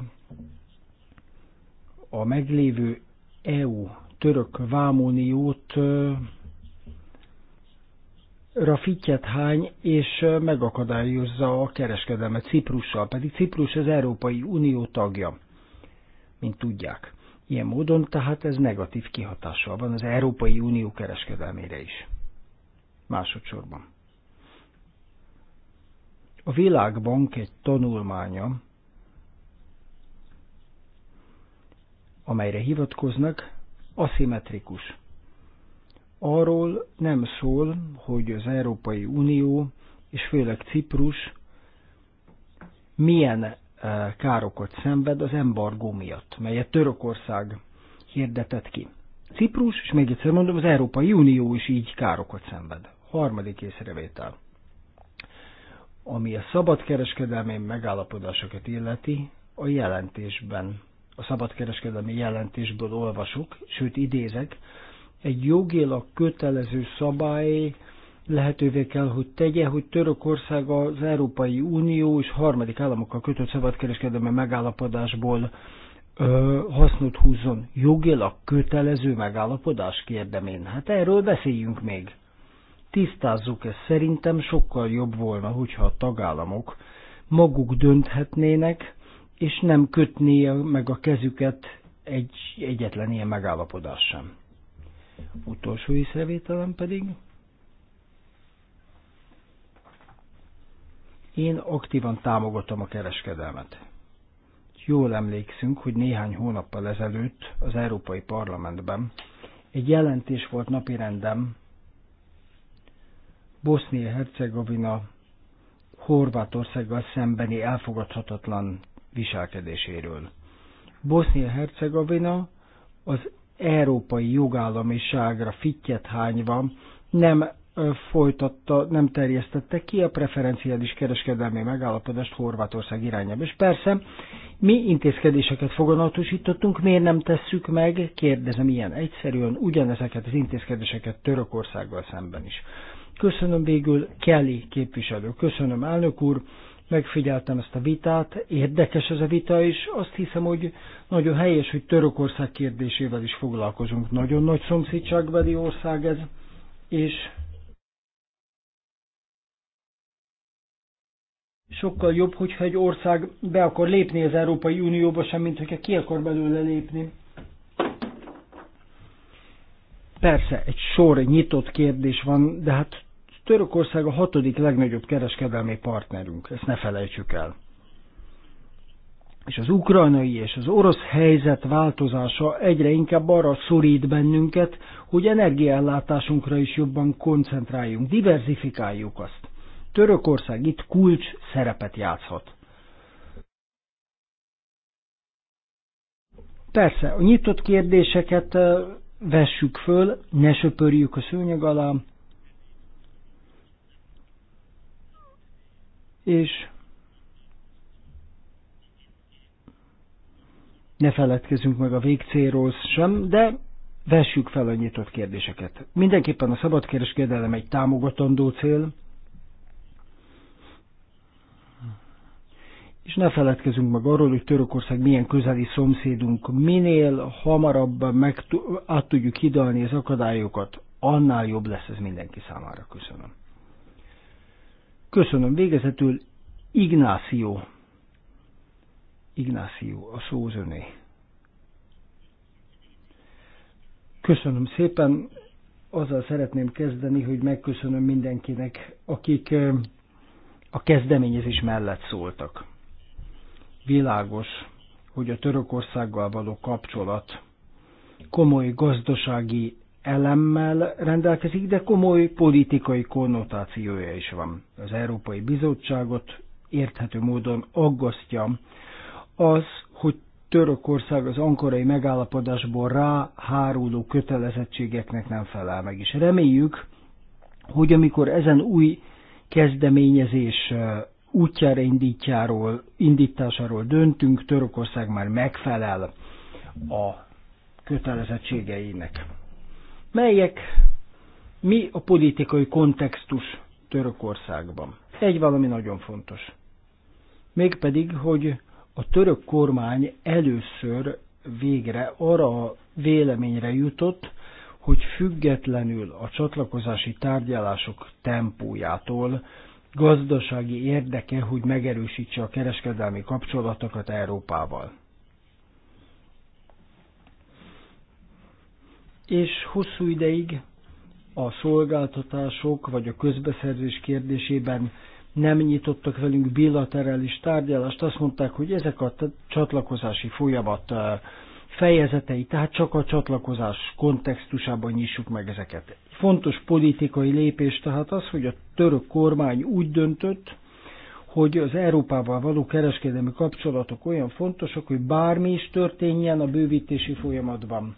a meglévő EU-török vámuniót fittyet hány, és megakadályozza a kereskedelmet Ciprussal, pedig Ciprus az Európai Unió tagja, mint tudják. Ilyen módon tehát ez negatív kihatással van az Európai Unió kereskedelmére is. Másodszorban. A Világbank egy tanulmánya, amelyre hivatkoznak, aszimetrikus arról nem szól, hogy az Európai Unió, és főleg Ciprus milyen eh, károkat szenved az embargó miatt, melyet Törökország hirdetett ki. Ciprus, és még egyszer mondom, az Európai Unió is így károkat szenved. Harmadik észrevétel. Ami a szabadkereskedelmi megállapodásokat illeti, a jelentésben, a szabadkereskedelmi jelentésből olvasok, sőt idézek, egy jogilag kötelező szabály lehetővé kell, hogy tegye, hogy Törökország az Európai Unió és harmadik államokkal kötött szabadkereskedelmi megállapodásból ö, hasznot húzzon. Jogilag kötelező megállapodás kérdemén. Hát erről beszéljünk még. Tisztázzuk ezt. Szerintem sokkal jobb volna, hogyha a tagállamok maguk dönthetnének, és nem kötné meg a kezüket egy egyetlen ilyen megállapodás sem. Utolsó észrevételem pedig, én aktívan támogatom a kereskedelmet. Jól emlékszünk, hogy néhány hónappal ezelőtt az Európai Parlamentben egy jelentés volt napirendem Bosznia-Hercegovina Horvátországgal szembeni elfogadhatatlan viselkedéséről. Bosznia-Hercegovina az európai jogállamiságra fittyet hányva nem folytatta, nem terjesztette ki a preferenciális kereskedelmi megállapodást Horvátország irányába. És persze, mi intézkedéseket foganatosítottunk, miért nem tesszük meg, kérdezem ilyen egyszerűen, ugyanezeket az intézkedéseket Törökországgal szemben is. Köszönöm végül Kelly képviselő, köszönöm elnök úr, megfigyeltem ezt a vitát, érdekes ez a vita, és azt hiszem, hogy nagyon helyes, hogy Törökország kérdésével is foglalkozunk. Nagyon nagy szomszédságbeli ország ez, és sokkal jobb, hogyha egy ország be akar lépni az Európai Unióba, sem mint hogyha ki akar belőle lépni. Persze, egy sor nyitott kérdés van, de hát Törökország a hatodik legnagyobb kereskedelmi partnerünk, ezt ne felejtsük el. És az ukrajnai és az orosz helyzet változása egyre inkább arra szorít bennünket, hogy energiaellátásunkra is jobban koncentráljunk, diversifikáljuk azt. Törökország itt kulcs szerepet játszhat. Persze, a nyitott kérdéseket vessük föl, ne söpörjük a szőnyeg alá, és ne feledkezzünk meg a végcélról sem, de vessük fel a nyitott kérdéseket. Mindenképpen a szabadkereskedelem egy támogatandó cél, és ne feledkezzünk meg arról, hogy Törökország milyen közeli szomszédunk, minél hamarabb meg át tudjuk hidalni az akadályokat, annál jobb lesz ez mindenki számára. Köszönöm. Köszönöm végezetül, Ignáció. Ignáció, a szó öné. Köszönöm szépen. Azzal szeretném kezdeni, hogy megköszönöm mindenkinek, akik eh, a kezdeményezés mellett szóltak. Világos, hogy a Törökországgal való kapcsolat komoly gazdasági elemmel rendelkezik, de komoly politikai konnotációja is van. Az Európai Bizottságot érthető módon aggasztja az, hogy Törökország az ankorai megállapodásból ráháruló kötelezettségeknek nem felel meg, és reméljük, hogy amikor ezen új kezdeményezés útjára indítjáról, indításáról döntünk, Törökország már megfelel a kötelezettségeinek. Melyek, mi a politikai kontextus Törökországban? Egy valami nagyon fontos. Mégpedig, hogy a török kormány először végre arra a véleményre jutott, hogy függetlenül a csatlakozási tárgyalások tempójától gazdasági érdeke, hogy megerősítse a kereskedelmi kapcsolatokat Európával. és hosszú ideig a szolgáltatások vagy a közbeszerzés kérdésében nem nyitottak velünk bilaterális tárgyalást, azt mondták, hogy ezek a csatlakozási folyamat fejezetei, tehát csak a csatlakozás kontextusában nyissuk meg ezeket. Fontos politikai lépés tehát az, hogy a török kormány úgy döntött, hogy az Európával való kereskedelmi kapcsolatok olyan fontosak, hogy bármi is történjen a bővítési folyamatban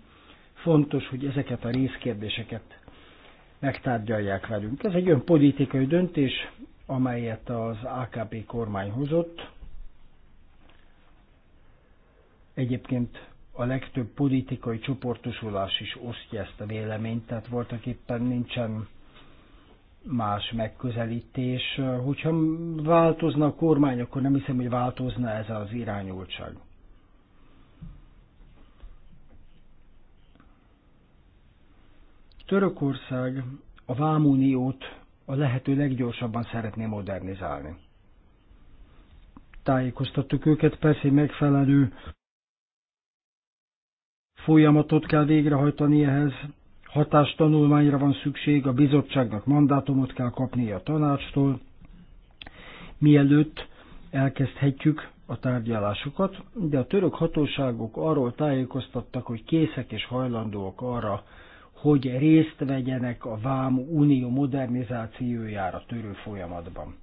Fontos, hogy ezeket a részkérdéseket megtárgyalják velünk. Ez egy olyan politikai döntés, amelyet az AKP kormány hozott. Egyébként a legtöbb politikai csoportosulás is osztja ezt a véleményt, tehát voltak éppen nincsen más megközelítés. Hogyha változna a kormány, akkor nem hiszem, hogy változna ez az irányultság. Törökország a Vámuniót a lehető leggyorsabban szeretné modernizálni. Tájékoztattuk őket, persze megfelelő folyamatot kell végrehajtani ehhez, hatástanulmányra van szükség, a bizottságnak mandátumot kell kapnia a tanácstól, mielőtt elkezdhetjük a tárgyalásokat, de a török hatóságok arról tájékoztattak, hogy készek és hajlandóak arra, hogy részt vegyenek a Vám Unió modernizációjára törő folyamatban.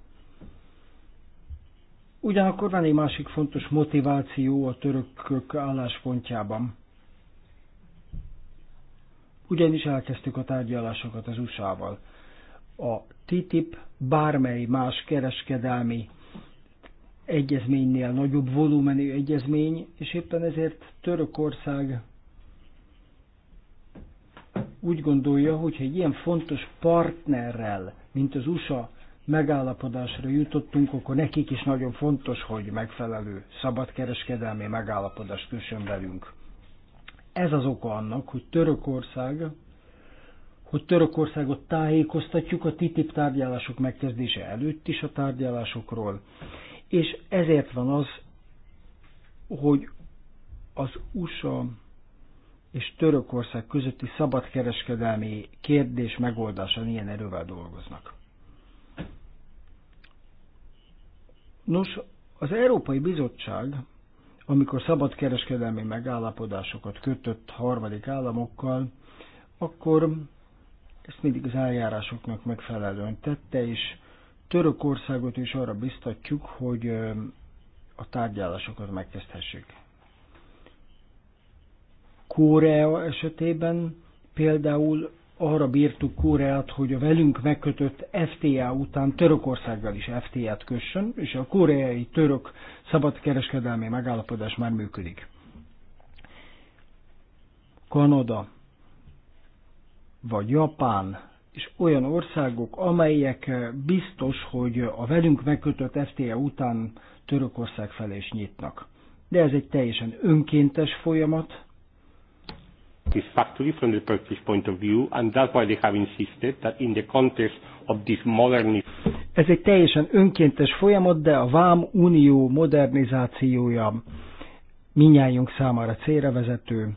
Ugyanakkor van egy másik fontos motiváció a törökök álláspontjában. Ugyanis elkezdtük a tárgyalásokat az USA-val. A TTIP bármely más kereskedelmi egyezménynél nagyobb volumenű egyezmény, és éppen ezért Törökország úgy gondolja, hogy egy ilyen fontos partnerrel, mint az USA, megállapodásra jutottunk, akkor nekik is nagyon fontos, hogy megfelelő szabadkereskedelmi megállapodást kössön velünk. Ez az oka annak, hogy Törökország, hogy Törökországot tájékoztatjuk a TTIP tárgyalások megkezdése előtt is a tárgyalásokról, és ezért van az, hogy az USA és Törökország közötti szabadkereskedelmi kérdés megoldásán ilyen erővel dolgoznak. Nos, az Európai Bizottság, amikor szabadkereskedelmi megállapodásokat kötött harmadik államokkal, akkor ezt mindig az eljárásoknak megfelelően tette, és Törökországot is arra biztatjuk, hogy a tárgyalásokat megkezdhessék. Korea esetében például arra bírtuk Koreát, hogy a velünk megkötött FTA után Törökországgal is FTA-t kössön, és a koreai török szabadkereskedelmi megállapodás már működik. Kanada vagy Japán és olyan országok, amelyek biztos, hogy a velünk megkötött FTA után Törökország felé is nyitnak. De ez egy teljesen önkéntes folyamat, satisfactory from the Turkish point of view, and that's why they have insisted that in the context of this modern... Ez egy teljesen önkéntes folyamat, de a Vám Unió modernizációja minnyájunk számára célra vezető,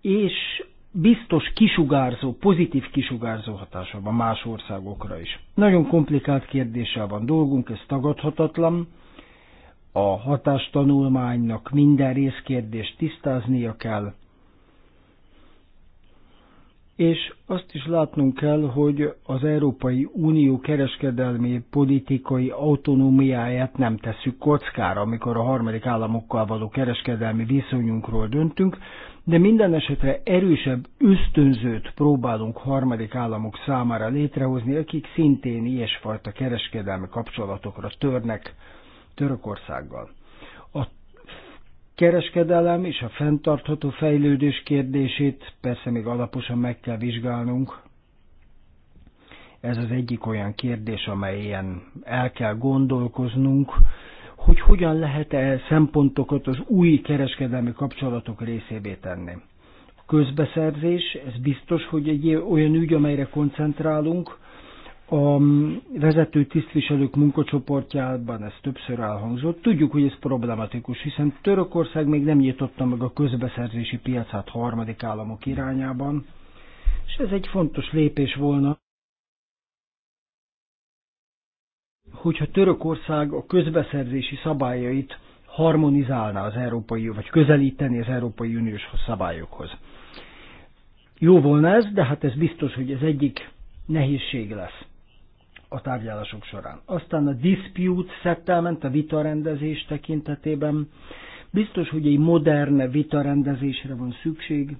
és biztos kisugárzó, pozitív kisugárzó hatása van más országokra is. Nagyon komplikált kérdéssel van dolgunk, ez tagadhatatlan. A hatástanulmánynak minden részkérdést tisztáznia kell, és azt is látnunk kell, hogy az Európai Unió kereskedelmi politikai autonómiáját nem tesszük kockára, amikor a harmadik államokkal való kereskedelmi viszonyunkról döntünk, de minden esetre erősebb ösztönzőt próbálunk harmadik államok számára létrehozni, akik szintén ilyesfajta kereskedelmi kapcsolatokra törnek Törökországgal kereskedelem és a fenntartható fejlődés kérdését persze még alaposan meg kell vizsgálnunk. Ez az egyik olyan kérdés, amelyen el kell gondolkoznunk, hogy hogyan lehet-e szempontokat az új kereskedelmi kapcsolatok részévé tenni. A közbeszerzés, ez biztos, hogy egy olyan ügy, amelyre koncentrálunk, a vezető tisztviselők munkacsoportjában ez többször elhangzott. Tudjuk, hogy ez problematikus, hiszen Törökország még nem nyitotta meg a közbeszerzési piacát harmadik államok irányában, és ez egy fontos lépés volna, hogyha Törökország a közbeszerzési szabályait harmonizálná az európai, vagy közelíteni az Európai Uniós szabályokhoz. Jó volna ez, de hát ez biztos, hogy ez egyik nehézség lesz a tárgyalások során. Aztán a dispute settlement, a vitarendezés tekintetében biztos, hogy egy modern vitarendezésre van szükség,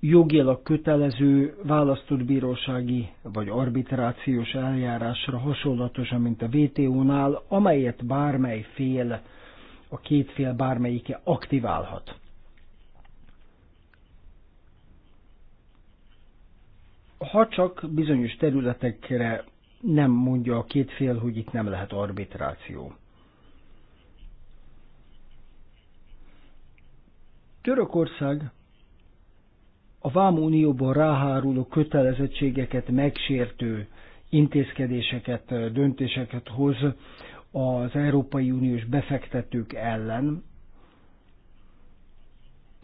jogilag kötelező választott bírósági vagy arbitrációs eljárásra hasonlatosan, mint a WTO-nál, amelyet bármely fél, a két fél bármelyike aktiválhat. ha csak bizonyos területekre nem mondja a két fél, hogy itt nem lehet arbitráció. Törökország a Vámunióban ráháruló kötelezettségeket megsértő intézkedéseket, döntéseket hoz az Európai Uniós befektetők ellen,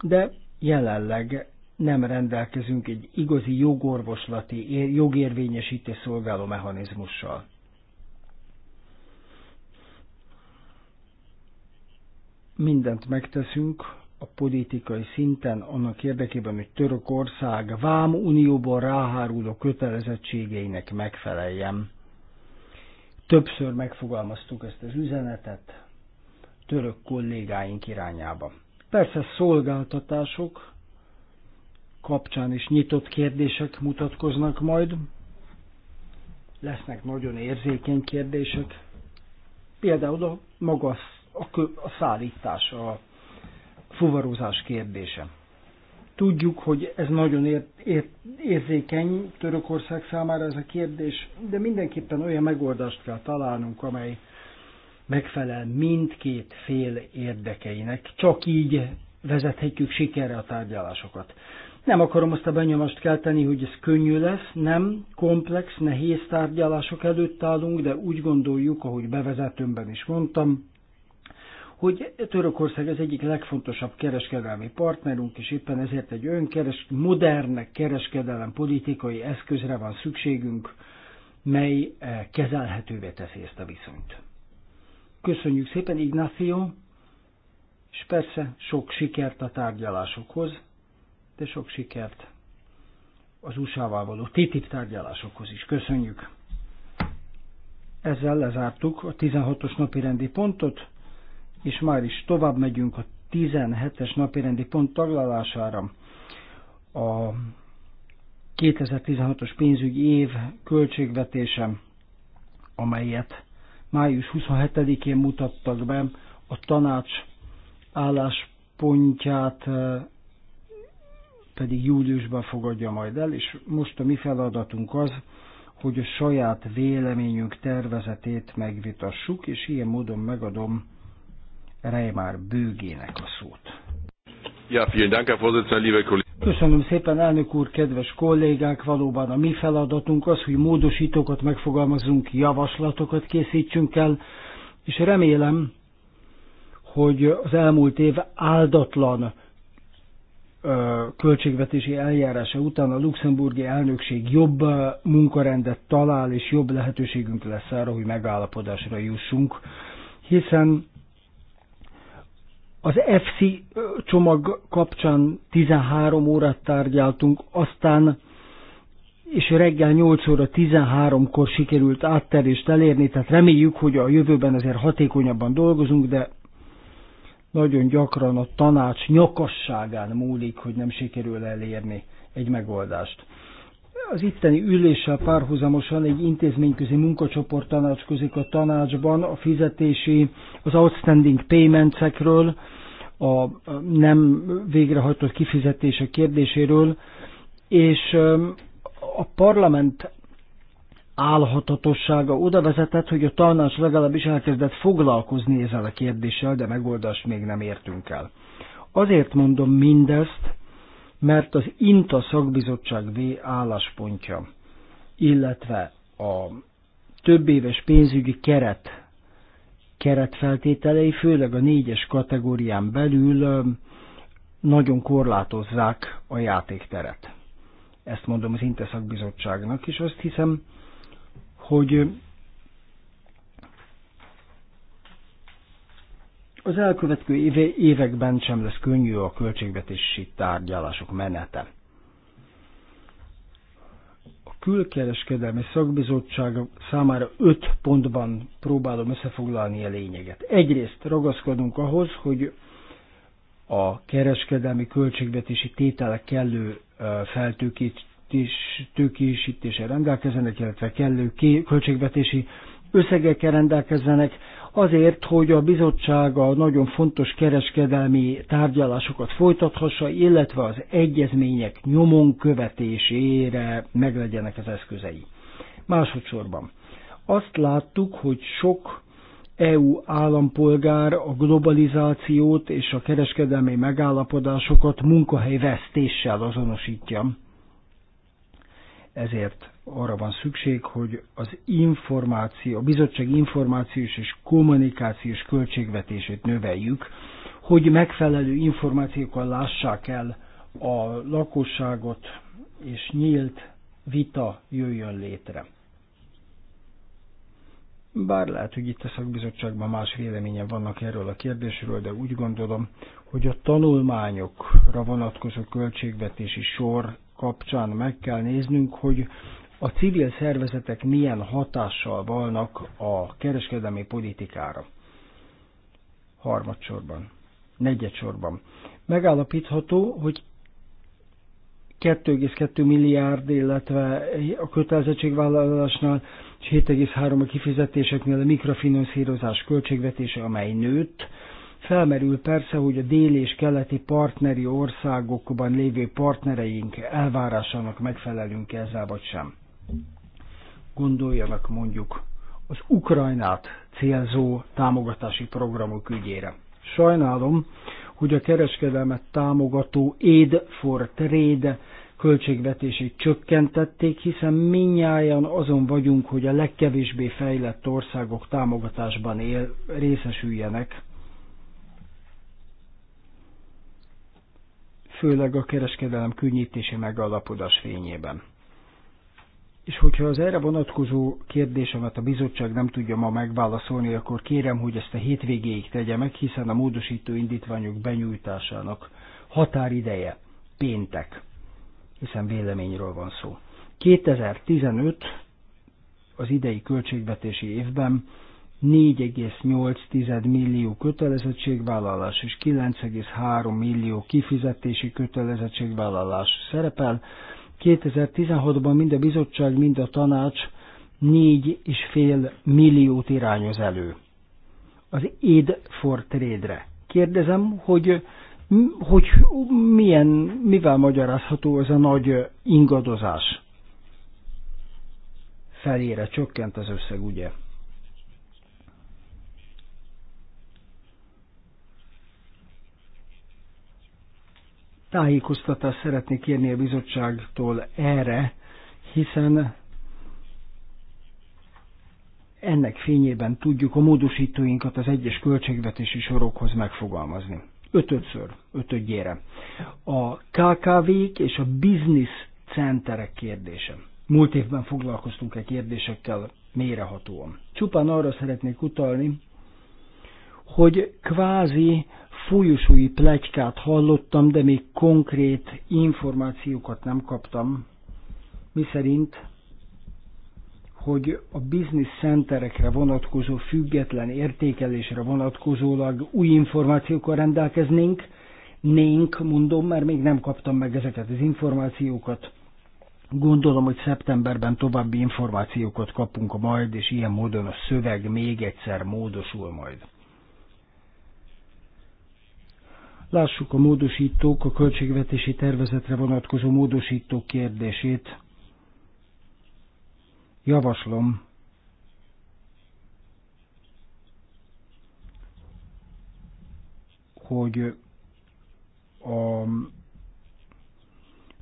de jelenleg nem rendelkezünk egy igazi jogorvoslati, jogérvényesítő szolgáló mechanizmussal. Mindent megteszünk a politikai szinten annak érdekében, hogy Törökország vám unióban ráháruló kötelezettségeinek megfeleljen. Többször megfogalmaztuk ezt az üzenetet török kollégáink irányába. Persze szolgáltatások, kapcsán is nyitott kérdések mutatkoznak majd. Lesznek nagyon érzékeny kérdések. Például a maga a, kö, a szállítás, a fuvarozás kérdése. Tudjuk, hogy ez nagyon ér, ér, érzékeny Törökország számára ez a kérdés, de mindenképpen olyan megoldást kell találnunk, amely megfelel mindkét fél érdekeinek. Csak így vezethetjük sikerre a tárgyalásokat. Nem akarom azt a benyomást kelteni, hogy ez könnyű lesz, nem, komplex, nehéz tárgyalások előtt állunk, de úgy gondoljuk, ahogy bevezetőmben is mondtam, hogy Törökország az egyik legfontosabb kereskedelmi partnerünk, és éppen ezért egy keres, modern kereskedelem politikai eszközre van szükségünk, mely eh, kezelhetővé teszi ezt a viszonyt. Köszönjük szépen, Ignacio, és persze sok sikert a tárgyalásokhoz, de sok sikert az USA-val való TTIP tárgyalásokhoz is. Köszönjük! Ezzel lezártuk a 16-os napirendi pontot, és már is tovább megyünk a 17-es napirendi pont taglalására. A 2016-os pénzügyi év költségvetése, amelyet május 27-én mutattak be, a tanács álláspontját pedig júliusban fogadja majd el, és most a mi feladatunk az, hogy a saját véleményünk tervezetét megvitassuk, és ilyen módon megadom Reimár bőgének a szót. Ja, vielen Dank, Herr Vorsitzender, liebe Kollegen. Köszönöm szépen, elnök úr, kedves kollégák! Valóban a mi feladatunk az, hogy módosítókat megfogalmazunk, javaslatokat készítsünk el, és remélem, hogy az elmúlt év áldatlan költségvetési eljárása után a luxemburgi elnökség jobb munkarendet talál, és jobb lehetőségünk lesz arra, hogy megállapodásra jussunk, hiszen az FC csomag kapcsán 13 órát tárgyaltunk, aztán és reggel 8 óra 13-kor sikerült átterést elérni, tehát reméljük, hogy a jövőben azért hatékonyabban dolgozunk, de nagyon gyakran a tanács nyakasságán múlik, hogy nem sikerül elérni egy megoldást. Az itteni üléssel párhuzamosan egy intézményközi munkacsoport tanácskozik a tanácsban a fizetési, az outstanding paymentsekről, a nem végrehajtott kifizetése kérdéséről, és a parlament állhatatossága oda vezetett, hogy a tanács legalábbis elkezdett foglalkozni ezzel a kérdéssel, de megoldást még nem értünk el. Azért mondom mindezt, mert az INTA szakbizottság V álláspontja, illetve a több éves pénzügyi keret keretfeltételei, főleg a négyes kategórián belül nagyon korlátozzák a játékteret. Ezt mondom az Inteszakbizottságnak, és azt hiszem, hogy az elkövetkező években sem lesz könnyű a költségvetési tárgyalások menete. A külkereskedelmi szakbizottság számára öt pontban próbálom összefoglalni a lényeget. Egyrészt ragaszkodunk ahhoz, hogy a kereskedelmi költségvetési tételek kellő feltőkét tőkésítés, tőkésítése rendelkezzenek, illetve kellő költségvetési összegekkel rendelkezzenek, azért, hogy a bizottság a nagyon fontos kereskedelmi tárgyalásokat folytathassa, illetve az egyezmények nyomon követésére meglegyenek az eszközei. Másodszorban azt láttuk, hogy sok EU állampolgár a globalizációt és a kereskedelmi megállapodásokat munkahelyvesztéssel azonosítja ezért arra van szükség, hogy az információ, a bizottság információs és kommunikációs költségvetését növeljük, hogy megfelelő információkkal lássák el a lakosságot, és nyílt vita jöjjön létre. Bár lehet, hogy itt a szakbizottságban más véleményen vannak erről a kérdésről, de úgy gondolom, hogy a tanulmányokra vonatkozó költségvetési sor kapcsán meg kell néznünk, hogy a civil szervezetek milyen hatással vannak a kereskedelmi politikára. Harmadsorban, negyedsorban. Megállapítható, hogy 2,2 milliárd, illetve a kötelezettségvállalásnál és 7,3 a kifizetéseknél a mikrofinanszírozás költségvetése, amely nőtt, Felmerül persze, hogy a déli és keleti partneri országokban lévő partnereink elvárásának megfelelünk ezzel vagy sem. Gondoljanak mondjuk az Ukrajnát célzó támogatási programok ügyére. Sajnálom, hogy a kereskedelmet támogató Aid for Trade költségvetését csökkentették, hiszen minnyáján azon vagyunk, hogy a legkevésbé fejlett országok támogatásban él, részesüljenek. főleg a kereskedelem könnyítési megalapodás fényében. És hogyha az erre vonatkozó kérdésemet a bizottság nem tudja ma megválaszolni, akkor kérem, hogy ezt a hétvégéig tegye meg, hiszen a módosító indítványok benyújtásának határideje péntek, hiszen véleményről van szó. 2015 az idei költségvetési évben 4,8 millió kötelezettségvállalás és 9,3 millió kifizetési kötelezettségvállalás szerepel. 2016-ban mind a bizottság, mind a tanács 4,5 milliót irányoz elő az Aid for Trade-re. Kérdezem, hogy, hogy milyen, mivel magyarázható ez a nagy ingadozás? Felére csökkent az összeg, ugye? tájékoztatást szeretnék kérni a bizottságtól erre, hiszen ennek fényében tudjuk a módosítóinkat az egyes költségvetési sorokhoz megfogalmazni. Ötödször, ötödjére. A KKV-k és a business centerek kérdése. Múlt évben foglalkoztunk e kérdésekkel mélyrehatóan. Csupán arra szeretnék utalni, hogy kvázi fújusúi plegykát hallottam, de még konkrét információkat nem kaptam, Mi szerint? hogy a business centerekre vonatkozó független értékelésre vonatkozólag új információkkal rendelkeznénk, nénk, mondom, mert még nem kaptam meg ezeket az információkat. Gondolom, hogy szeptemberben további információkat kapunk majd, és ilyen módon a szöveg még egyszer módosul majd. Lássuk a módosítók, a költségvetési tervezetre vonatkozó módosítók kérdését. Javaslom, hogy a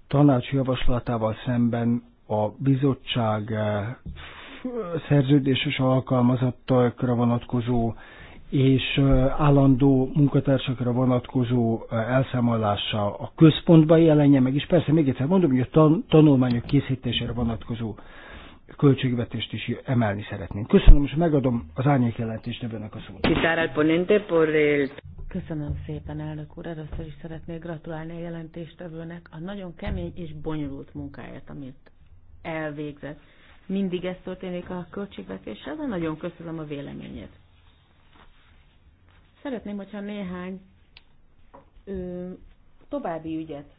tanács javaslatával szemben a bizottság eh, szerződéses alkalmazottakra vonatkozó és állandó munkatársakra vonatkozó elszámolása a központban jelenje meg, és persze még egyszer mondom, hogy a tan- tanulmányok készítésére vonatkozó költségvetést is emelni szeretnénk. Köszönöm, és megadom az árnyék jelentést ebbenek a szót. Köszönöm szépen, elnök úr. Először is szeretnék gratulálni a jelentéstevőnek a nagyon kemény és bonyolult munkáját, amit elvégzett. Mindig ez történik a költségvetéssel, de nagyon köszönöm a véleményét. Szeretném, hogyha néhány ö, további ügyet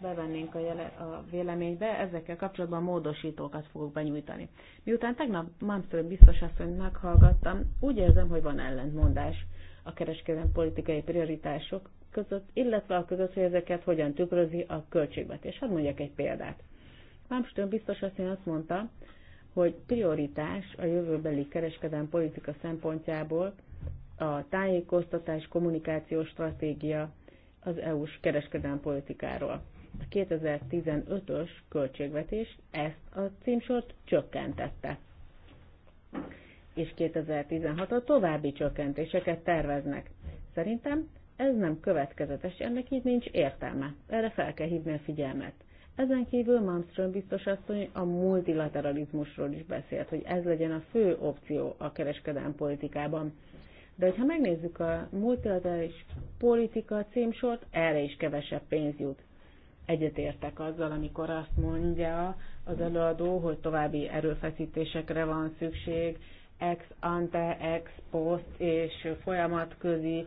bevennénk a, jele, a véleménybe, ezekkel kapcsolatban módosítókat fogok benyújtani. Miután tegnap Malmström biztos meghallgattam, úgy érzem, hogy van ellentmondás a kereskedelmi politikai prioritások között, illetve a között, hogy ezeket hogyan tükrözi a költségvetés. Hadd mondjak egy példát. Malmström biztos azt mondta, hogy prioritás a jövőbeli kereskedelmi politika szempontjából a tájékoztatás kommunikációs stratégia az EU-s kereskedelmi politikáról. A 2015-ös költségvetés ezt a címsort csökkentette. És 2016-ra további csökkentéseket terveznek. Szerintem ez nem következetes, ennek így nincs értelme. Erre fel kell hívni a figyelmet. Ezen kívül Malmström biztos asszony a multilateralizmusról is beszélt, hogy ez legyen a fő opció a kereskedelmi politikában de ha megnézzük a multilaterális politika címsort, erre is kevesebb pénz jut. Egyetértek azzal, amikor azt mondja az előadó, hogy további erőfeszítésekre van szükség, ex ante, ex post és folyamatközi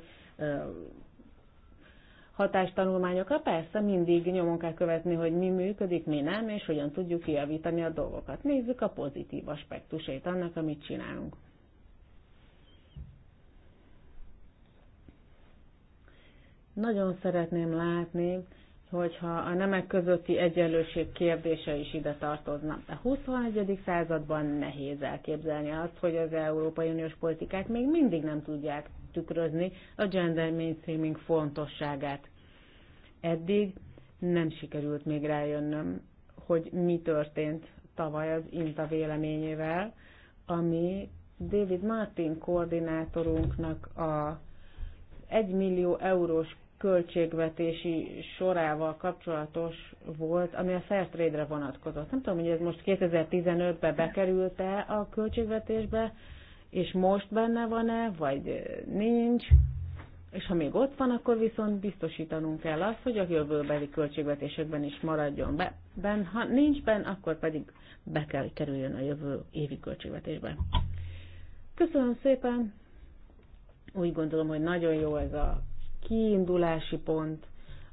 hatástanulmányokra persze mindig nyomon kell követni, hogy mi működik, mi nem, és hogyan tudjuk kijavítani a dolgokat. Nézzük a pozitív aspektusait annak, amit csinálunk. Nagyon szeretném látni, hogyha a nemek közötti egyenlőség kérdése is ide tartozna. A 21. században nehéz elképzelni azt, hogy az Európai Uniós politikák még mindig nem tudják tükrözni a gender mainstreaming fontosságát. Eddig nem sikerült még rájönnöm, hogy mi történt tavaly az INTA véleményével, ami David Martin koordinátorunknak a 1 millió eurós költségvetési sorával kapcsolatos volt, ami a Fairtrade-re vonatkozott. Nem tudom, hogy ez most 2015-be bekerült-e a költségvetésbe, és most benne van-e, vagy nincs. És ha még ott van, akkor viszont biztosítanunk kell azt, hogy a jövőbeli költségvetésekben is maradjon be. Ben, ha nincs ben, akkor pedig be kell, hogy kerüljön a jövő évi költségvetésbe. Köszönöm szépen! Úgy gondolom, hogy nagyon jó ez a kiindulási pont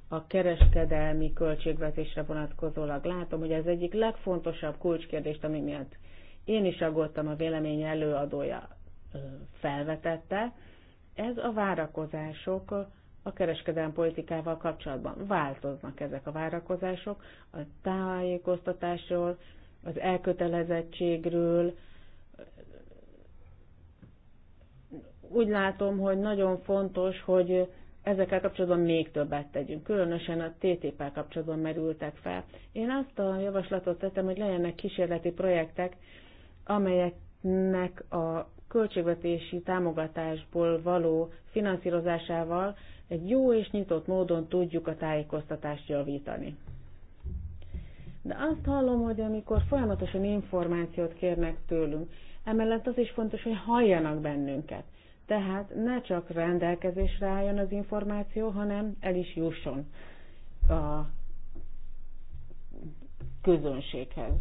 a kereskedelmi költségvetésre vonatkozólag. Látom, hogy ez egyik legfontosabb kulcskérdést, ami miatt én is aggódtam, a vélemény előadója felvetette. Ez a várakozások a kereskedelmi politikával kapcsolatban. Változnak ezek a várakozások a tájékoztatásról, az elkötelezettségről, úgy látom, hogy nagyon fontos, hogy ezekkel kapcsolatban még többet tegyünk. Különösen a ttp el kapcsolatban merültek fel. Én azt a javaslatot tettem, hogy legyenek kísérleti projektek, amelyeknek a költségvetési támogatásból való finanszírozásával egy jó és nyitott módon tudjuk a tájékoztatást javítani. De azt hallom, hogy amikor folyamatosan információt kérnek tőlünk, emellett az is fontos, hogy halljanak bennünket. Tehát ne csak rendelkezésre álljon az információ, hanem el is jusson a közönséghez.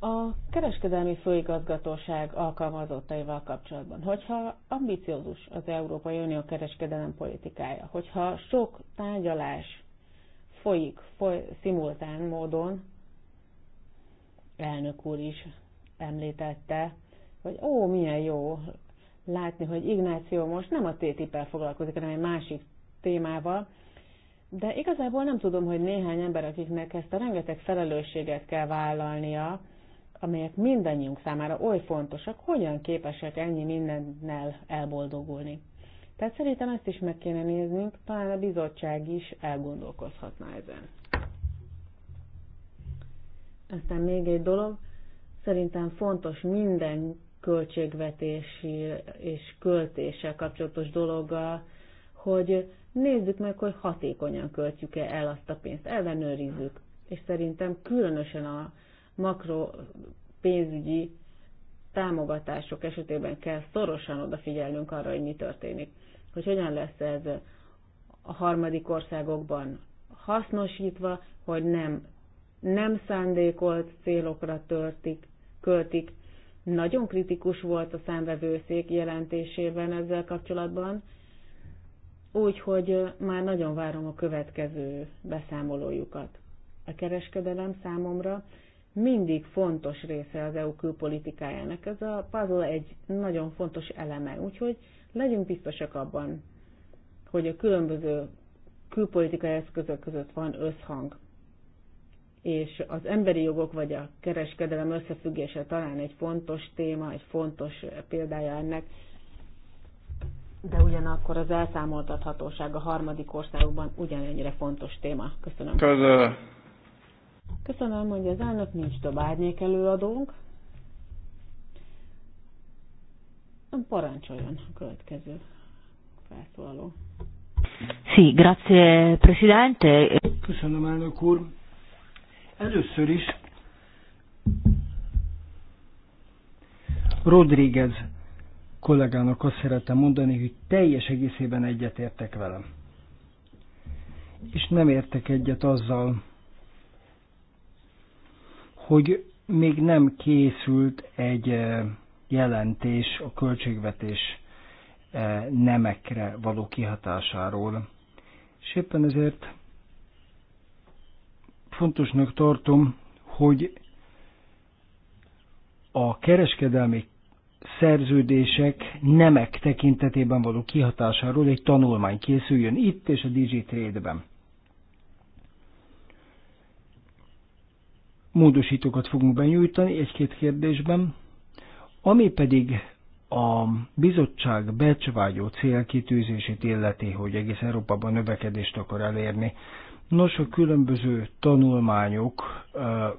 A kereskedelmi főigazgatóság alkalmazottaival kapcsolatban, hogyha ambiciózus az Európai Unió kereskedelem politikája, hogyha sok tárgyalás folyik foly, szimultán módon, elnök úr is említette, hogy ó, milyen jó látni, hogy Ignáció most nem a TTIP-el foglalkozik, hanem egy másik témával, de igazából nem tudom, hogy néhány ember, akiknek ezt a rengeteg felelősséget kell vállalnia, amelyek mindannyiunk számára oly fontosak, hogyan képesek ennyi mindennel elboldogulni. Tehát szerintem ezt is meg kéne néznünk, talán a bizottság is elgondolkozhatna ezen. Aztán még egy dolog, szerintem fontos minden költségvetési és költéssel kapcsolatos dologgal, hogy nézzük meg, hogy hatékonyan költjük-e el azt a pénzt, ellenőrizzük. És szerintem különösen a makro pénzügyi támogatások esetében kell szorosan odafigyelnünk arra, hogy mi történik. Hogy hogyan lesz ez a harmadik országokban hasznosítva, hogy nem, nem szándékolt célokra törtik, költik, nagyon kritikus volt a számvevőszék jelentésében ezzel kapcsolatban, úgyhogy már nagyon várom a következő beszámolójukat. A kereskedelem számomra mindig fontos része az EU külpolitikájának. Ez a puzzle egy nagyon fontos eleme, úgyhogy legyünk biztosak abban, hogy a különböző külpolitikai eszközök között van összhang és az emberi jogok vagy a kereskedelem összefüggése talán egy fontos téma, egy fontos példája ennek, de ugyanakkor az elszámoltathatóság a harmadik országokban ugyanennyire fontos téma. Köszönöm. Köszönöm. Köszönöm, hogy az elnök nincs több árnyék előadónk. Parancsoljon a következő felszólaló. Sí, grazie, presidente. Köszönöm, elnök úr. Először is Rodríguez kollégának azt szeretem mondani, hogy teljes egészében egyetértek velem. És nem értek egyet azzal, hogy még nem készült egy eh, jelentés a költségvetés eh, nemekre való kihatásáról. És éppen ezért fontosnak tartom, hogy a kereskedelmi szerződések nemek tekintetében való kihatásáról egy tanulmány készüljön itt és a DigiTrade-ben. Módosítókat fogunk benyújtani egy-két kérdésben, ami pedig a bizottság becsvágyó célkitűzését illeti, hogy egész Európában növekedést akar elérni. Nos, a különböző tanulmányok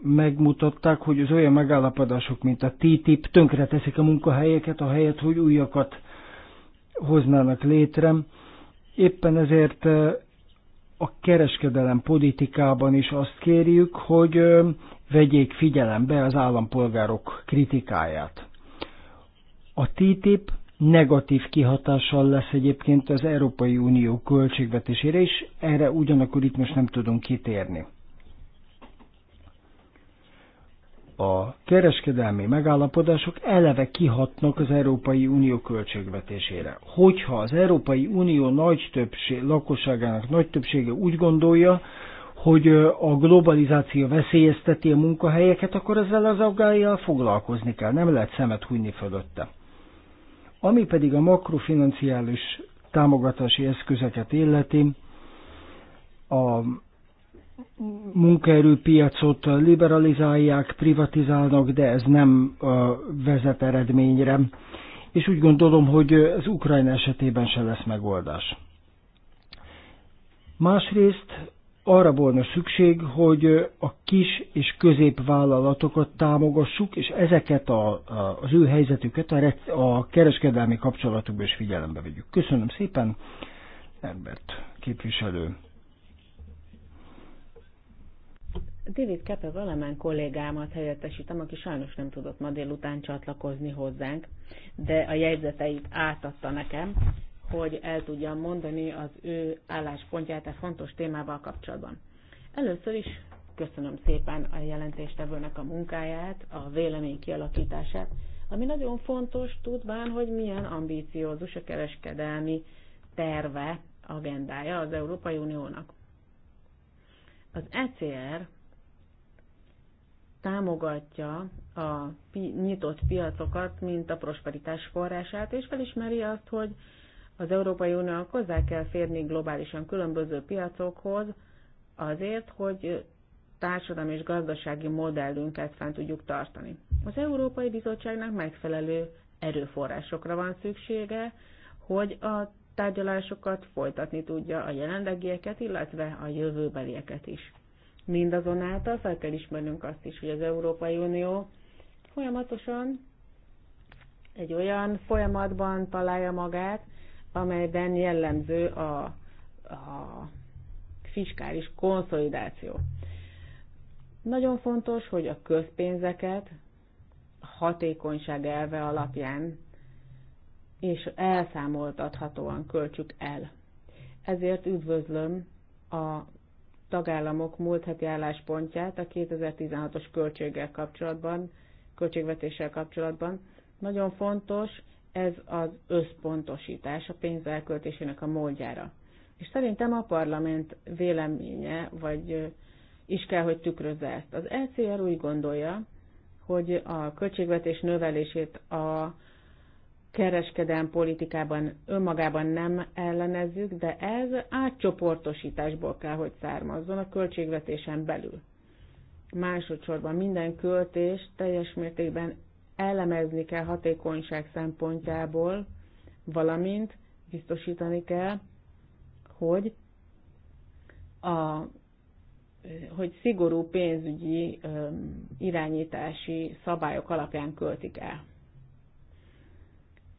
megmutatták, hogy az olyan megállapodások, mint a TTIP tönkre teszik a munkahelyeket, a helyet, hogy újakat hoznának létre. Éppen ezért a kereskedelem politikában is azt kérjük, hogy vegyék figyelembe az állampolgárok kritikáját. A TTIP negatív kihatással lesz egyébként az Európai Unió költségvetésére is, erre ugyanakkor itt most nem tudunk kitérni. A kereskedelmi megállapodások eleve kihatnak az Európai Unió költségvetésére. Hogyha az Európai Unió nagy többség, lakosságának nagy többsége úgy gondolja, hogy a globalizáció veszélyezteti a munkahelyeket, akkor ezzel az aggájjal foglalkozni kell, nem lehet szemet hunyni fölötte. Ami pedig a makrofinanciális támogatási eszközeket illeti, a munkaerőpiacot liberalizálják, privatizálnak, de ez nem vezet eredményre. És úgy gondolom, hogy az Ukrajna esetében se lesz megoldás. Másrészt arra volna szükség, hogy a kis és középvállalatokat támogassuk, és ezeket a, a, az ő helyzetüket a, a kereskedelmi kapcsolatokba is figyelembe vegyük. Köszönöm szépen, Herbert képviselő. David Kepe valamán kollégámat helyettesítem, aki sajnos nem tudott ma délután csatlakozni hozzánk, de a jegyzeteit átadta nekem, hogy el tudjam mondani az ő álláspontját a e fontos témával kapcsolatban. Először is köszönöm szépen a jelentéstevőnek a munkáját, a vélemény kialakítását, ami nagyon fontos, tudván, hogy milyen ambíciózus a kereskedelmi terve, agendája az Európai Uniónak. Az ECR támogatja a nyitott piacokat, mint a prosperitás forrását, és felismeri azt, hogy az Európai Uniónak hozzá kell férni globálisan különböző piacokhoz azért, hogy társadalmi és gazdasági modellünket fent tudjuk tartani. Az Európai Bizottságnak megfelelő erőforrásokra van szüksége, hogy a tárgyalásokat folytatni tudja a jelenlegieket, illetve a jövőbelieket is. Mindazonáltal fel kell ismernünk azt is, hogy az Európai Unió folyamatosan egy olyan folyamatban találja magát, amelyben jellemző a, a fiskális konszolidáció. Nagyon fontos, hogy a közpénzeket hatékonyság elve alapján és elszámoltathatóan költsük el. Ezért üdvözlöm a tagállamok múlt heti álláspontját a 2016-os költséggel kapcsolatban, költségvetéssel kapcsolatban. Nagyon fontos, ez az összpontosítás a pénz elköltésének a módjára. És szerintem a parlament véleménye, vagy is kell, hogy tükrözze ezt. Az LCR e úgy gondolja, hogy a költségvetés növelését a kereskedelm politikában önmagában nem ellenezzük, de ez átcsoportosításból kell, hogy származzon a költségvetésen belül. Másodszorban minden költés teljes mértékben elemezni kell hatékonyság szempontjából, valamint biztosítani kell, hogy a hogy szigorú pénzügyi irányítási szabályok alapján költik el.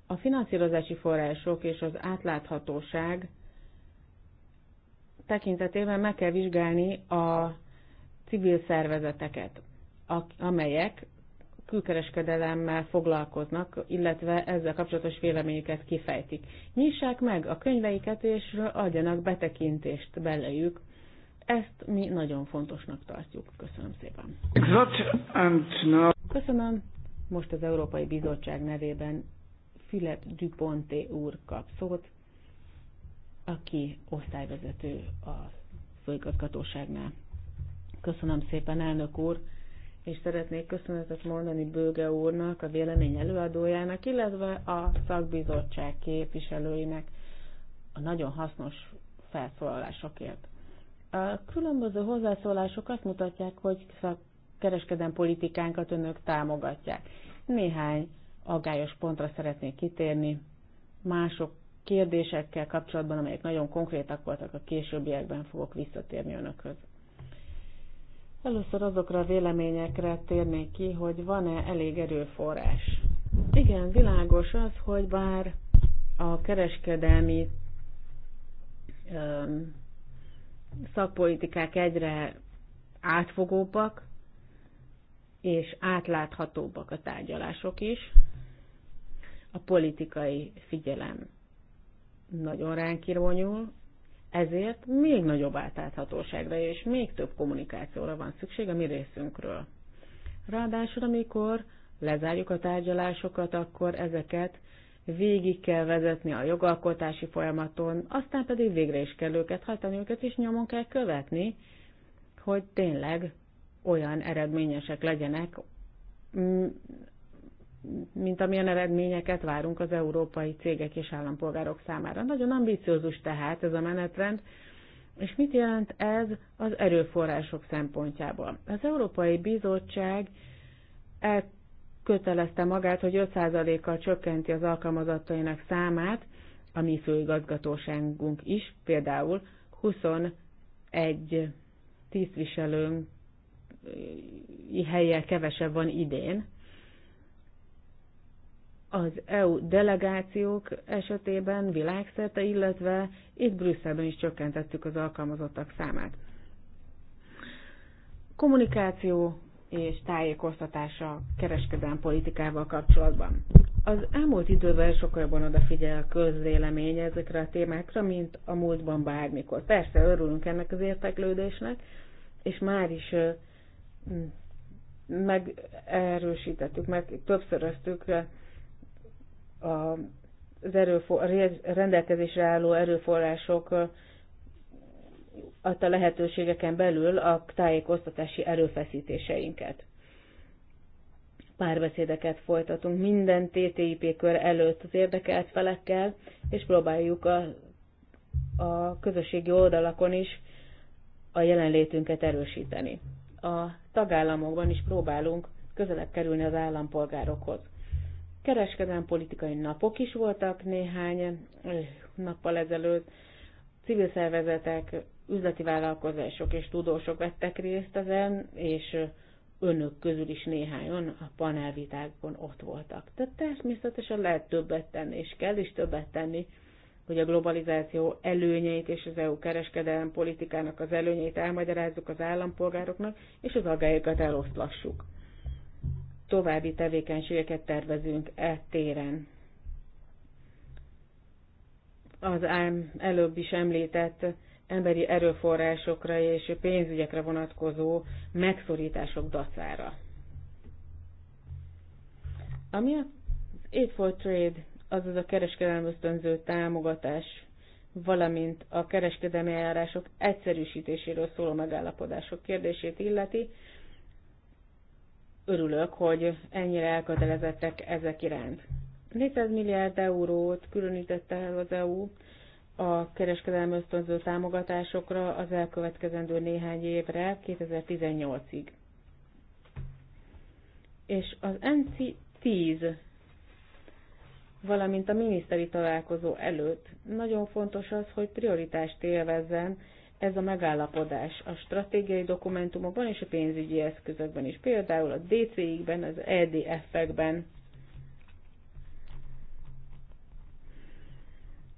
A finanszírozási források és az átláthatóság tekintetében meg kell vizsgálni a civil szervezeteket, amelyek külkereskedelemmel foglalkoznak, illetve ezzel kapcsolatos véleményüket kifejtik. Nyissák meg a könyveiket, és adjanak betekintést belejük. Ezt mi nagyon fontosnak tartjuk. Köszönöm szépen. Köszönöm. Most az Európai Bizottság nevében Philip Duponté úr kap szót, aki osztályvezető a főigazgatóságnál. Köszönöm szépen, elnök úr! és szeretnék köszönetet mondani Bőge úrnak, a vélemény előadójának, illetve a szakbizottság képviselőinek a nagyon hasznos felszólalásokért. A különböző hozzászólások azt mutatják, hogy kereskedem politikánkat önök támogatják. Néhány aggályos pontra szeretnék kitérni, mások kérdésekkel kapcsolatban, amelyek nagyon konkrétak voltak, a későbbiekben fogok visszatérni önökhöz. Először azokra a véleményekre térnék ki, hogy van-e elég erőforrás. Igen, világos az, hogy bár a kereskedelmi öm, szakpolitikák egyre átfogóbbak, és átláthatóbbak a tárgyalások is, a politikai figyelem nagyon ránk irányul, ezért még nagyobb átláthatóságra és még több kommunikációra van szükség a mi részünkről. Ráadásul, amikor lezárjuk a tárgyalásokat, akkor ezeket végig kell vezetni a jogalkotási folyamaton, aztán pedig végre is kell őket hajtani, őket is nyomon kell követni, hogy tényleg olyan eredményesek legyenek, mint amilyen eredményeket várunk az európai cégek és állampolgárok számára. Nagyon ambiciózus tehát ez a menetrend, és mit jelent ez az erőforrások szempontjából? Az Európai Bizottság elkötelezte magát, hogy 5%-kal csökkenti az alkalmazottainak számát, a mi főigazgatóságunk is, például 21 tisztviselőnk eh, helye kevesebb van idén, az EU delegációk esetében világszerte, illetve itt Brüsszelben is csökkentettük az alkalmazottak számát. Kommunikáció és tájékoztatása kereskedelmi politikával kapcsolatban. Az elmúlt időben sokkal jobban odafigyel a közvélemény ezekre a témákra, mint a múltban bármikor. Persze örülünk ennek az érteklődésnek, és már is megerősítettük, meg többszöröztük a, az erőfor, a rendelkezésre álló erőforrások adta lehetőségeken belül a tájékoztatási erőfeszítéseinket. Párbeszédeket folytatunk minden TTIP kör előtt az érdekelt felekkel, és próbáljuk a, a közösségi oldalakon is a jelenlétünket erősíteni. A tagállamokban is próbálunk közelebb kerülni az állampolgárokhoz. Kereskedelmi politikai napok is voltak néhány eh, nappal ezelőtt. Civil szervezetek, üzleti vállalkozások és tudósok vettek részt ezen, és eh, önök közül is néhányan a panelvitákon ott voltak. Tehát természetesen lehet többet tenni, és kell is többet tenni, hogy a globalizáció előnyeit és az EU kereskedelmi politikának az előnyeit elmagyarázzuk az állampolgároknak, és az agályokat eloszlassuk további tevékenységeket tervezünk e téren. Az előbb is említett emberi erőforrásokra és pénzügyekre vonatkozó megszorítások dacára. Ami az Aid for Trade, azaz a kereskedelmi ösztönző támogatás, valamint a kereskedelmi eljárások egyszerűsítéséről szóló megállapodások kérdését illeti, örülök, hogy ennyire elkötelezettek ezek iránt. 400 milliárd eurót különítette el az EU a kereskedelmi ösztönző támogatásokra az elkövetkezendő néhány évre, 2018-ig. És az NC10, valamint a miniszteri találkozó előtt nagyon fontos az, hogy prioritást élvezzen ez a megállapodás a stratégiai dokumentumokban és a pénzügyi eszközökben is, például a DCI-ben, az EDF-ekben.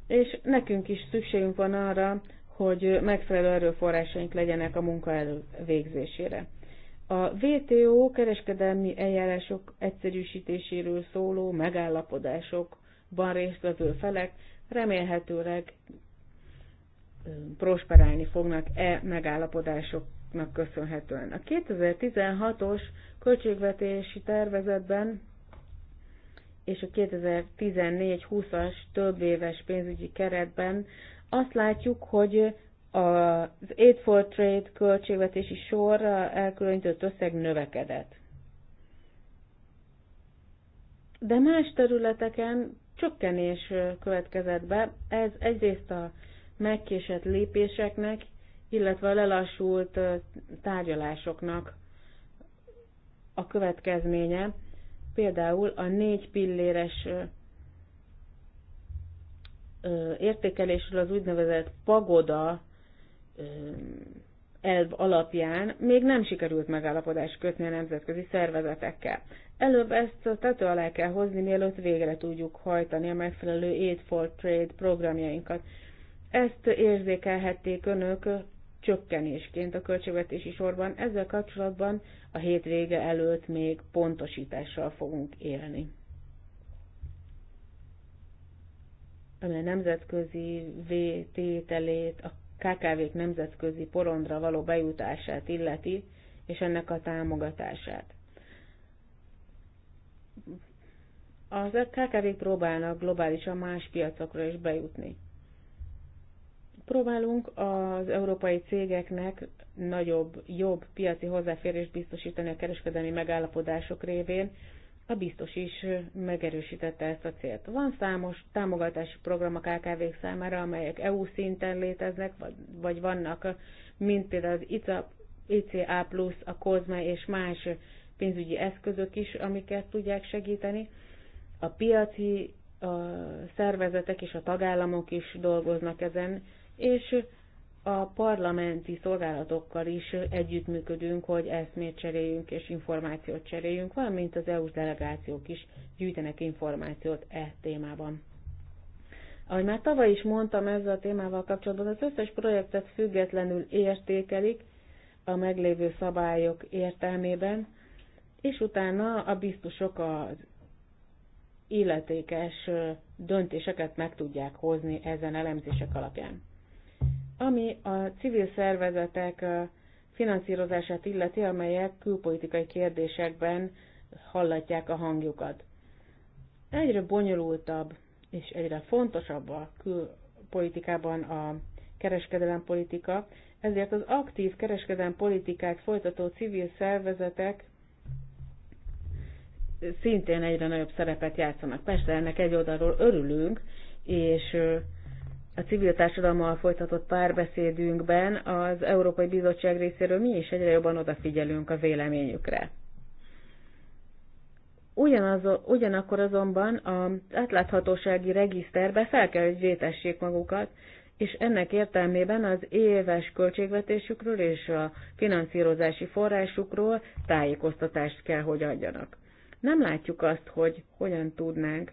És nekünk is szükségünk van arra, hogy megfelelő erőforrásaink legyenek a munka végzésére. A WTO kereskedelmi eljárások egyszerűsítéséről szóló megállapodásokban résztvevő felek remélhetőleg prosperálni fognak e megállapodásoknak köszönhetően. A 2016-os költségvetési tervezetben és a 2014-20-as több éves pénzügyi keretben azt látjuk, hogy az Aid for Trade költségvetési sorra elkülönített összeg növekedett. De más területeken csökkenés következett be. Ez egyrészt a megkésett lépéseknek, illetve a lelassult tárgyalásoknak a következménye, például a négy pilléres értékelésről az úgynevezett pagoda elv alapján még nem sikerült megállapodást kötni a nemzetközi szervezetekkel. Előbb ezt tető alá kell hozni, mielőtt végre tudjuk hajtani a megfelelő Aid for Trade programjainkat. Ezt érzékelhették önök csökkenésként a költségvetési sorban. Ezzel kapcsolatban a hétvége előtt még pontosítással fogunk élni. Ami a nemzetközi vétételét, a KKV-k nemzetközi porondra való bejutását illeti, és ennek a támogatását. Az KKV-k próbálnak globálisan más piacokra is bejutni. Próbálunk az európai cégeknek nagyobb, jobb piaci hozzáférést biztosítani a kereskedelmi megállapodások révén. A biztos is megerősítette ezt a célt. Van számos támogatási program a kkv számára, amelyek EU szinten léteznek, vagy, vagy vannak, mint például az ICA, ICA+, a COSME és más pénzügyi eszközök is, amiket tudják segíteni. A piaci a szervezetek és a tagállamok is dolgoznak ezen, és a parlamenti szolgálatokkal is együttműködünk, hogy eszmét cseréljünk és információt cseréljünk, valamint az EU-s delegációk is gyűjtenek információt e témában. Ahogy már tavaly is mondtam ezzel a témával kapcsolatban, az összes projektet függetlenül értékelik a meglévő szabályok értelmében, és utána a biztosok az illetékes döntéseket meg tudják hozni ezen elemzések alapján. Ami a civil szervezetek finanszírozását illeti, amelyek külpolitikai kérdésekben hallatják a hangjukat. Egyre bonyolultabb és egyre fontosabb a külpolitikában a kereskedelempolitika, ezért az aktív kereskedelempolitikát folytató civil szervezetek szintén egyre nagyobb szerepet játszanak. Persze ennek egy oldalról örülünk, és a civil társadalommal folytatott párbeszédünkben az Európai Bizottság részéről mi is egyre jobban odafigyelünk a véleményükre. Ugyanaz, ugyanakkor azonban az átláthatósági regiszterbe fel kell, hogy vétessék magukat, és ennek értelmében az éves költségvetésükről és a finanszírozási forrásukról tájékoztatást kell, hogy adjanak. Nem látjuk azt, hogy hogyan tudnánk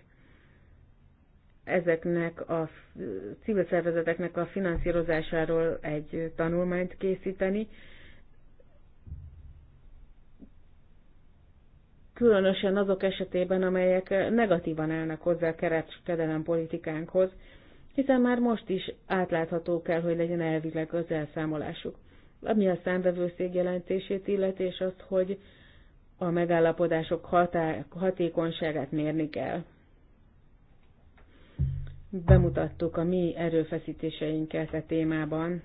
ezeknek a civil szervezeteknek a finanszírozásáról egy tanulmányt készíteni. Különösen azok esetében, amelyek negatívan állnak hozzá a kereskedelem politikánkhoz, hiszen már most is átlátható kell, hogy legyen elvileg az elszámolásuk. Ami a számvevőszék jelentését illeti, és azt, hogy a megállapodások hatá- hatékonyságát mérni kell bemutattuk a mi erőfeszítéseinket a e témában,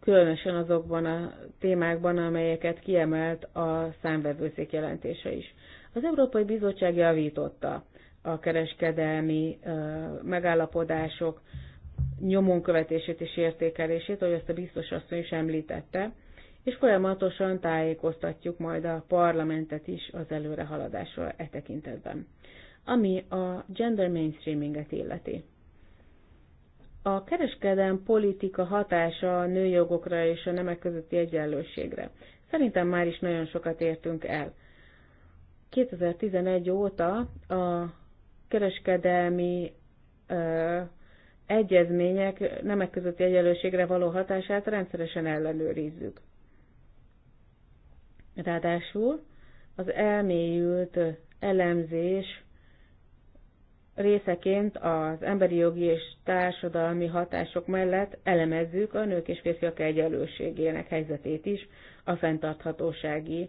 különösen azokban a témákban, amelyeket kiemelt a számvevőszék jelentése is. Az Európai Bizottság javította a kereskedelmi megállapodások nyomon követését és értékelését, ahogy ezt a biztos asszony is említette, és folyamatosan tájékoztatjuk majd a parlamentet is az előrehaladásról e tekintetben ami a gender mainstreaminget illeti. A kereskedelem politika hatása a nőjogokra és a nemek közötti egyenlőségre. Szerintem már is nagyon sokat értünk el. 2011 óta a kereskedelmi ö, egyezmények nemek közötti egyenlőségre való hatását rendszeresen ellenőrizzük. Ráadásul az elmélyült elemzés részeként az emberi jogi és társadalmi hatások mellett elemezzük a nők és férfiak egyenlőségének helyzetét is a fenntarthatósági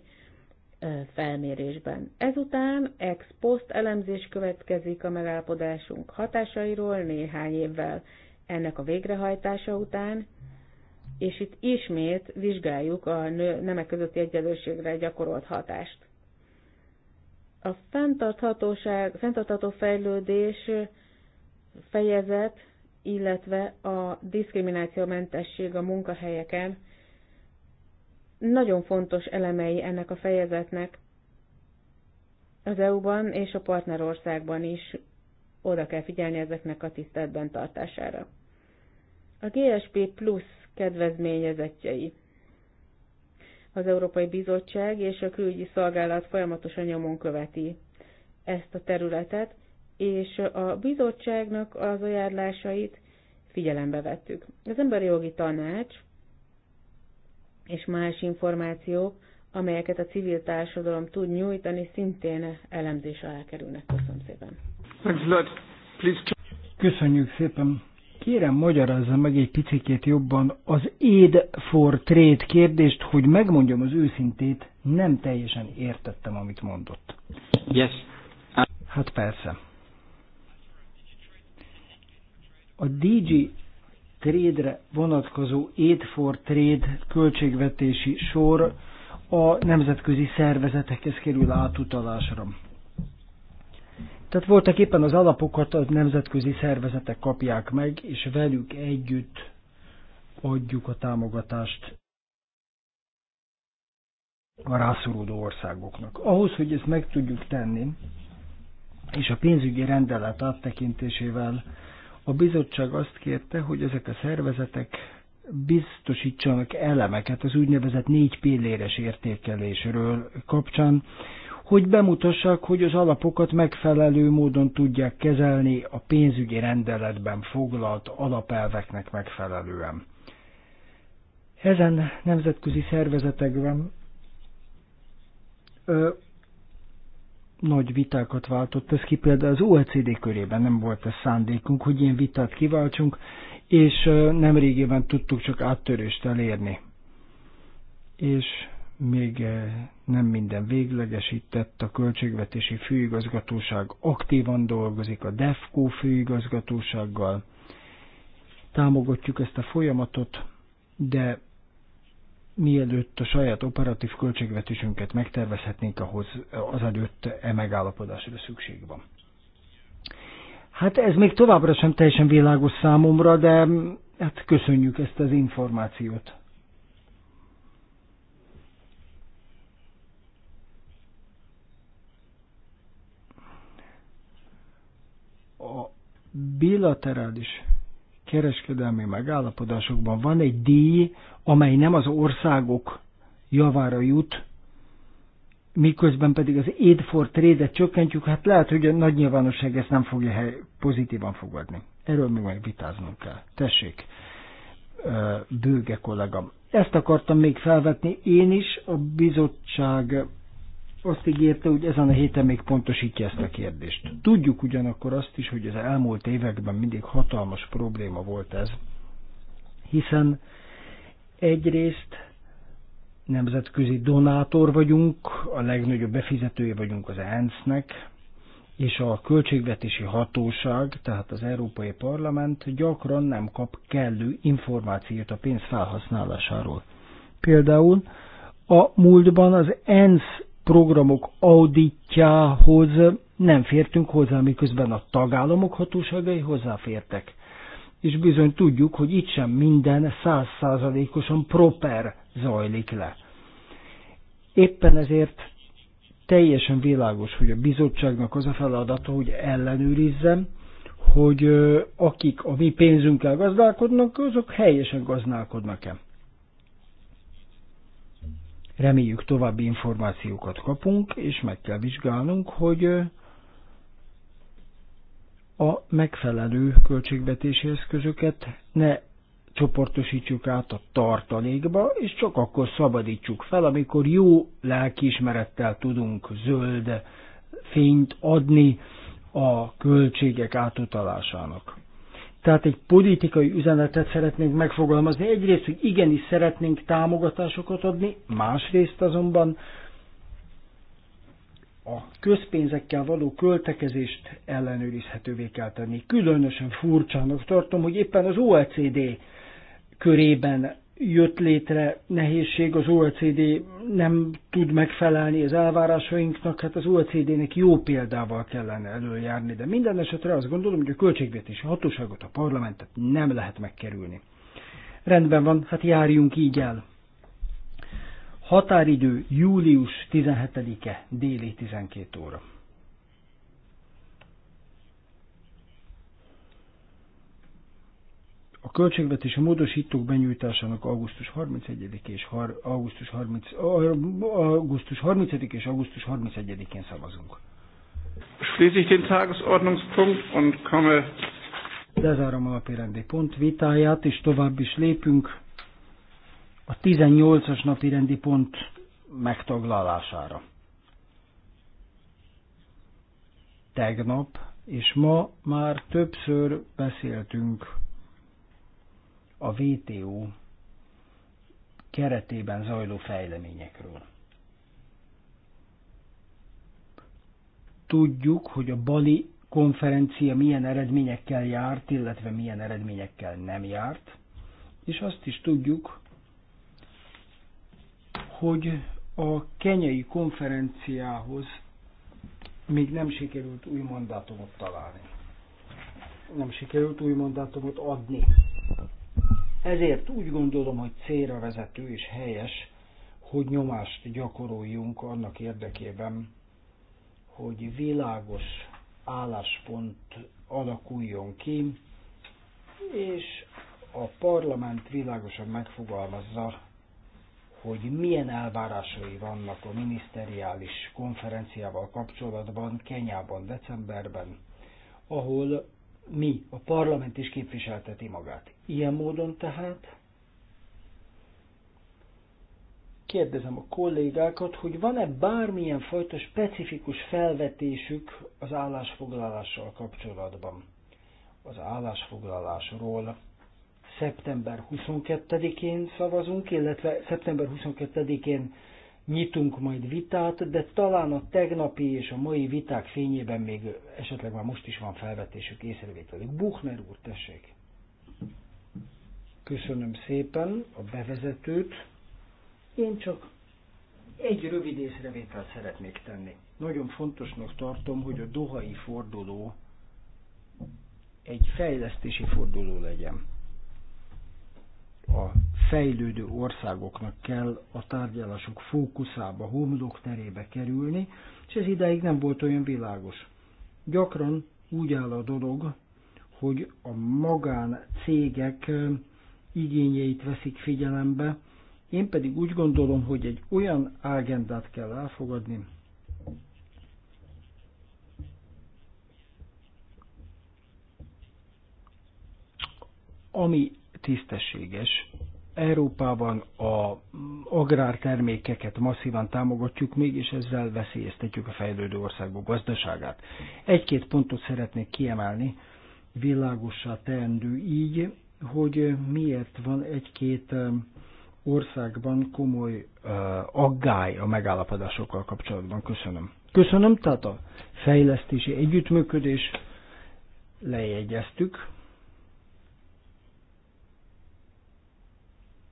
felmérésben. Ezután ex post elemzés következik a megállapodásunk hatásairól néhány évvel ennek a végrehajtása után, és itt ismét vizsgáljuk a nemek közötti egyenlőségre gyakorolt hatást. A fenntarthatóság, fenntartható fejlődés fejezet, illetve a diszkriminációmentesség a munkahelyeken nagyon fontos elemei ennek a fejezetnek az EU-ban és a partnerországban is oda kell figyelni ezeknek a tiszteletben tartására. A GSP Plus kedvezményezettjei. Az Európai Bizottság és a Külügyi Szolgálat folyamatosan nyomon követi ezt a területet, és a bizottságnak az ajánlásait figyelembe vettük. Az emberi jogi tanács és más információk, amelyeket a civil társadalom tud nyújtani, szintén elemzés alá kerülnek. Köszönöm szépen. Köszönjük szépen. Kérem, magyarázza meg egy picikét jobban az aid for trade kérdést, hogy megmondjam az őszintét, nem teljesen értettem, amit mondott. Yes. Hát persze. A DG Trade-re vonatkozó Aid for Trade költségvetési sor a nemzetközi szervezetekhez kerül átutalásra. Tehát voltak éppen az alapokat a nemzetközi szervezetek kapják meg, és velük együtt adjuk a támogatást a rászoruló országoknak. Ahhoz, hogy ezt meg tudjuk tenni, és a pénzügyi rendelet áttekintésével a bizottság azt kérte, hogy ezek a szervezetek biztosítsanak elemeket az úgynevezett négy pilléres értékelésről kapcsán, hogy bemutassák, hogy az alapokat megfelelő módon tudják kezelni a pénzügyi rendeletben foglalt alapelveknek megfelelően. Ezen nemzetközi szervezetekben ö, nagy vitákat váltott ez ki, például az OECD körében nem volt ez szándékunk, hogy ilyen vitát kiváltsunk, és nemrégében nem tudtuk csak áttörést elérni. És még eh, nem minden véglegesített, a Költségvetési Főigazgatóság aktívan dolgozik a DEFCO főigazgatósággal. Támogatjuk ezt a folyamatot, de mielőtt a saját operatív költségvetésünket megtervezhetnénk, ahhoz az előtt e megállapodásra szükség van. Hát ez még továbbra sem teljesen világos számomra, de hát köszönjük ezt az információt. a bilaterális kereskedelmi megállapodásokban van egy díj, amely nem az országok javára jut, miközben pedig az aid for trade csökkentjük, hát lehet, hogy a nagy nyilvánosság ezt nem fogja hely, pozitívan fogadni. Erről még majd vitáznunk kell. Tessék, bőge kollégam. Ezt akartam még felvetni én is, a bizottság azt ígérte, hogy ezen a héten még pontosítja ezt a kérdést. Tudjuk ugyanakkor azt is, hogy az elmúlt években mindig hatalmas probléma volt ez, hiszen egyrészt nemzetközi donátor vagyunk, a legnagyobb befizetője vagyunk az ENSZ-nek, és a költségvetési hatóság, tehát az Európai Parlament gyakran nem kap kellő információt a pénz felhasználásáról. Például a múltban az ENSZ programok auditjához nem fértünk hozzá, miközben a tagállamok hatóságai hozzáfértek. És bizony tudjuk, hogy itt sem minden százszázalékosan proper zajlik le. Éppen ezért teljesen világos, hogy a bizottságnak az a feladata, hogy ellenőrizzem, hogy akik a mi pénzünkkel gazdálkodnak, azok helyesen gazdálkodnak-e. Reméljük további információkat kapunk, és meg kell vizsgálnunk, hogy a megfelelő költségvetési eszközöket ne csoportosítsuk át a tartalékba, és csak akkor szabadítsuk fel, amikor jó lelkiismerettel tudunk zöld fényt adni a költségek átutalásának. Tehát egy politikai üzenetet szeretnénk megfogalmazni. Egyrészt, hogy igenis szeretnénk támogatásokat adni, másrészt azonban a közpénzekkel való költekezést ellenőrizhetővé kell tenni. Különösen furcsának tartom, hogy éppen az OECD körében jött létre nehézség, az OECD nem tud megfelelni az elvárásainknak, hát az OECD-nek jó példával kellene előjárni, de minden esetre azt gondolom, hogy a költségvetési hatóságot, a parlamentet nem lehet megkerülni. Rendben van, hát járjunk így el. Határidő július 17-e déli 12 óra. A költségvetési módosítók benyújtásának augusztus 31 és har, augusztus, 30, augusztus 30 és augusztus 31-én szavazunk. Schließe ich den Tagesordnungspunkt und komme. Lezárom a napirendi pont vitáját, és tovább is lépünk a 18-as napirendi pont megtaglalására. Tegnap és ma már többször beszéltünk a VTO keretében zajló fejleményekről. Tudjuk, hogy a Bali konferencia milyen eredményekkel járt, illetve milyen eredményekkel nem járt, és azt is tudjuk, hogy a kenyai konferenciához még nem sikerült új mandátumot találni. Nem sikerült új mandátumot adni ezért úgy gondolom, hogy célra vezető és helyes, hogy nyomást gyakoroljunk annak érdekében, hogy világos álláspont alakuljon ki, és a parlament világosan megfogalmazza, hogy milyen elvárásai vannak a miniszteriális konferenciával kapcsolatban Kenyában decemberben, ahol mi, a parlament is képviselteti magát. Ilyen módon tehát kérdezem a kollégákat, hogy van-e bármilyen fajta specifikus felvetésük az állásfoglalással kapcsolatban. Az állásfoglalásról szeptember 22-én szavazunk, illetve szeptember 22-én nyitunk majd vitát, de talán a tegnapi és a mai viták fényében még esetleg már most is van felvetésük, észrevételük. Buchner úr, tessék! Köszönöm szépen a bevezetőt. Én csak egy rövid észrevételt szeretnék tenni. Nagyon fontosnak tartom, hogy a dohai forduló egy fejlesztési forduló legyen a fejlődő országoknak kell a tárgyalások fókuszába, homlok terébe kerülni, és ez ideig nem volt olyan világos. Gyakran úgy áll a dolog, hogy a magán cégek igényeit veszik figyelembe, én pedig úgy gondolom, hogy egy olyan ágendát kell elfogadni, ami tisztességes. Európában a agrártermékeket masszívan támogatjuk, mégis ezzel veszélyeztetjük a fejlődő országok gazdaságát. Egy-két pontot szeretnék kiemelni, világossá teendő így, hogy miért van egy-két um, országban komoly uh, aggály a megállapodásokkal kapcsolatban. Köszönöm. Köszönöm, tehát a fejlesztési együttműködés lejegyeztük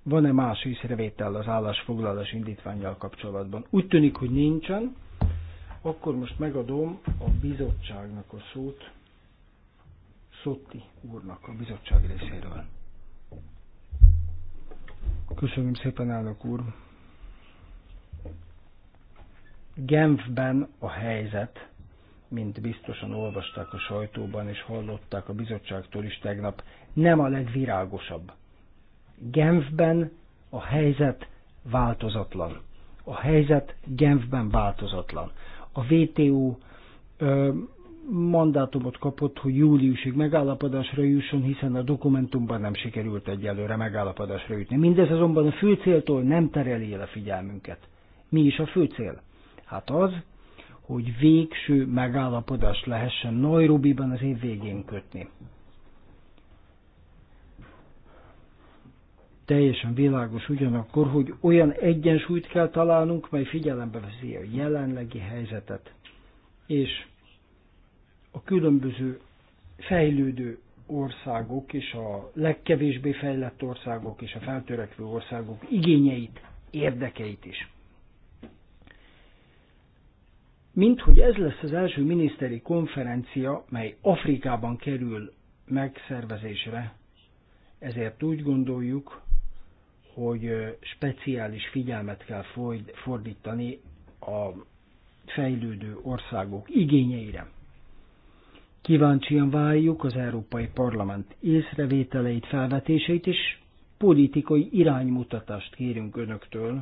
Van-e más észrevétel az állásfoglalás indítványjal kapcsolatban? Úgy tűnik, hogy nincsen. Akkor most megadom a bizottságnak a szót, Szotti úrnak a bizottság részéről. Köszönöm szépen, elnök úr. Genfben a helyzet, mint biztosan olvasták a sajtóban és hallották a bizottságtól is tegnap, nem a legvirágosabb Genfben a helyzet változatlan. A helyzet Genfben változatlan. A WTO ö, mandátumot kapott, hogy júliusig megállapodásra jusson, hiszen a dokumentumban nem sikerült egyelőre megállapodásra jutni. Mindez azonban a fő nem tereli el a figyelmünket. Mi is a fő cél? Hát az, hogy végső megállapodást lehessen Nairobiban az év végén kötni. teljesen világos ugyanakkor, hogy olyan egyensúlyt kell találnunk, mely figyelembe veszi a jelenlegi helyzetet, és a különböző fejlődő országok és a legkevésbé fejlett országok és a feltörekvő országok igényeit, érdekeit is. Mint hogy ez lesz az első miniszteri konferencia, mely Afrikában kerül megszervezésre, ezért úgy gondoljuk, hogy speciális figyelmet kell fordítani a fejlődő országok igényeire. Kíváncsian várjuk az Európai Parlament észrevételeit, felvetéseit, és politikai iránymutatást kérünk önöktől.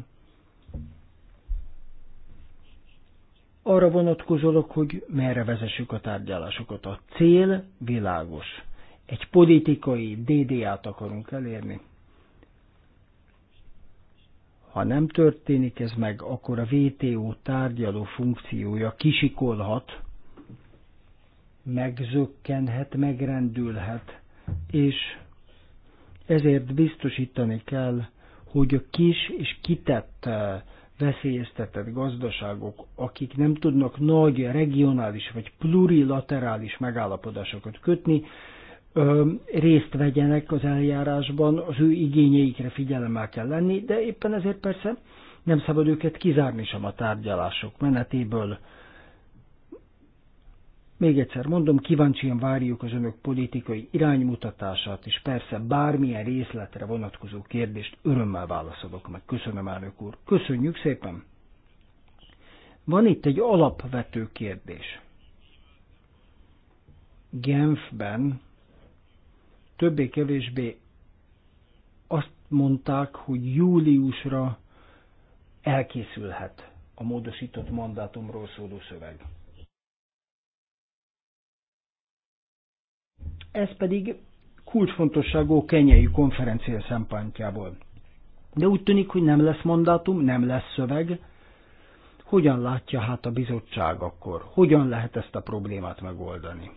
Arra vonatkozolok, hogy merre vezessük a tárgyalásokat. A cél világos. Egy politikai DDA-t akarunk elérni. Ha nem történik ez meg, akkor a WTO tárgyaló funkciója kisikolhat, megzökkenhet, megrendülhet, és ezért biztosítani kell, hogy a kis és kitett eh, veszélyeztetett gazdaságok, akik nem tudnak nagy regionális vagy plurilaterális megállapodásokat kötni, részt vegyenek az eljárásban, az ő igényeikre figyelemmel kell lenni, de éppen ezért persze nem szabad őket kizárni sem a tárgyalások menetéből. Még egyszer mondom, kíváncsian várjuk az önök politikai iránymutatását, és persze bármilyen részletre vonatkozó kérdést örömmel válaszolok meg. Köszönöm, elnök úr. Köszönjük szépen. Van itt egy alapvető kérdés. Genfben többé-kevésbé azt mondták, hogy júliusra elkészülhet a módosított mandátumról szóló szöveg. Ez pedig kulcsfontosságú kenyai konferencia szempontjából. De úgy tűnik, hogy nem lesz mandátum, nem lesz szöveg. Hogyan látja hát a bizottság akkor? Hogyan lehet ezt a problémát megoldani?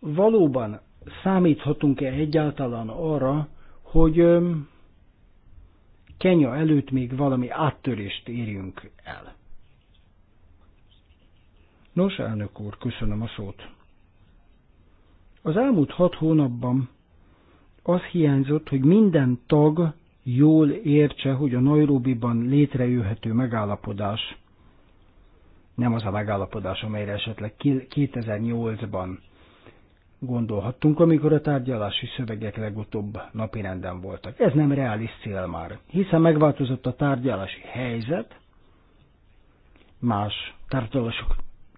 Valóban számíthatunk-e egyáltalán arra, hogy Kenya előtt még valami áttörést érjünk el? Nos, elnök úr, köszönöm a szót. Az elmúlt hat hónapban az hiányzott, hogy minden tag jól értse, hogy a Nairobiban létrejöhető megállapodás nem az a megállapodás, amelyre esetleg 2008-ban gondolhattunk, amikor a tárgyalási szövegek legutóbb napirenden voltak. Ez nem reális cél már, hiszen megváltozott a tárgyalási helyzet, más tárgyalások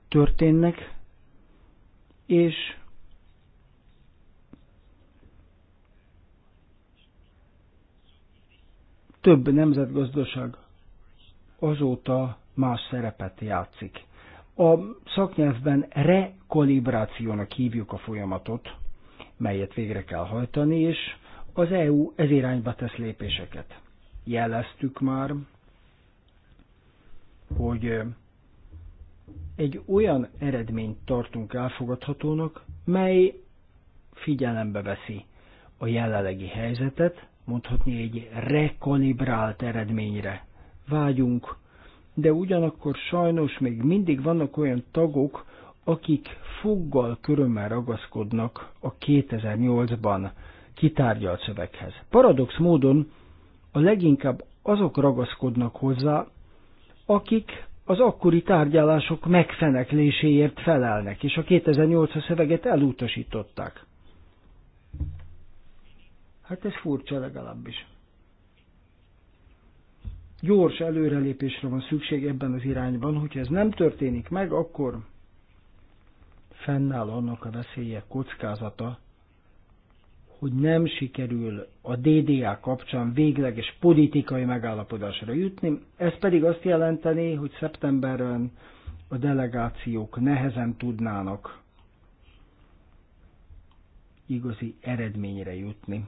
történnek, és több nemzetgazdaság azóta más szerepet játszik. A szaknyelvben rekalibrációnak hívjuk a folyamatot, melyet végre kell hajtani, és az EU ez irányba tesz lépéseket. Jeleztük már, hogy egy olyan eredményt tartunk elfogadhatónak, mely figyelembe veszi a jelenlegi helyzetet, mondhatni egy rekalibrált eredményre vágyunk, de ugyanakkor sajnos még mindig vannak olyan tagok, akik foggal körömmel ragaszkodnak a 2008-ban kitárgyalt szöveghez. Paradox módon a leginkább azok ragaszkodnak hozzá, akik az akkori tárgyalások megfenekléséért felelnek, és a 2008 a szöveget elutasították. Hát ez furcsa legalábbis gyors előrelépésre van szükség ebben az irányban, hogyha ez nem történik meg, akkor fennáll annak a veszélye, kockázata, hogy nem sikerül a DDA kapcsán végleges politikai megállapodásra jutni. Ez pedig azt jelenteni, hogy szeptemberben a delegációk nehezen tudnának igazi eredményre jutni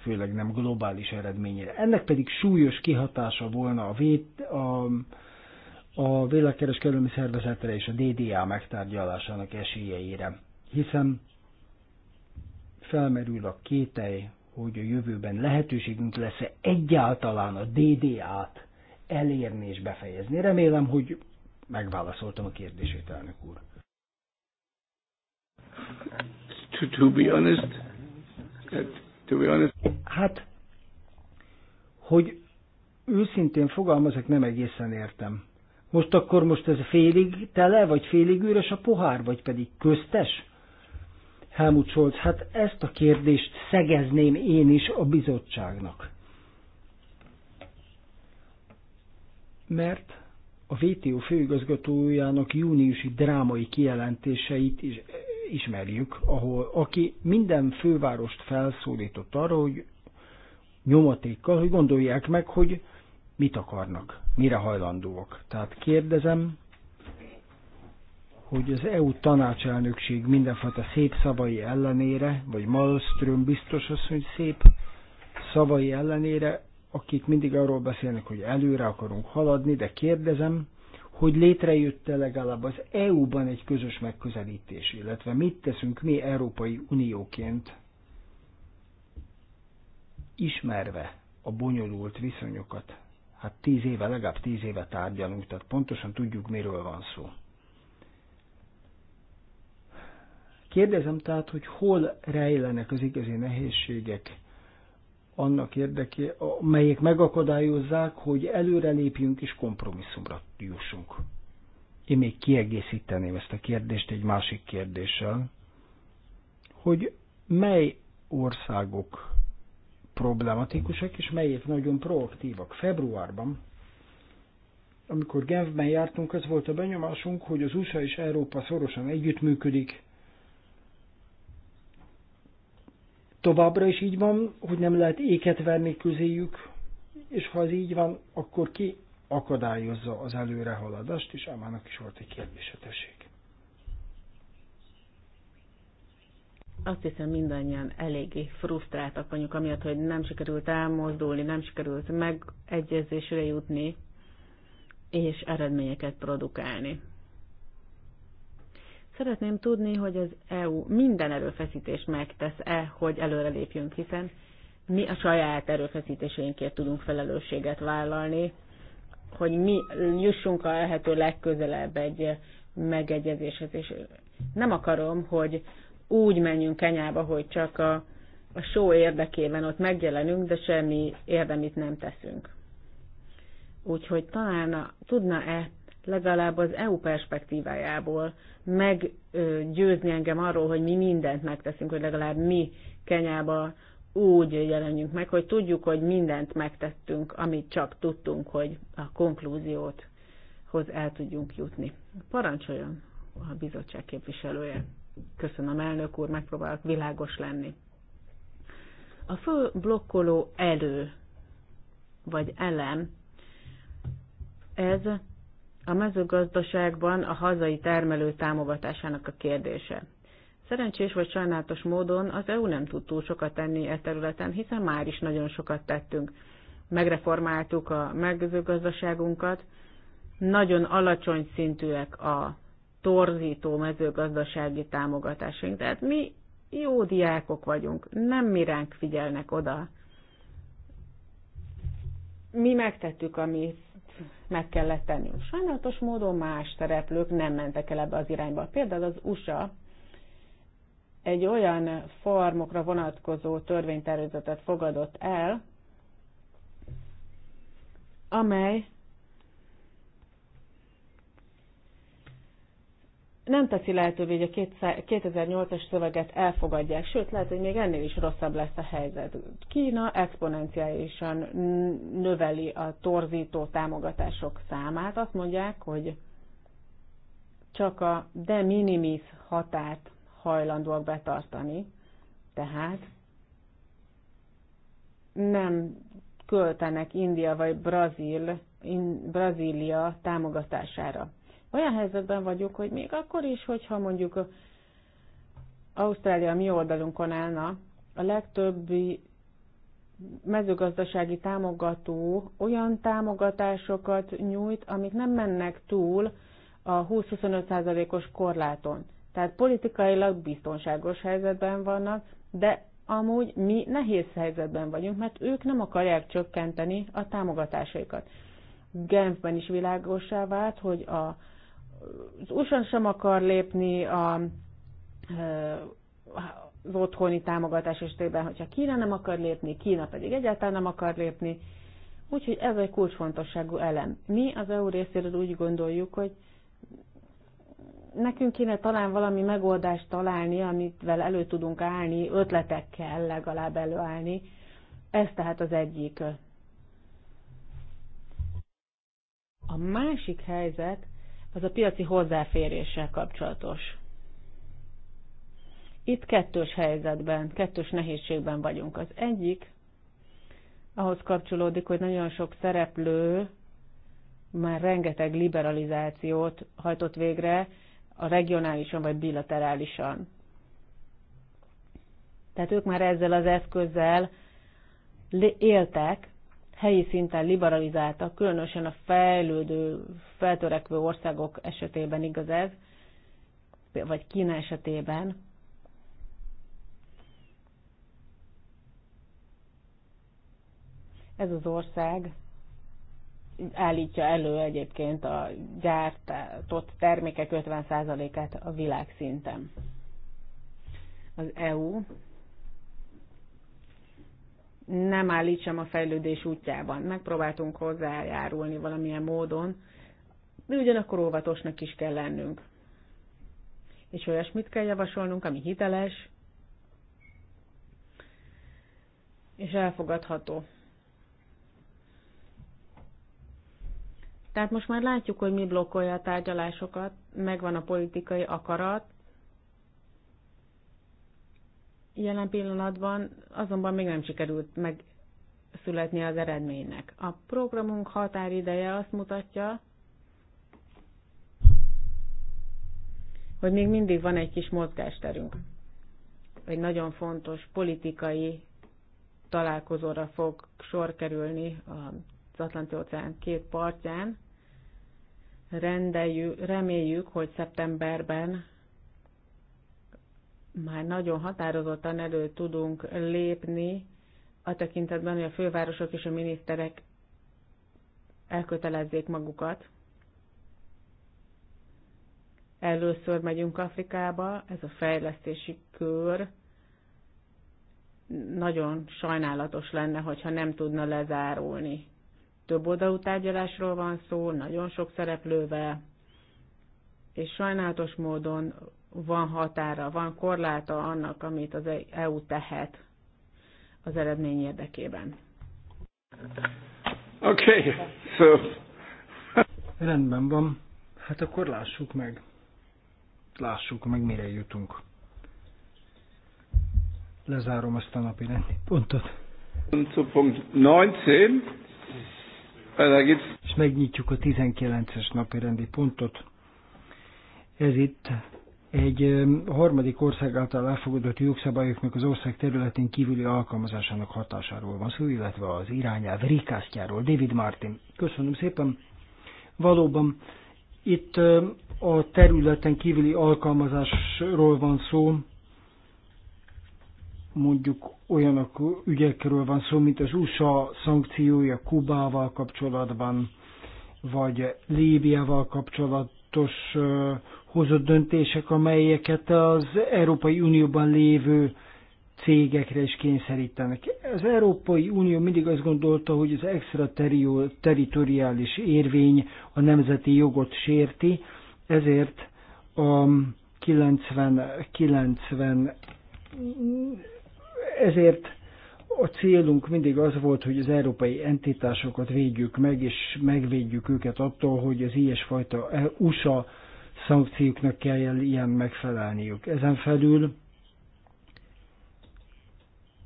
főleg nem globális eredményére. Ennek pedig súlyos kihatása volna a, vét, a, a világkereskedelmi szervezetre és a DDA megtárgyalásának esélyeire, hiszen felmerül a kételj, hogy a jövőben lehetőségünk lesz-e egyáltalán a DDA-t elérni és befejezni. Remélem, hogy megválaszoltam a kérdését, elnök úr. To, to be honest, that to be honest. Hát, hogy őszintén fogalmazok, nem egészen értem. Most akkor most ez félig tele, vagy félig üres a pohár, vagy pedig köztes? Helmut Scholz, hát ezt a kérdést szegezném én is a bizottságnak. Mert a VTO főigazgatójának júniusi drámai kijelentéseit is ismerjük, ahol, aki minden fővárost felszólított arra, hogy nyomatékkal, hogy gondolják meg, hogy mit akarnak, mire hajlandóak. Tehát kérdezem, hogy az EU tanácselnökség mindenfajta szép szavai ellenére, vagy Malmström biztos az, hogy szép szavai ellenére, akik mindig arról beszélnek, hogy előre akarunk haladni, de kérdezem, hogy létrejött-e legalább az EU-ban egy közös megközelítés, illetve mit teszünk mi Európai Unióként, ismerve a bonyolult viszonyokat. Hát tíz éve, legalább tíz éve tárgyalunk, tehát pontosan tudjuk, miről van szó. Kérdezem tehát, hogy hol rejlenek az igazi nehézségek, annak érdeké, amelyek megakadályozzák, hogy előrelépjünk és kompromisszumra jussunk. Én még kiegészíteném ezt a kérdést egy másik kérdéssel, hogy mely országok problematikusak, és melyek nagyon proaktívak. Februárban, amikor Genfben jártunk, az volt a benyomásunk, hogy az USA és Európa szorosan együttműködik, továbbra is így van, hogy nem lehet éket verni közéjük, és ha ez így van, akkor ki akadályozza az előrehaladást, és Ámának is volt egy kérdése, tessék. Azt hiszem mindannyian eléggé frusztráltak vagyunk, amiatt, hogy nem sikerült elmozdulni, nem sikerült megegyezésre jutni, és eredményeket produkálni. Szeretném tudni, hogy az EU minden erőfeszítés megtesz-e, hogy előrelépjünk, hiszen mi a saját erőfeszítéseinkért tudunk felelősséget vállalni, hogy mi jussunk a lehető legközelebb egy megegyezéshez. És nem akarom, hogy úgy menjünk Kenyába, hogy csak a, a só érdekében ott megjelenünk, de semmi érdemit nem teszünk. Úgyhogy talán tudna-e legalább az EU perspektívájából meggyőzni engem arról, hogy mi mindent megteszünk, hogy legalább mi Kenyába úgy jelenjünk meg, hogy tudjuk, hogy mindent megtettünk, amit csak tudtunk, hogy a konklúziót hoz el tudjunk jutni. Parancsoljon a bizottság képviselője. Köszönöm, elnök úr, megpróbálok világos lenni. A fő blokkoló elő, vagy elem, ez a mezőgazdaságban a hazai termelő támogatásának a kérdése. Szerencsés vagy sajnálatos módon az EU nem tud túl sokat tenni e területen, hiszen már is nagyon sokat tettünk. Megreformáltuk a mezőgazdaságunkat, nagyon alacsony szintűek a torzító mezőgazdasági támogatásaink. Tehát mi jó diákok vagyunk, nem mi ránk figyelnek oda. Mi megtettük, amit meg kellett tenni. Sajnálatos módon más szereplők nem mentek el ebbe az irányba. Például az USA egy olyan farmokra vonatkozó törvénytervezetet fogadott el, amely nem teszi lehetővé, hogy a 2008-as szöveget elfogadják, sőt, lehet, hogy még ennél is rosszabb lesz a helyzet. Kína exponenciálisan növeli a torzító támogatások számát. Azt mondják, hogy csak a de minimis határt hajlandóak betartani, tehát nem költenek India vagy Brazil, in, Brazília támogatására olyan helyzetben vagyunk, hogy még akkor is, hogyha mondjuk Ausztrália mi oldalunkon állna, a legtöbbi mezőgazdasági támogató olyan támogatásokat nyújt, amik nem mennek túl a 20-25%-os korláton. Tehát politikailag biztonságos helyzetben vannak, de amúgy mi nehéz helyzetben vagyunk, mert ők nem akarják csökkenteni a támogatásaikat. Genfben is világosá vált, hogy a az USA sem akar lépni a, az otthoni támogatás esetében, hogyha Kína nem akar lépni, Kína pedig egyáltalán nem akar lépni. Úgyhogy ez egy kulcsfontosságú elem. Mi az EU részéről úgy gondoljuk, hogy nekünk kéne talán valami megoldást találni, amivel elő tudunk állni, ötletekkel legalább előállni. Ez tehát az egyik. A másik helyzet, az a piaci hozzáféréssel kapcsolatos. Itt kettős helyzetben, kettős nehézségben vagyunk. Az egyik ahhoz kapcsolódik, hogy nagyon sok szereplő már rengeteg liberalizációt hajtott végre, a regionálisan vagy bilaterálisan. Tehát ők már ezzel az eszközzel éltek, helyi szinten liberalizáltak, különösen a fejlődő, feltörekvő országok esetében igaz ez, vagy Kína esetében, ez az ország állítja elő egyébként a gyártott termékek 50%-át a világszinten. Az EU nem állítsam a fejlődés útjában. Megpróbáltunk hozzájárulni valamilyen módon, de ugyanakkor óvatosnak is kell lennünk. És olyasmit kell javasolnunk, ami hiteles és elfogadható. Tehát most már látjuk, hogy mi blokkolja a tárgyalásokat, megvan a politikai akarat, Jelen pillanatban azonban még nem sikerült megszületni az eredménynek. A programunk határideje azt mutatja, hogy még mindig van egy kis mozgásterünk. Egy nagyon fontos politikai találkozóra fog sor kerülni az Atlanti-óceán két partján. Rendeljük, reméljük, hogy szeptemberben már nagyon határozottan elő tudunk lépni a tekintetben, hogy a fővárosok és a miniszterek elkötelezzék magukat. Először megyünk Afrikába, ez a fejlesztési kör nagyon sajnálatos lenne, hogyha nem tudna lezárulni. Több oldalú tárgyalásról van szó, nagyon sok szereplővel, és sajnálatos módon van határa, van korláta annak, amit az EU tehet az eredmény érdekében. Oké, okay. so... Rendben van. Hát akkor lássuk meg. Lássuk meg, mire jutunk. Lezárom ezt a napi rendi pontot. 19. Äh, És megnyitjuk a 19-es napi rendi pontot. Ez itt egy harmadik ország által elfogadott jogszabályoknak az ország területén kívüli alkalmazásának hatásáról van szó, illetve az irányelv rikásztjáról. David Martin, köszönöm szépen. Valóban itt a területen kívüli alkalmazásról van szó, mondjuk olyanok ügyekről van szó, mint az USA szankciója Kubával kapcsolatban, vagy Líbiával kapcsolat, kapcsolatos hozott döntések, amelyeket az Európai Unióban lévő cégekre is kényszerítenek. Az Európai Unió mindig azt gondolta, hogy az teritoriális érvény a nemzeti jogot sérti, ezért a 90, 90 ezért a célunk mindig az volt, hogy az európai entitásokat védjük meg, és megvédjük őket attól, hogy az ilyesfajta e, USA szankcióknak kell ilyen megfelelniük. Ezen felül,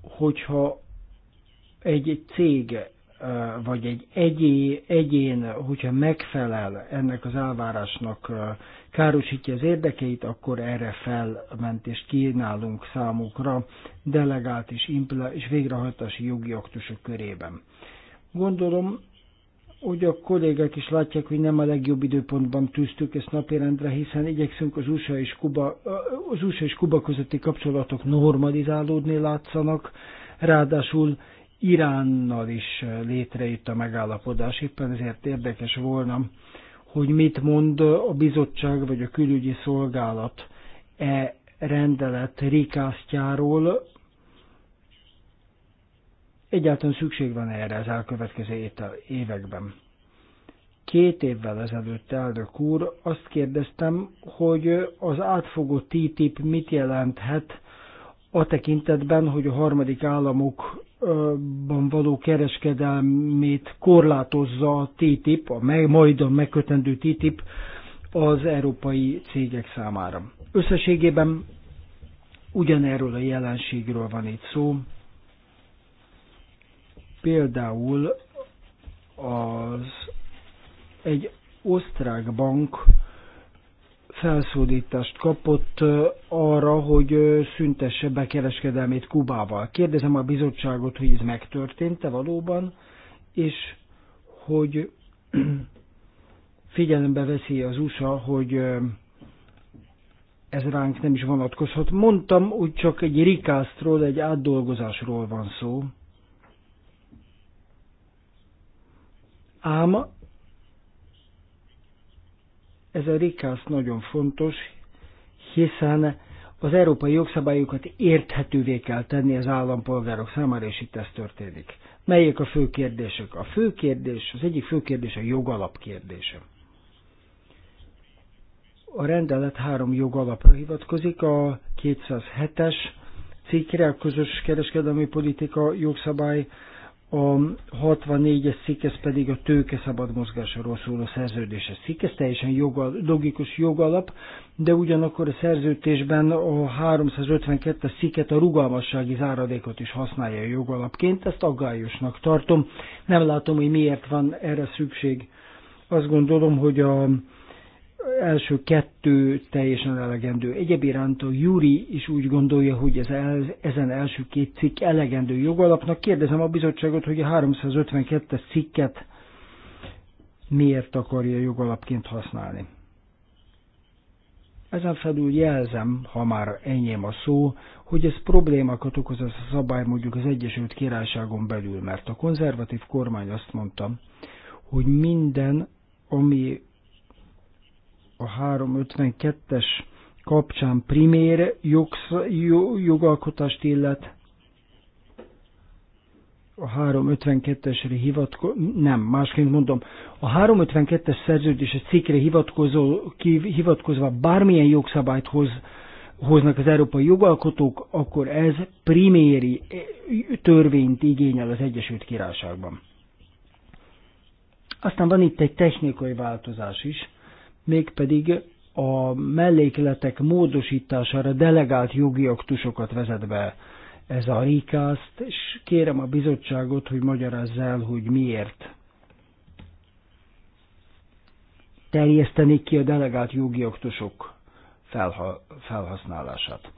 hogyha egy, egy cég vagy egy egyé, egyén, hogyha megfelel ennek az elvárásnak, károsítja az érdekeit, akkor erre felmentést kínálunk számukra delegált és, impla- és végrehajtási jogi aktusok körében. Gondolom, hogy a kollégák is látják, hogy nem a legjobb időpontban tűztük ezt napirendre, hiszen igyekszünk az USA és Kuba, az USA és Kuba közötti kapcsolatok normalizálódni látszanak, ráadásul Iránnal is létrejött a megállapodás, éppen ezért érdekes volna, hogy mit mond a bizottság vagy a külügyi szolgálat e rendelet rikásztjáról. Egyáltalán szükség van erre az elkövetkező években. Két évvel ezelőtt, elnök úr, azt kérdeztem, hogy az átfogó TTIP mit jelenthet a tekintetben, hogy a harmadik államok ban való kereskedelmét korlátozza a TTIP, a meg, majd a megkötendő TTIP az európai cégek számára. Összességében ugyanerről a jelenségről van itt szó. Például az egy osztrák bank felszólítást kapott arra, hogy szüntesse be kereskedelmét Kubával. Kérdezem a bizottságot, hogy ez megtörtént-e valóban, és hogy figyelembe veszi az USA, hogy ez ránk nem is vonatkozhat. Mondtam, úgy csak egy rikásztról, egy átdolgozásról van szó. Ám ez a rikász nagyon fontos, hiszen az európai jogszabályokat érthetővé kell tenni az állampolgárok számára, és itt ez történik. Melyek a fő kérdések? A fő kérdés, az egyik fő kérdés a jogalap kérdése. A rendelet három jogalapra hivatkozik, a 207-es cikkre, a közös kereskedelmi politika jogszabály, a 64-es cikk, ez pedig a tőke szabad mozgásáról szóló szerződéses cikk, ez teljesen joga, logikus jogalap, de ugyanakkor a szerződésben a 352-es cikket a rugalmassági záradékot is használja a jogalapként, ezt aggályosnak tartom. Nem látom, hogy miért van erre szükség. Azt gondolom, hogy a első kettő teljesen elegendő. Egyéb iránt a Júri is úgy gondolja, hogy ez el, ezen első két cikk elegendő jogalapnak. Kérdezem a bizottságot, hogy a 352-es cikket miért akarja jogalapként használni. Ezen felül jelzem, ha már enyém a szó, hogy ez problémákat okoz ez a szabály mondjuk az Egyesült Királyságon belül, mert a konzervatív kormány azt mondta, hogy minden, ami a 352-es kapcsán primér jogsz, jogalkotást illet, a 352-esre hivatkozó, nem, másként mondom, a 352-es egy cikkre hivatkozó, hivatkozva bármilyen jogszabályt hoz, hoznak az európai jogalkotók, akkor ez priméri eh, törvényt igényel az Egyesült Királyságban. Aztán van itt egy technikai változás is, mégpedig a mellékletek módosítására delegált jogi aktusokat vezet be ez a rikázt, és kérem a bizottságot, hogy magyarázza el, hogy miért terjesztenék ki a delegált jogi aktusok felhasználását.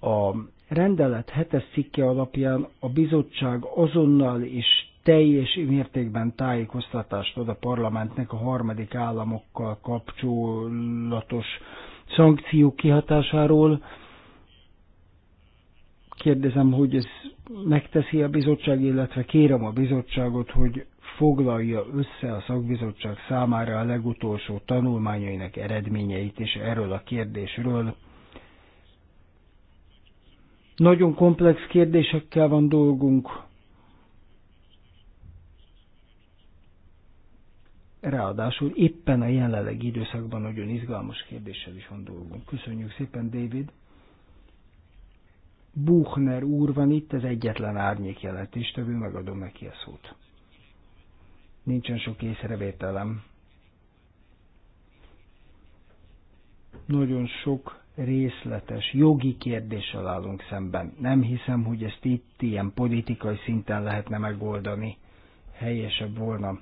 A rendelet hetes cikke alapján a bizottság azonnal és teljes mértékben tájékoztatást ad a parlamentnek a harmadik államokkal kapcsolatos szankciók kihatásáról. Kérdezem, hogy ez megteszi a bizottság, illetve kérem a bizottságot, hogy foglalja össze a szakbizottság számára a legutolsó tanulmányainak eredményeit és erről a kérdésről. Nagyon komplex kérdésekkel van dolgunk, Ráadásul éppen a jelenlegi időszakban nagyon izgalmas kérdéssel is van dolgunk. Köszönjük szépen, David! Buchner úr van itt, ez egyetlen árnyék jelentéstevő, megadom neki a szót. Nincsen sok észrevételem. Nagyon sok részletes jogi kérdéssel állunk szemben. Nem hiszem, hogy ezt itt ilyen politikai szinten lehetne megoldani. Helyesebb volna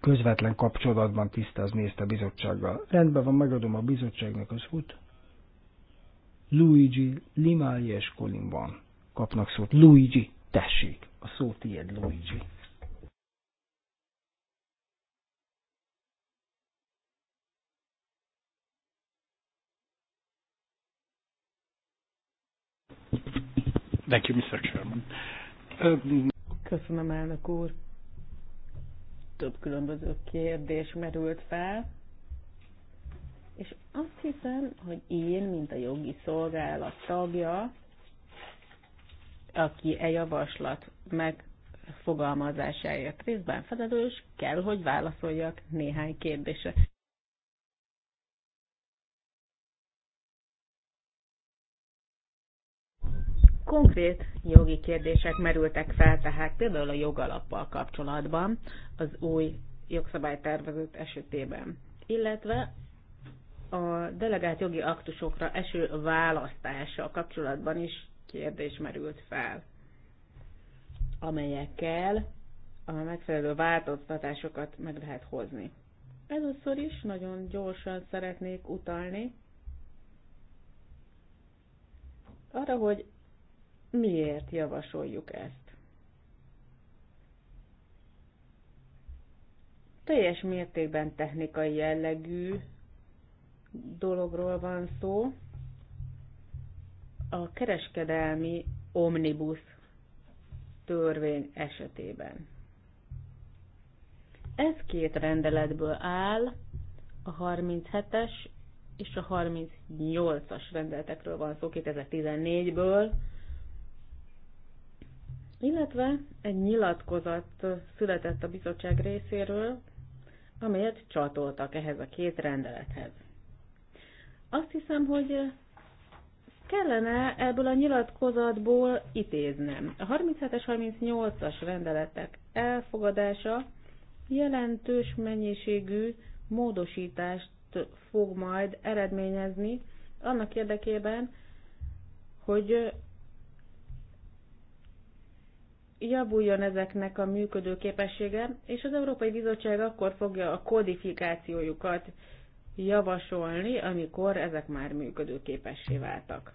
közvetlen kapcsolatban tisztázni ezt a bizottsággal. Rendben van, megadom a bizottságnak az út. Luigi Limáli és Colin van. Kapnak szót. Luigi, tessék, a szó tiéd, Luigi. Thank you, Mr. Chairman. Um, Köszönöm, elnök úr több különböző kérdés merült fel, és azt hiszem, hogy én, mint a jogi szolgálat tagja, aki e javaslat megfogalmazásáért részben felelős, kell, hogy válaszoljak néhány kérdésre. konkrét jogi kérdések merültek fel, tehát például a jogalappal kapcsolatban az új jogszabálytervezet esetében, illetve a delegált jogi aktusokra eső választása kapcsolatban is kérdés merült fel, amelyekkel a megfelelő változtatásokat meg lehet hozni. Először is nagyon gyorsan szeretnék utalni arra, hogy miért javasoljuk ezt. Teljes mértékben technikai jellegű dologról van szó. A kereskedelmi omnibus törvény esetében. Ez két rendeletből áll, a 37-es és a 38-as rendeletekről van szó 2014-ből, illetve egy nyilatkozat született a bizottság részéről, amelyet csatoltak ehhez a két rendelethez. Azt hiszem, hogy kellene ebből a nyilatkozatból ítéznem. A 37-es, 38-as rendeletek elfogadása jelentős mennyiségű módosítást fog majd eredményezni annak érdekében, hogy javuljon ezeknek a működő képessége, és az Európai Bizottság akkor fogja a kodifikációjukat javasolni, amikor ezek már működő képessé váltak.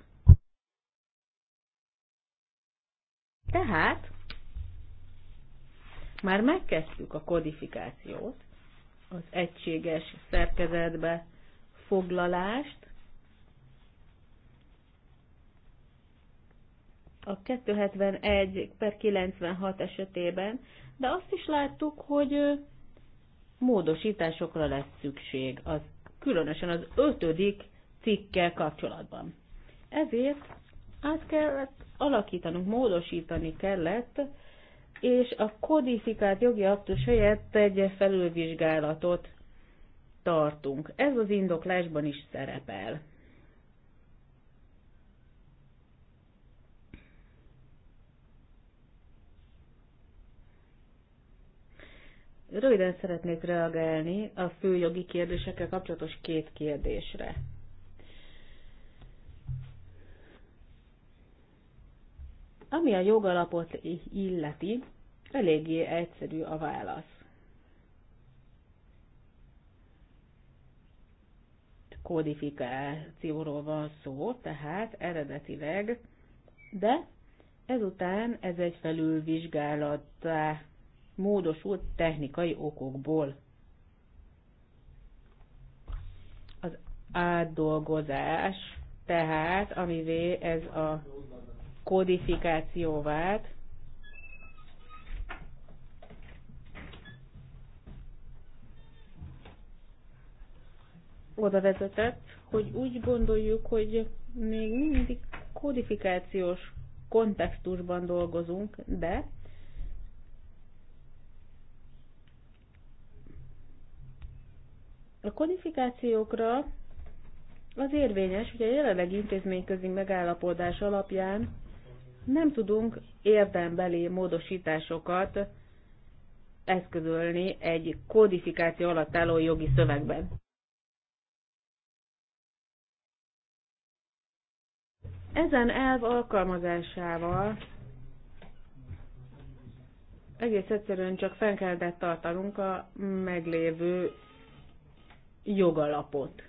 Tehát már megkezdtük a kodifikációt, az egységes szerkezetbe foglalást, a 271 per 96 esetében, de azt is láttuk, hogy módosításokra lesz szükség, az különösen az ötödik cikkkel kapcsolatban. Ezért át kellett alakítanunk, módosítani kellett, és a kodifikált jogi aktus helyett egy felülvizsgálatot tartunk. Ez az indoklásban is szerepel. Röviden szeretnék reagálni a fő jogi kérdésekkel kapcsolatos két kérdésre. Ami a jogalapot illeti, eléggé egyszerű a válasz. Kodifikációról van szó, tehát eredetileg, de ezután ez egy felülvizsgálattá módosult technikai okokból. Az átdolgozás, tehát amivé ez a kodifikáció vált, oda vezetett, hogy úgy gondoljuk, hogy még mindig kodifikációs kontextusban dolgozunk, de A kodifikációkra az érvényes, hogy a jelenlegi intézményközi megállapodás alapján nem tudunk érdembeli módosításokat eszközölni egy kodifikáció alatt álló jogi szövegben. Ezen elv alkalmazásával egész egyszerűen csak fenn kellett tartanunk a meglévő jogalapot.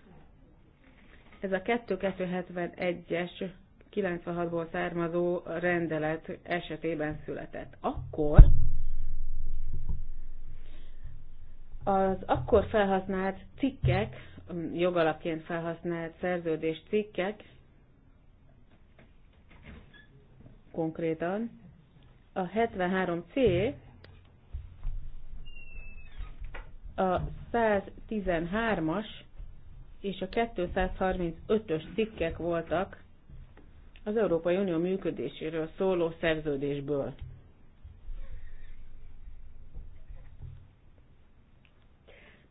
Ez a 2271-es 96-ból származó rendelet esetében született. Akkor az akkor felhasznált cikkek, jogalapként felhasznált szerződés cikkek konkrétan a 73C a 113-as és a 235-ös cikkek voltak az Európai Unió működéséről szóló szerződésből.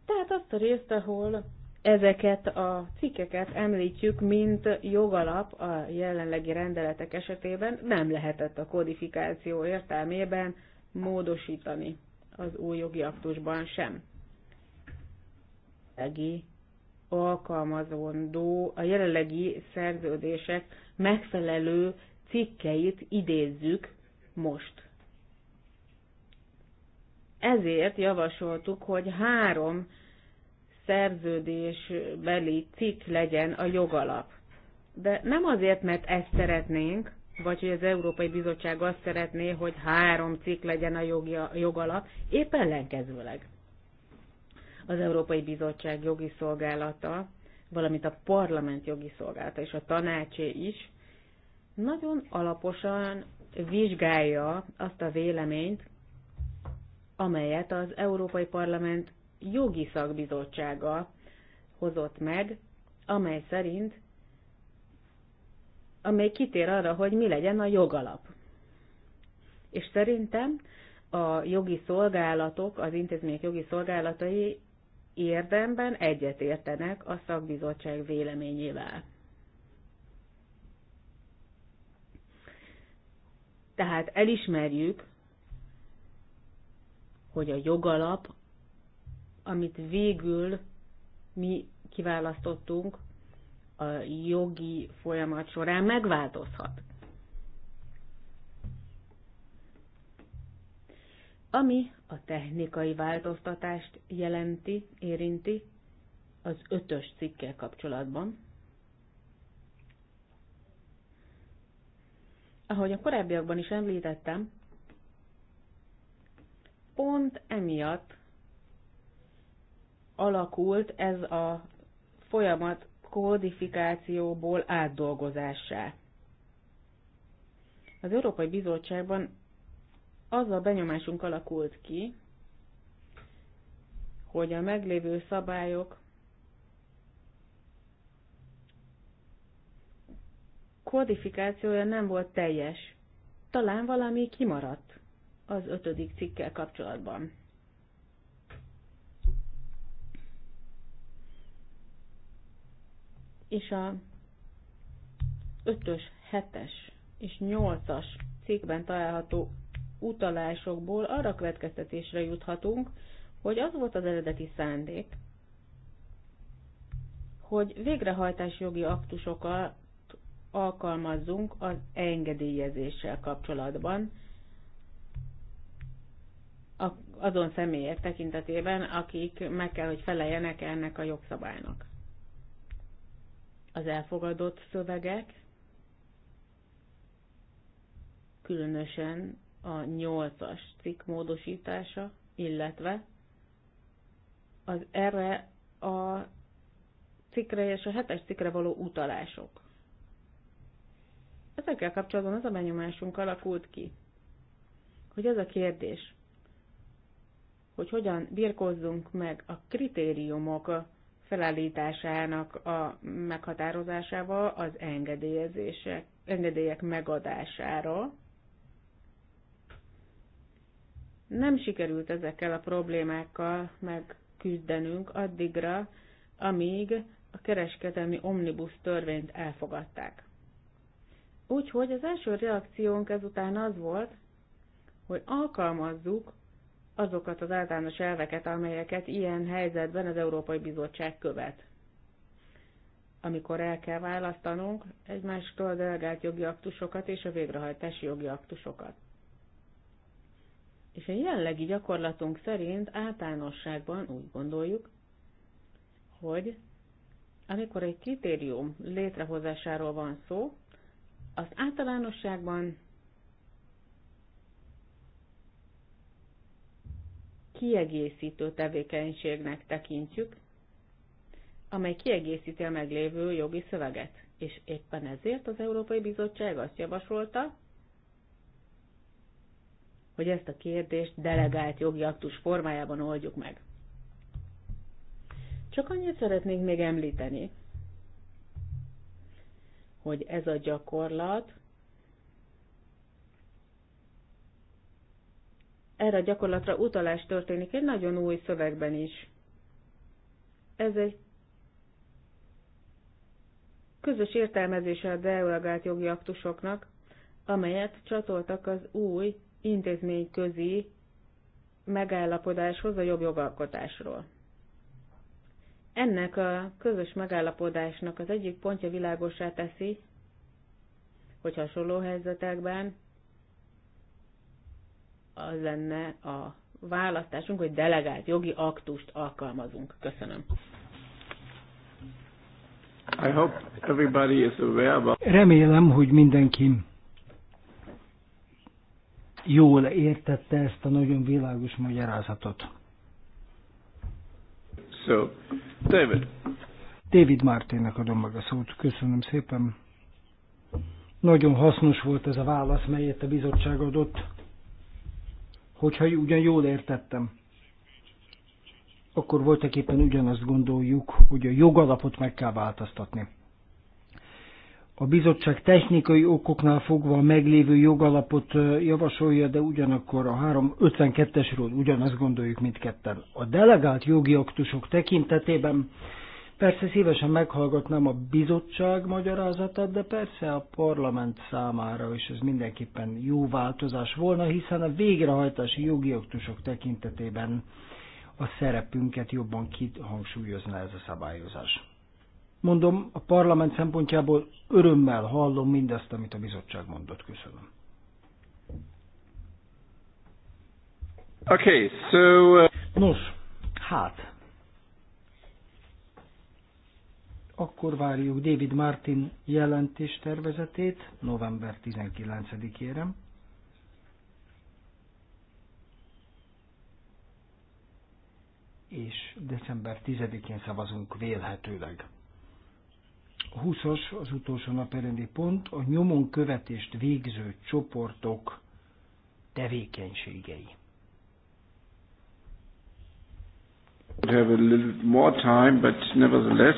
Tehát azt a részt, ahol ezeket a cikkeket említjük, mint jogalap a jelenlegi rendeletek esetében nem lehetett a kodifikáció értelmében módosítani az új jogi aktusban sem jelenlegi alkalmazondó, a jelenlegi szerződések megfelelő cikkeit idézzük most. Ezért javasoltuk, hogy három szerződésbeli cikk legyen a jogalap. De nem azért, mert ezt szeretnénk, vagy hogy az Európai Bizottság azt szeretné, hogy három cikk legyen a jogi, jogalap, épp ellenkezőleg az Európai Bizottság jogi szolgálata, valamint a parlament jogi szolgálata és a tanácsé is nagyon alaposan vizsgálja azt a véleményt, amelyet az Európai Parlament jogi szakbizottsága hozott meg, amely szerint, amely kitér arra, hogy mi legyen a jogalap. És szerintem a jogi szolgálatok, az intézmények jogi szolgálatai érdemben egyetértenek a szakbizottság véleményével. Tehát elismerjük, hogy a jogalap, amit végül mi kiválasztottunk, a jogi folyamat során megváltozhat. Ami a technikai változtatást jelenti, érinti az ötös cikkel kapcsolatban. Ahogy a korábbiakban is említettem, pont emiatt alakult ez a folyamat kódifikációból átdolgozássá. Az Európai Bizottságban az a benyomásunk alakult ki, hogy a meglévő szabályok kodifikációja nem volt teljes. Talán valami kimaradt az ötödik cikkel kapcsolatban. És a ötös, hetes és nyolcas cikkben található utalásokból arra következtetésre juthatunk, hogy az volt az eredeti szándék, hogy végrehajtás jogi aktusokat alkalmazzunk az engedélyezéssel kapcsolatban, azon személyek tekintetében, akik meg kell, hogy feleljenek ennek a jogszabálynak. Az elfogadott szövegek különösen a 8-as cikk módosítása, illetve az erre a cikkre és a 7-es cikkre való utalások. Ezekkel kapcsolatban az a benyomásunk alakult ki, hogy ez a kérdés, hogy hogyan birkózzunk meg a kritériumok felállításának a meghatározásával az engedélyezések, engedélyek megadására, nem sikerült ezekkel a problémákkal megküzdenünk addigra, amíg a kereskedelmi omnibus törvényt elfogadták. Úgyhogy az első reakciónk ezután az volt, hogy alkalmazzuk azokat az általános elveket, amelyeket ilyen helyzetben az Európai Bizottság követ. Amikor el kell választanunk egymástól a delegált jogi aktusokat és a végrehajtási jogi aktusokat. És a jellegi gyakorlatunk szerint általánosságban úgy gondoljuk, hogy amikor egy kritérium létrehozásáról van szó, az általánosságban kiegészítő tevékenységnek tekintjük, amely kiegészíti a meglévő jogi szöveget. És éppen ezért az Európai Bizottság azt javasolta, hogy ezt a kérdést delegált jogi aktus formájában oldjuk meg. Csak annyit szeretnék még említeni, hogy ez a gyakorlat, erre a gyakorlatra utalás történik egy nagyon új szövegben is. Ez egy közös értelmezése a delegált jogi aktusoknak, amelyet csatoltak az új intézményközi megállapodáshoz a jobb jogalkotásról. Ennek a közös megállapodásnak az egyik pontja világosá teszi, hogy hasonló helyzetekben az lenne a választásunk, hogy delegált jogi aktust alkalmazunk. Köszönöm. I hope everybody is aware about... Remélem, hogy mindenki jól értette ezt a nagyon világos magyarázatot. So, David. David Martinnek adom meg a szót. Köszönöm szépen. Nagyon hasznos volt ez a válasz, melyet a bizottság adott. Hogyha ugyan jól értettem, akkor voltak éppen ugyanazt gondoljuk, hogy a jogalapot meg kell változtatni. A bizottság technikai okoknál fogva a meglévő jogalapot javasolja, de ugyanakkor a 352-esről ugyanazt gondoljuk mindketten. A delegált jogi aktusok tekintetében persze szívesen meghallgatnám a bizottság magyarázatát, de persze a parlament számára is ez mindenképpen jó változás volna, hiszen a végrehajtási jogi aktusok tekintetében a szerepünket jobban kihangsúlyozna ez a szabályozás. Mondom, a parlament szempontjából örömmel hallom mindazt, amit a bizottság mondott. Köszönöm. Okay, so... Uh... Nos, hát... Akkor várjuk David Martin jelentés tervezetét november 19-ére. És december 10-én szavazunk vélhetőleg. 20-as az utolsó naperendi pont, a nyomon követést végző csoportok tevékenységei. have a little more time, but nevertheless,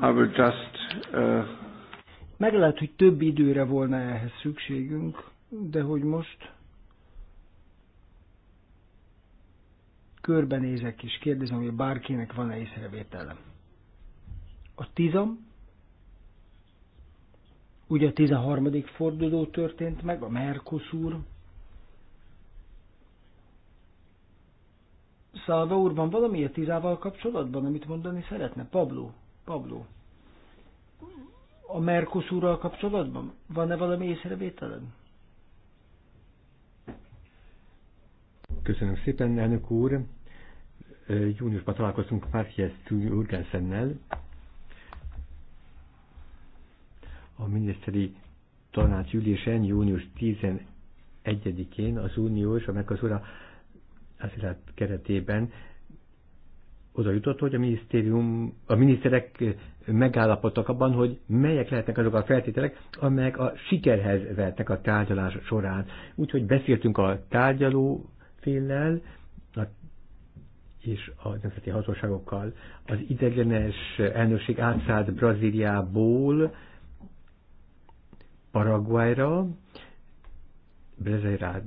I will just... Uh... Meg lehet, hogy több időre volna ehhez szükségünk, de hogy most körbenézek és kérdezem, hogy bárkinek van-e észrevételem. A tizam Ugye a 13. forduló történt meg, a Merkoszúr. Szalva úr, van valami a tizával kapcsolatban, amit mondani szeretne? Pablo, Pablo. A Merkoszúrral kapcsolatban? Van-e valami észrevételed? Köszönöm szépen, elnök úr. Júniusban találkoztunk Márkiesz Urgensennel, a miniszteri tanács június 11-én az Unió és a az Aszilát keretében oda jutott, hogy a minisztérium, a miniszterek megállapodtak abban, hogy melyek lehetnek azok a feltételek, amelyek a sikerhez vettek a tárgyalás során. Úgyhogy beszéltünk a tárgyaló féllel, és a nemzeti hatóságokkal. Az ideglenes elnökség átszállt Brazíliából, Paraguayra,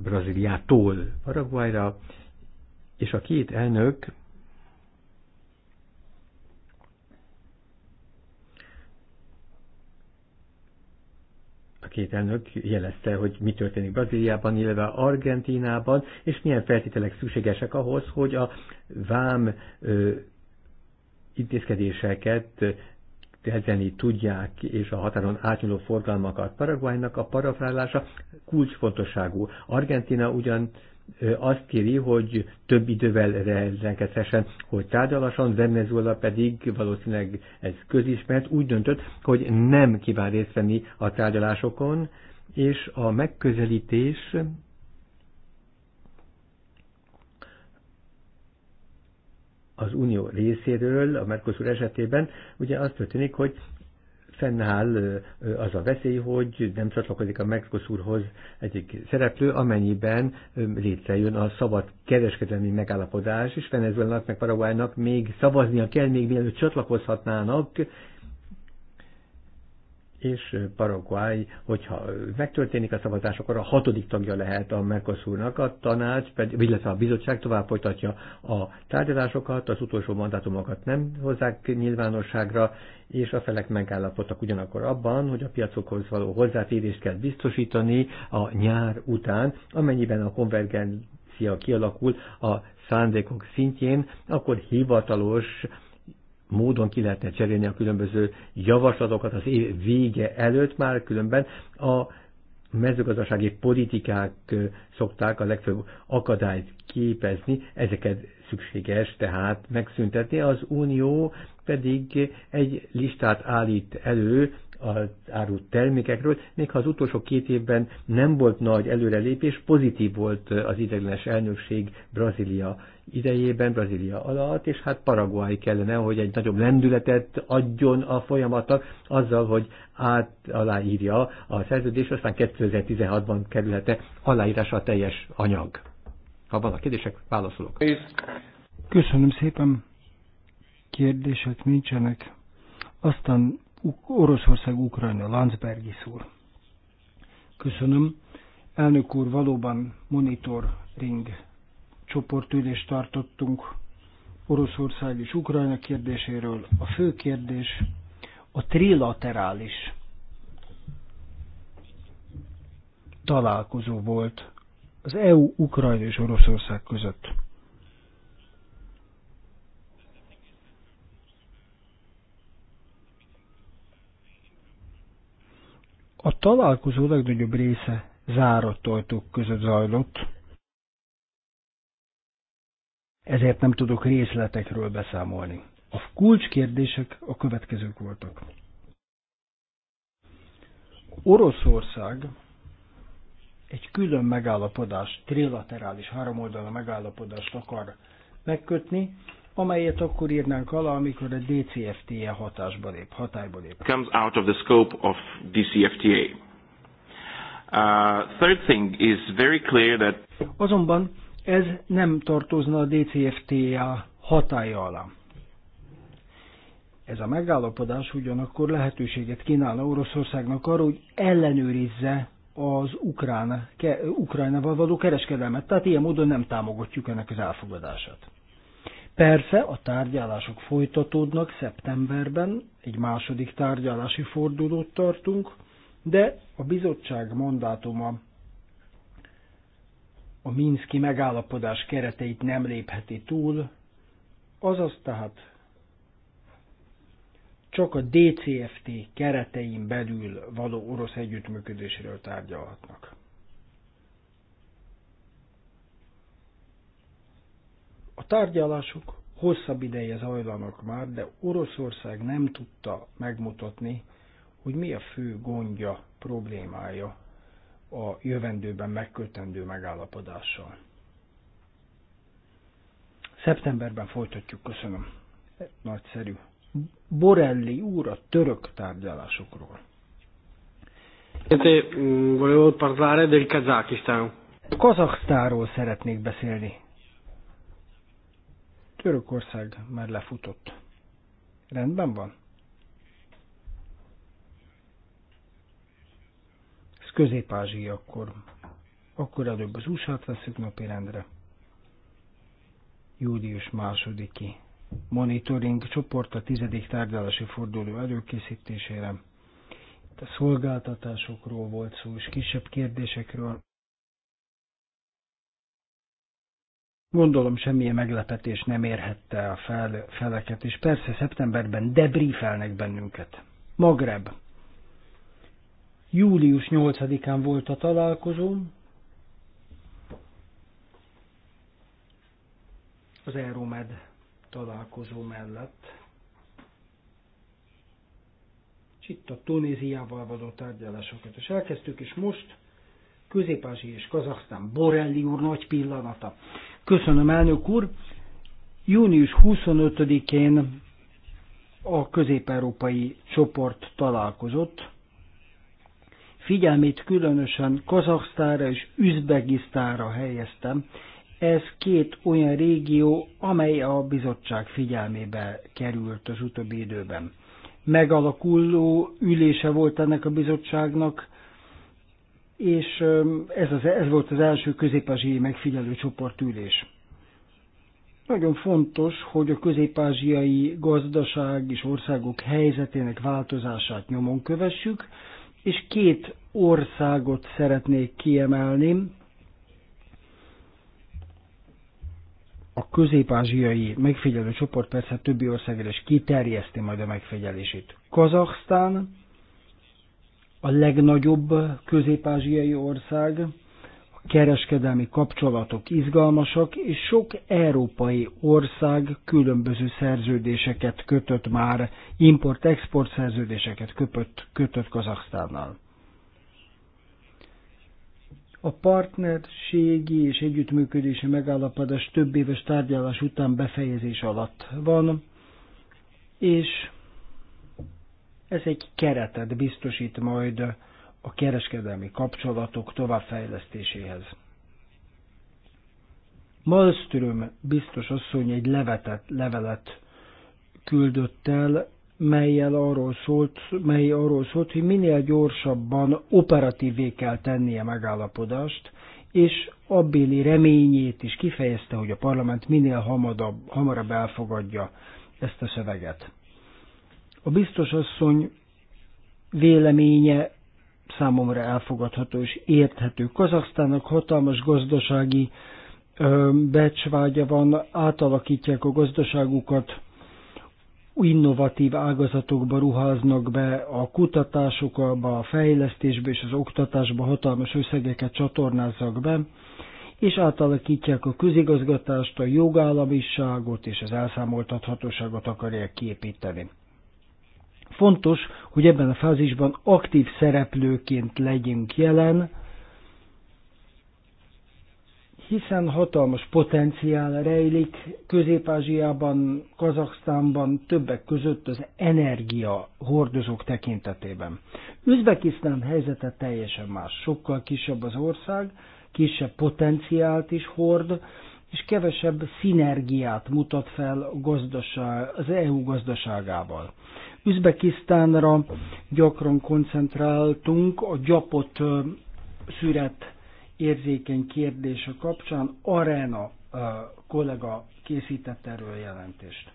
Brazíliától Paraguayra, és a két elnök a két elnök jelezte, hogy mi történik Brazíliában, illetve Argentínában, és milyen feltételek szükségesek ahhoz, hogy a vám ö, intézkedéseket kezelni tudják, és a határon átnyúló forgalmakat. Paraguaynak a parafrálása kulcsfontosságú. Argentina ugyan azt kéri, hogy több idővel rendelkezhessen, hogy tárgyalasan, Venezuela pedig valószínűleg ez közismert, úgy döntött, hogy nem kíván részt venni a tárgyalásokon, és a megközelítés az Unió részéről, a Mercosur esetében, ugye az történik, hogy fennáll az a veszély, hogy nem csatlakozik a Mercosurhoz egyik szereplő, amennyiben létrejön a szabad kereskedelmi megállapodás, és Venezuelának meg Paraguaynak még szavaznia kell, még mielőtt csatlakozhatnának, és Paraguay, hogyha megtörténik a szavazás, akkor a hatodik tagja lehet a Mercosurnak, a tanács, illetve a bizottság tovább folytatja a tárgyalásokat, az utolsó mandátumokat nem hozzák nyilvánosságra, és a felek megállapodtak ugyanakkor abban, hogy a piacokhoz való hozzáférést kell biztosítani a nyár után, amennyiben a konvergencia kialakul a szándékok szintjén, akkor hivatalos módon ki lehetne cserélni a különböző javaslatokat az év vége előtt, már különben a mezőgazdasági politikák szokták a legfőbb akadályt képezni, ezeket szükséges tehát megszüntetni. Az Unió pedig egy listát állít elő az árut termékekről, még ha az utolsó két évben nem volt nagy előrelépés, pozitív volt az ideglenes elnökség Brazília idejében, Brazília alatt, és hát Paraguay kellene, hogy egy nagyobb lendületet adjon a folyamatnak azzal, hogy át aláírja a szerződést, aztán 2016-ban kerülhet-e aláírása a teljes anyag. Ha vannak kérdések, válaszolok. Köszönöm szépen. Kérdések nincsenek. Aztán Oroszország-Ukrajna, Landsbergi szól. Köszönöm. Elnök úr, valóban monitoring csoportülést tartottunk Oroszország és Ukrajna kérdéséről. A fő kérdés a trilaterális találkozó volt az EU, Ukrajna és Oroszország között. A találkozó legnagyobb része zárott ajtók között zajlott, ezért nem tudok részletekről beszámolni. A kulcskérdések a következők voltak. Oroszország egy külön megállapodás, trilaterális háromoldalú megállapodást akar megkötni, amelyet akkor írnánk alá, amikor a DCFTA e hatásba lép, hatályba lép. Comes out of the scope of DCFTA. E. Uh, third thing is very clear that... Azonban ez nem tartozna a DCFTA hatája alá. Ez a megállapodás ugyanakkor lehetőséget kínál Oroszországnak arra, hogy ellenőrizze az ukrán, ke, Ukrajnával való kereskedelmet, tehát ilyen módon nem támogatjuk ennek az elfogadását. Persze a tárgyalások folytatódnak szeptemberben, egy második tárgyalási fordulót tartunk, de a bizottság mandátuma a Minszki megállapodás kereteit nem lépheti túl, azaz tehát csak a DCFT keretein belül való orosz együttműködésről tárgyalhatnak. A tárgyalások hosszabb ideje zajlanak már, de Oroszország nem tudta megmutatni, hogy mi a fő gondja, problémája a jövendőben megkötendő megállapodással. Szeptemberben folytatjuk, köszönöm. Nagyszerű. Borelli úr a török tárgyalásokról. Mm, Kazaksztáról szeretnék beszélni. Törökország már lefutott. Rendben van? Közép-Ázsia akkor. Akkor előbb az USA-t veszük napirendre. Július másodiki monitoring csoport a tizedik tárgyalási forduló előkészítésére. Itt a szolgáltatásokról volt szó, és kisebb kérdésekről. Gondolom semmilyen meglepetés nem érhette a fel, feleket, és persze szeptemberben debriefelnek bennünket. Magreb. Július 8-án volt a találkozóm, az Euromed találkozó mellett. És itt a Tunéziával való tárgyalásokat is elkezdtük, és most közép és Kazaksztán Borelli úr nagy pillanata. Köszönöm, elnök úr! Június 25-én a közép-európai csoport találkozott, Figyelmét különösen Kazaksztára és Üzbegisztára helyeztem. Ez két olyan régió, amely a bizottság figyelmébe került az utóbbi időben. Megalakuló ülése volt ennek a bizottságnak, és ez, az, ez volt az első közép megfigyelő csoport ülés. Nagyon fontos, hogy a közép gazdaság és országok helyzetének változását nyomon kövessük, és két országot szeretnék kiemelni. A közép-ázsiai megfigyelő csoport persze többi országra is kiterjeszti majd a megfigyelését. Kazaksztán a legnagyobb közép-ázsiai ország, kereskedelmi kapcsolatok izgalmasak, és sok európai ország különböző szerződéseket kötött már, import-export szerződéseket köpött, kötött Kazaksztánnal. A partnerségi és együttműködési megállapodás több éves tárgyalás után befejezés alatt van, és ez egy keretet biztosít majd a kereskedelmi kapcsolatok továbbfejlesztéséhez. Malmström biztos asszony egy levetett, levelet küldött el, melyel arról szólt, mely arról szólt, hogy minél gyorsabban operatívé kell tennie megállapodást, és abbéli reményét is kifejezte, hogy a parlament minél hamarabb, hamarabb elfogadja ezt a szöveget. A biztos asszony véleménye számomra elfogadható és érthető. Kazaksztának hatalmas gazdasági becsvágya van, átalakítják a gazdaságukat, innovatív ágazatokba ruháznak be, a kutatásokba, a fejlesztésbe és az oktatásba hatalmas összegeket csatornázzak be, és átalakítják a közigazgatást, a jogállamiságot és az elszámoltathatóságot akarják kiépíteni. Fontos, hogy ebben a fázisban aktív szereplőként legyünk jelen, hiszen hatalmas potenciál rejlik Közép-Ázsiában, Kazaksztánban, többek között az energia hordozók tekintetében. Üzbekisztán helyzete teljesen más, sokkal kisebb az ország, kisebb potenciált is hord, és kevesebb szinergiát mutat fel gazdaság, az EU gazdaságával. Üzbekisztánra gyakran koncentráltunk a gyapot szüret érzékeny kérdése kapcsán. Arena kollega készített erről jelentést.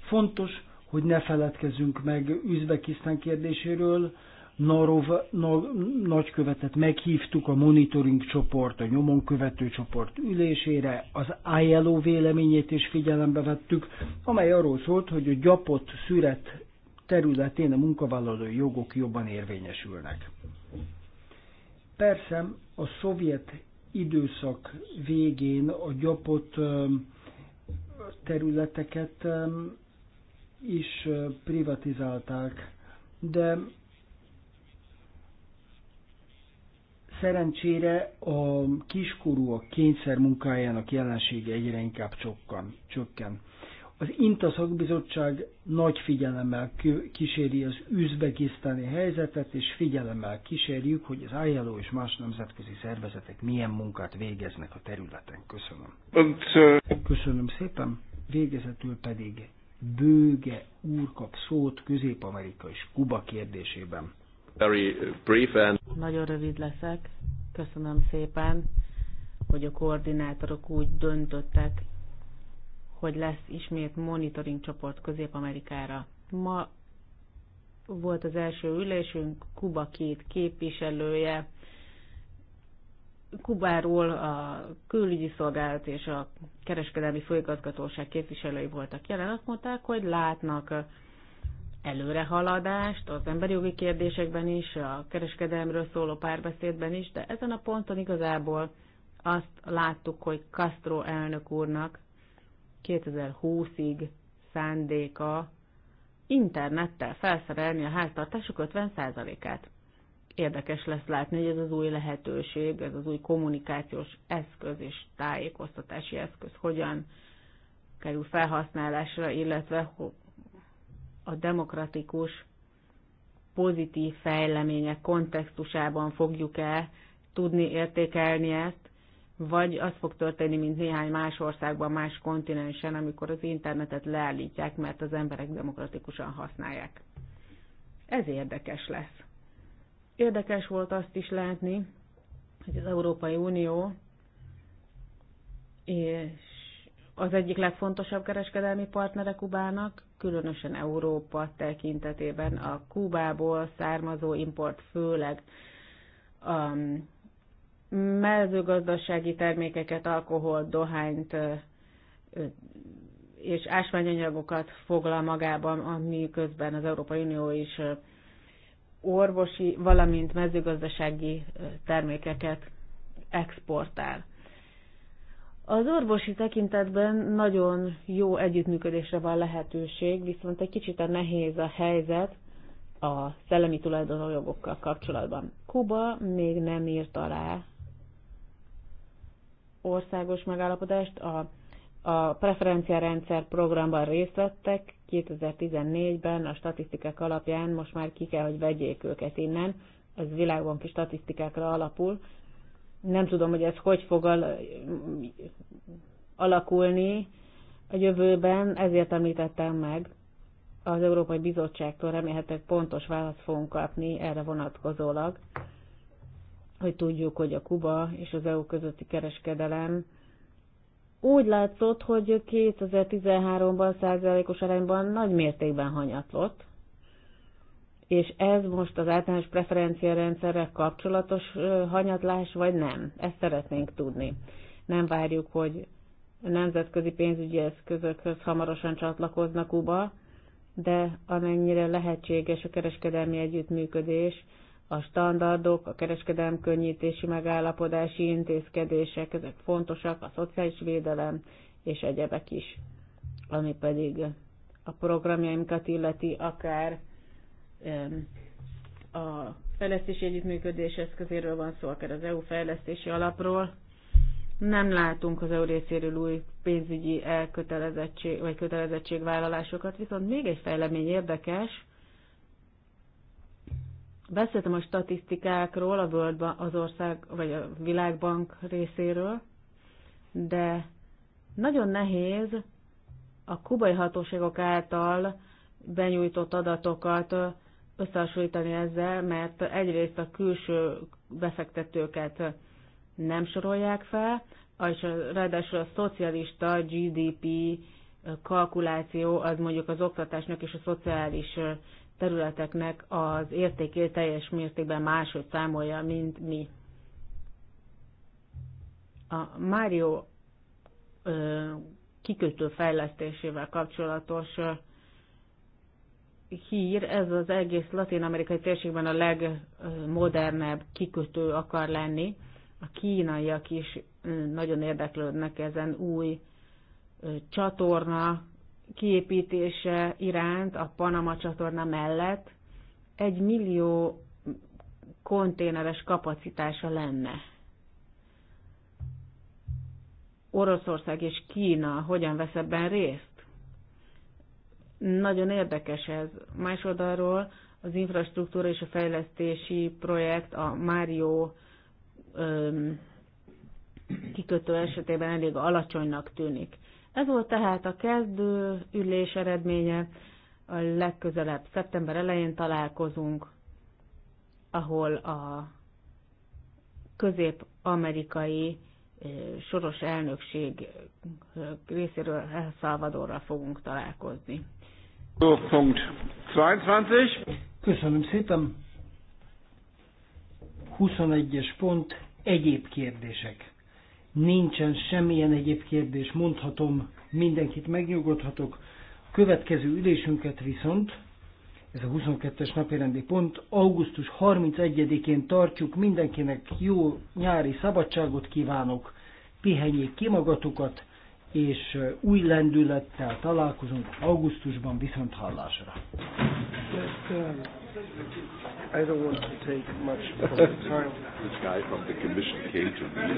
Fontos, hogy ne feledkezzünk meg Üzbekisztán kérdéséről, Narov na, nagykövetet meghívtuk a monitoring csoport, a nyomon követő csoport ülésére, az ILO véleményét is figyelembe vettük, amely arról szólt, hogy a gyapott szüret területén a munkavállalói jogok jobban érvényesülnek. Persze a szovjet időszak végén a gyapott területeket is privatizálták, de Szerencsére a a kényszer munkájának jelensége egyre inkább csokkan, csökken. Az INTA szakbizottság nagy figyelemmel kíséri az üzbekisztáni helyzetet, és figyelemmel kísérjük, hogy az ILO és más nemzetközi szervezetek milyen munkát végeznek a területen. Köszönöm. Köszönöm szépen. Végezetül pedig Bőge úr kap szót Közép-Amerika és Kuba kérdésében. Very brief and... Nagyon rövid leszek. Köszönöm szépen, hogy a koordinátorok úgy döntöttek, hogy lesz ismét monitoring csoport Közép-Amerikára. Ma volt az első ülésünk, Kuba két képviselője, Kubáról a külügyi szolgálat és a kereskedelmi főigazgatóság képviselői voltak jelen, azt mondták, hogy látnak előrehaladást az emberi jogi kérdésekben is, a kereskedelemről szóló párbeszédben is, de ezen a ponton igazából azt láttuk, hogy Castro elnök úrnak 2020-ig szándéka internettel felszerelni a háztartások 50%-át. Érdekes lesz látni, hogy ez az új lehetőség, ez az új kommunikációs eszköz és tájékoztatási eszköz hogyan kerül felhasználásra, illetve a demokratikus pozitív fejlemények kontextusában fogjuk-e tudni értékelni ezt, vagy az fog történni, mint néhány más országban, más kontinensen, amikor az internetet leállítják, mert az emberek demokratikusan használják. Ez érdekes lesz. Érdekes volt azt is látni, hogy az Európai Unió és az egyik legfontosabb kereskedelmi partnere Kubának, különösen Európa tekintetében a Kubából származó import főleg a um, mezőgazdasági termékeket, alkohol, dohányt és ásványanyagokat foglal magában, ami közben az Európai Unió is orvosi, valamint mezőgazdasági termékeket exportál. Az orvosi tekintetben nagyon jó együttműködésre van lehetőség, viszont egy kicsit a nehéz a helyzet a szellemi tulajdonjogokkal kapcsolatban. Kuba még nem írt alá országos megállapodást, a, a rendszer programban részt vettek 2014-ben a statisztikák alapján, most már ki kell, hogy vegyék őket innen, ez kis statisztikákra alapul, nem tudom, hogy ez hogy fog alakulni a jövőben, ezért említettem meg az Európai Bizottságtól remélhetőleg pontos választ fogunk kapni erre vonatkozólag, hogy tudjuk, hogy a Kuba és az EU közötti kereskedelem úgy látszott, hogy 2013-ban százalékos arányban nagy mértékben hanyatlott, és ez most az általános preferencia rendszerrel kapcsolatos hanyatlás, vagy nem? Ezt szeretnénk tudni. Nem várjuk, hogy nemzetközi pénzügyi eszközökhöz hamarosan csatlakoznak UBA, de amennyire lehetséges a kereskedelmi együttműködés, a standardok, a kereskedelm könnyítési megállapodási intézkedések, ezek fontosak, a szociális védelem és egyebek is, ami pedig a programjainkat illeti akár a fejlesztési együttműködés eszközéről van szó, akár az EU fejlesztési alapról. Nem látunk az EU részéről új pénzügyi elkötelezettség vagy kötelezettségvállalásokat, viszont még egy fejlemény érdekes. Beszéltem a statisztikákról a World, az ország vagy a Világbank részéről, de nagyon nehéz a kubai hatóságok által benyújtott adatokat összehasonlítani ezzel, mert egyrészt a külső befektetőket nem sorolják fel, és ráadásul a szocialista GDP kalkuláció az mondjuk az oktatásnak és a szociális területeknek az értékét teljes mértékben máshogy számolja, mint mi. A Mário kikötő fejlesztésével kapcsolatos hír, ez az egész latin-amerikai térségben a legmodernebb kikötő akar lenni. A kínaiak is nagyon érdeklődnek ezen új csatorna kiépítése iránt, a Panama csatorna mellett. Egy millió konténeres kapacitása lenne. Oroszország és Kína hogyan vesz ebben részt? Nagyon érdekes ez. Másoldalról az infrastruktúra és a fejlesztési projekt a Mário öm, kikötő esetében elég alacsonynak tűnik. Ez volt tehát a kezdő ülés eredménye. A legközelebb szeptember elején találkozunk, ahol a közép-amerikai soros elnökség részéről El Salvadorral fogunk találkozni. Punkt 22. Köszönöm szépen. 21-es pont, egyéb kérdések. Nincsen semmilyen egyéb kérdés, mondhatom, mindenkit megnyugodhatok. Következő ülésünket viszont, ez a 22-es napirendi pont, augusztus 31-én tartjuk, mindenkinek jó nyári szabadságot kívánok, pihenjék ki magatokat, és új lendülettel találkozunk augusztusban viszont hallásra. I don't want to take much of the time. This guy from the commission came to me.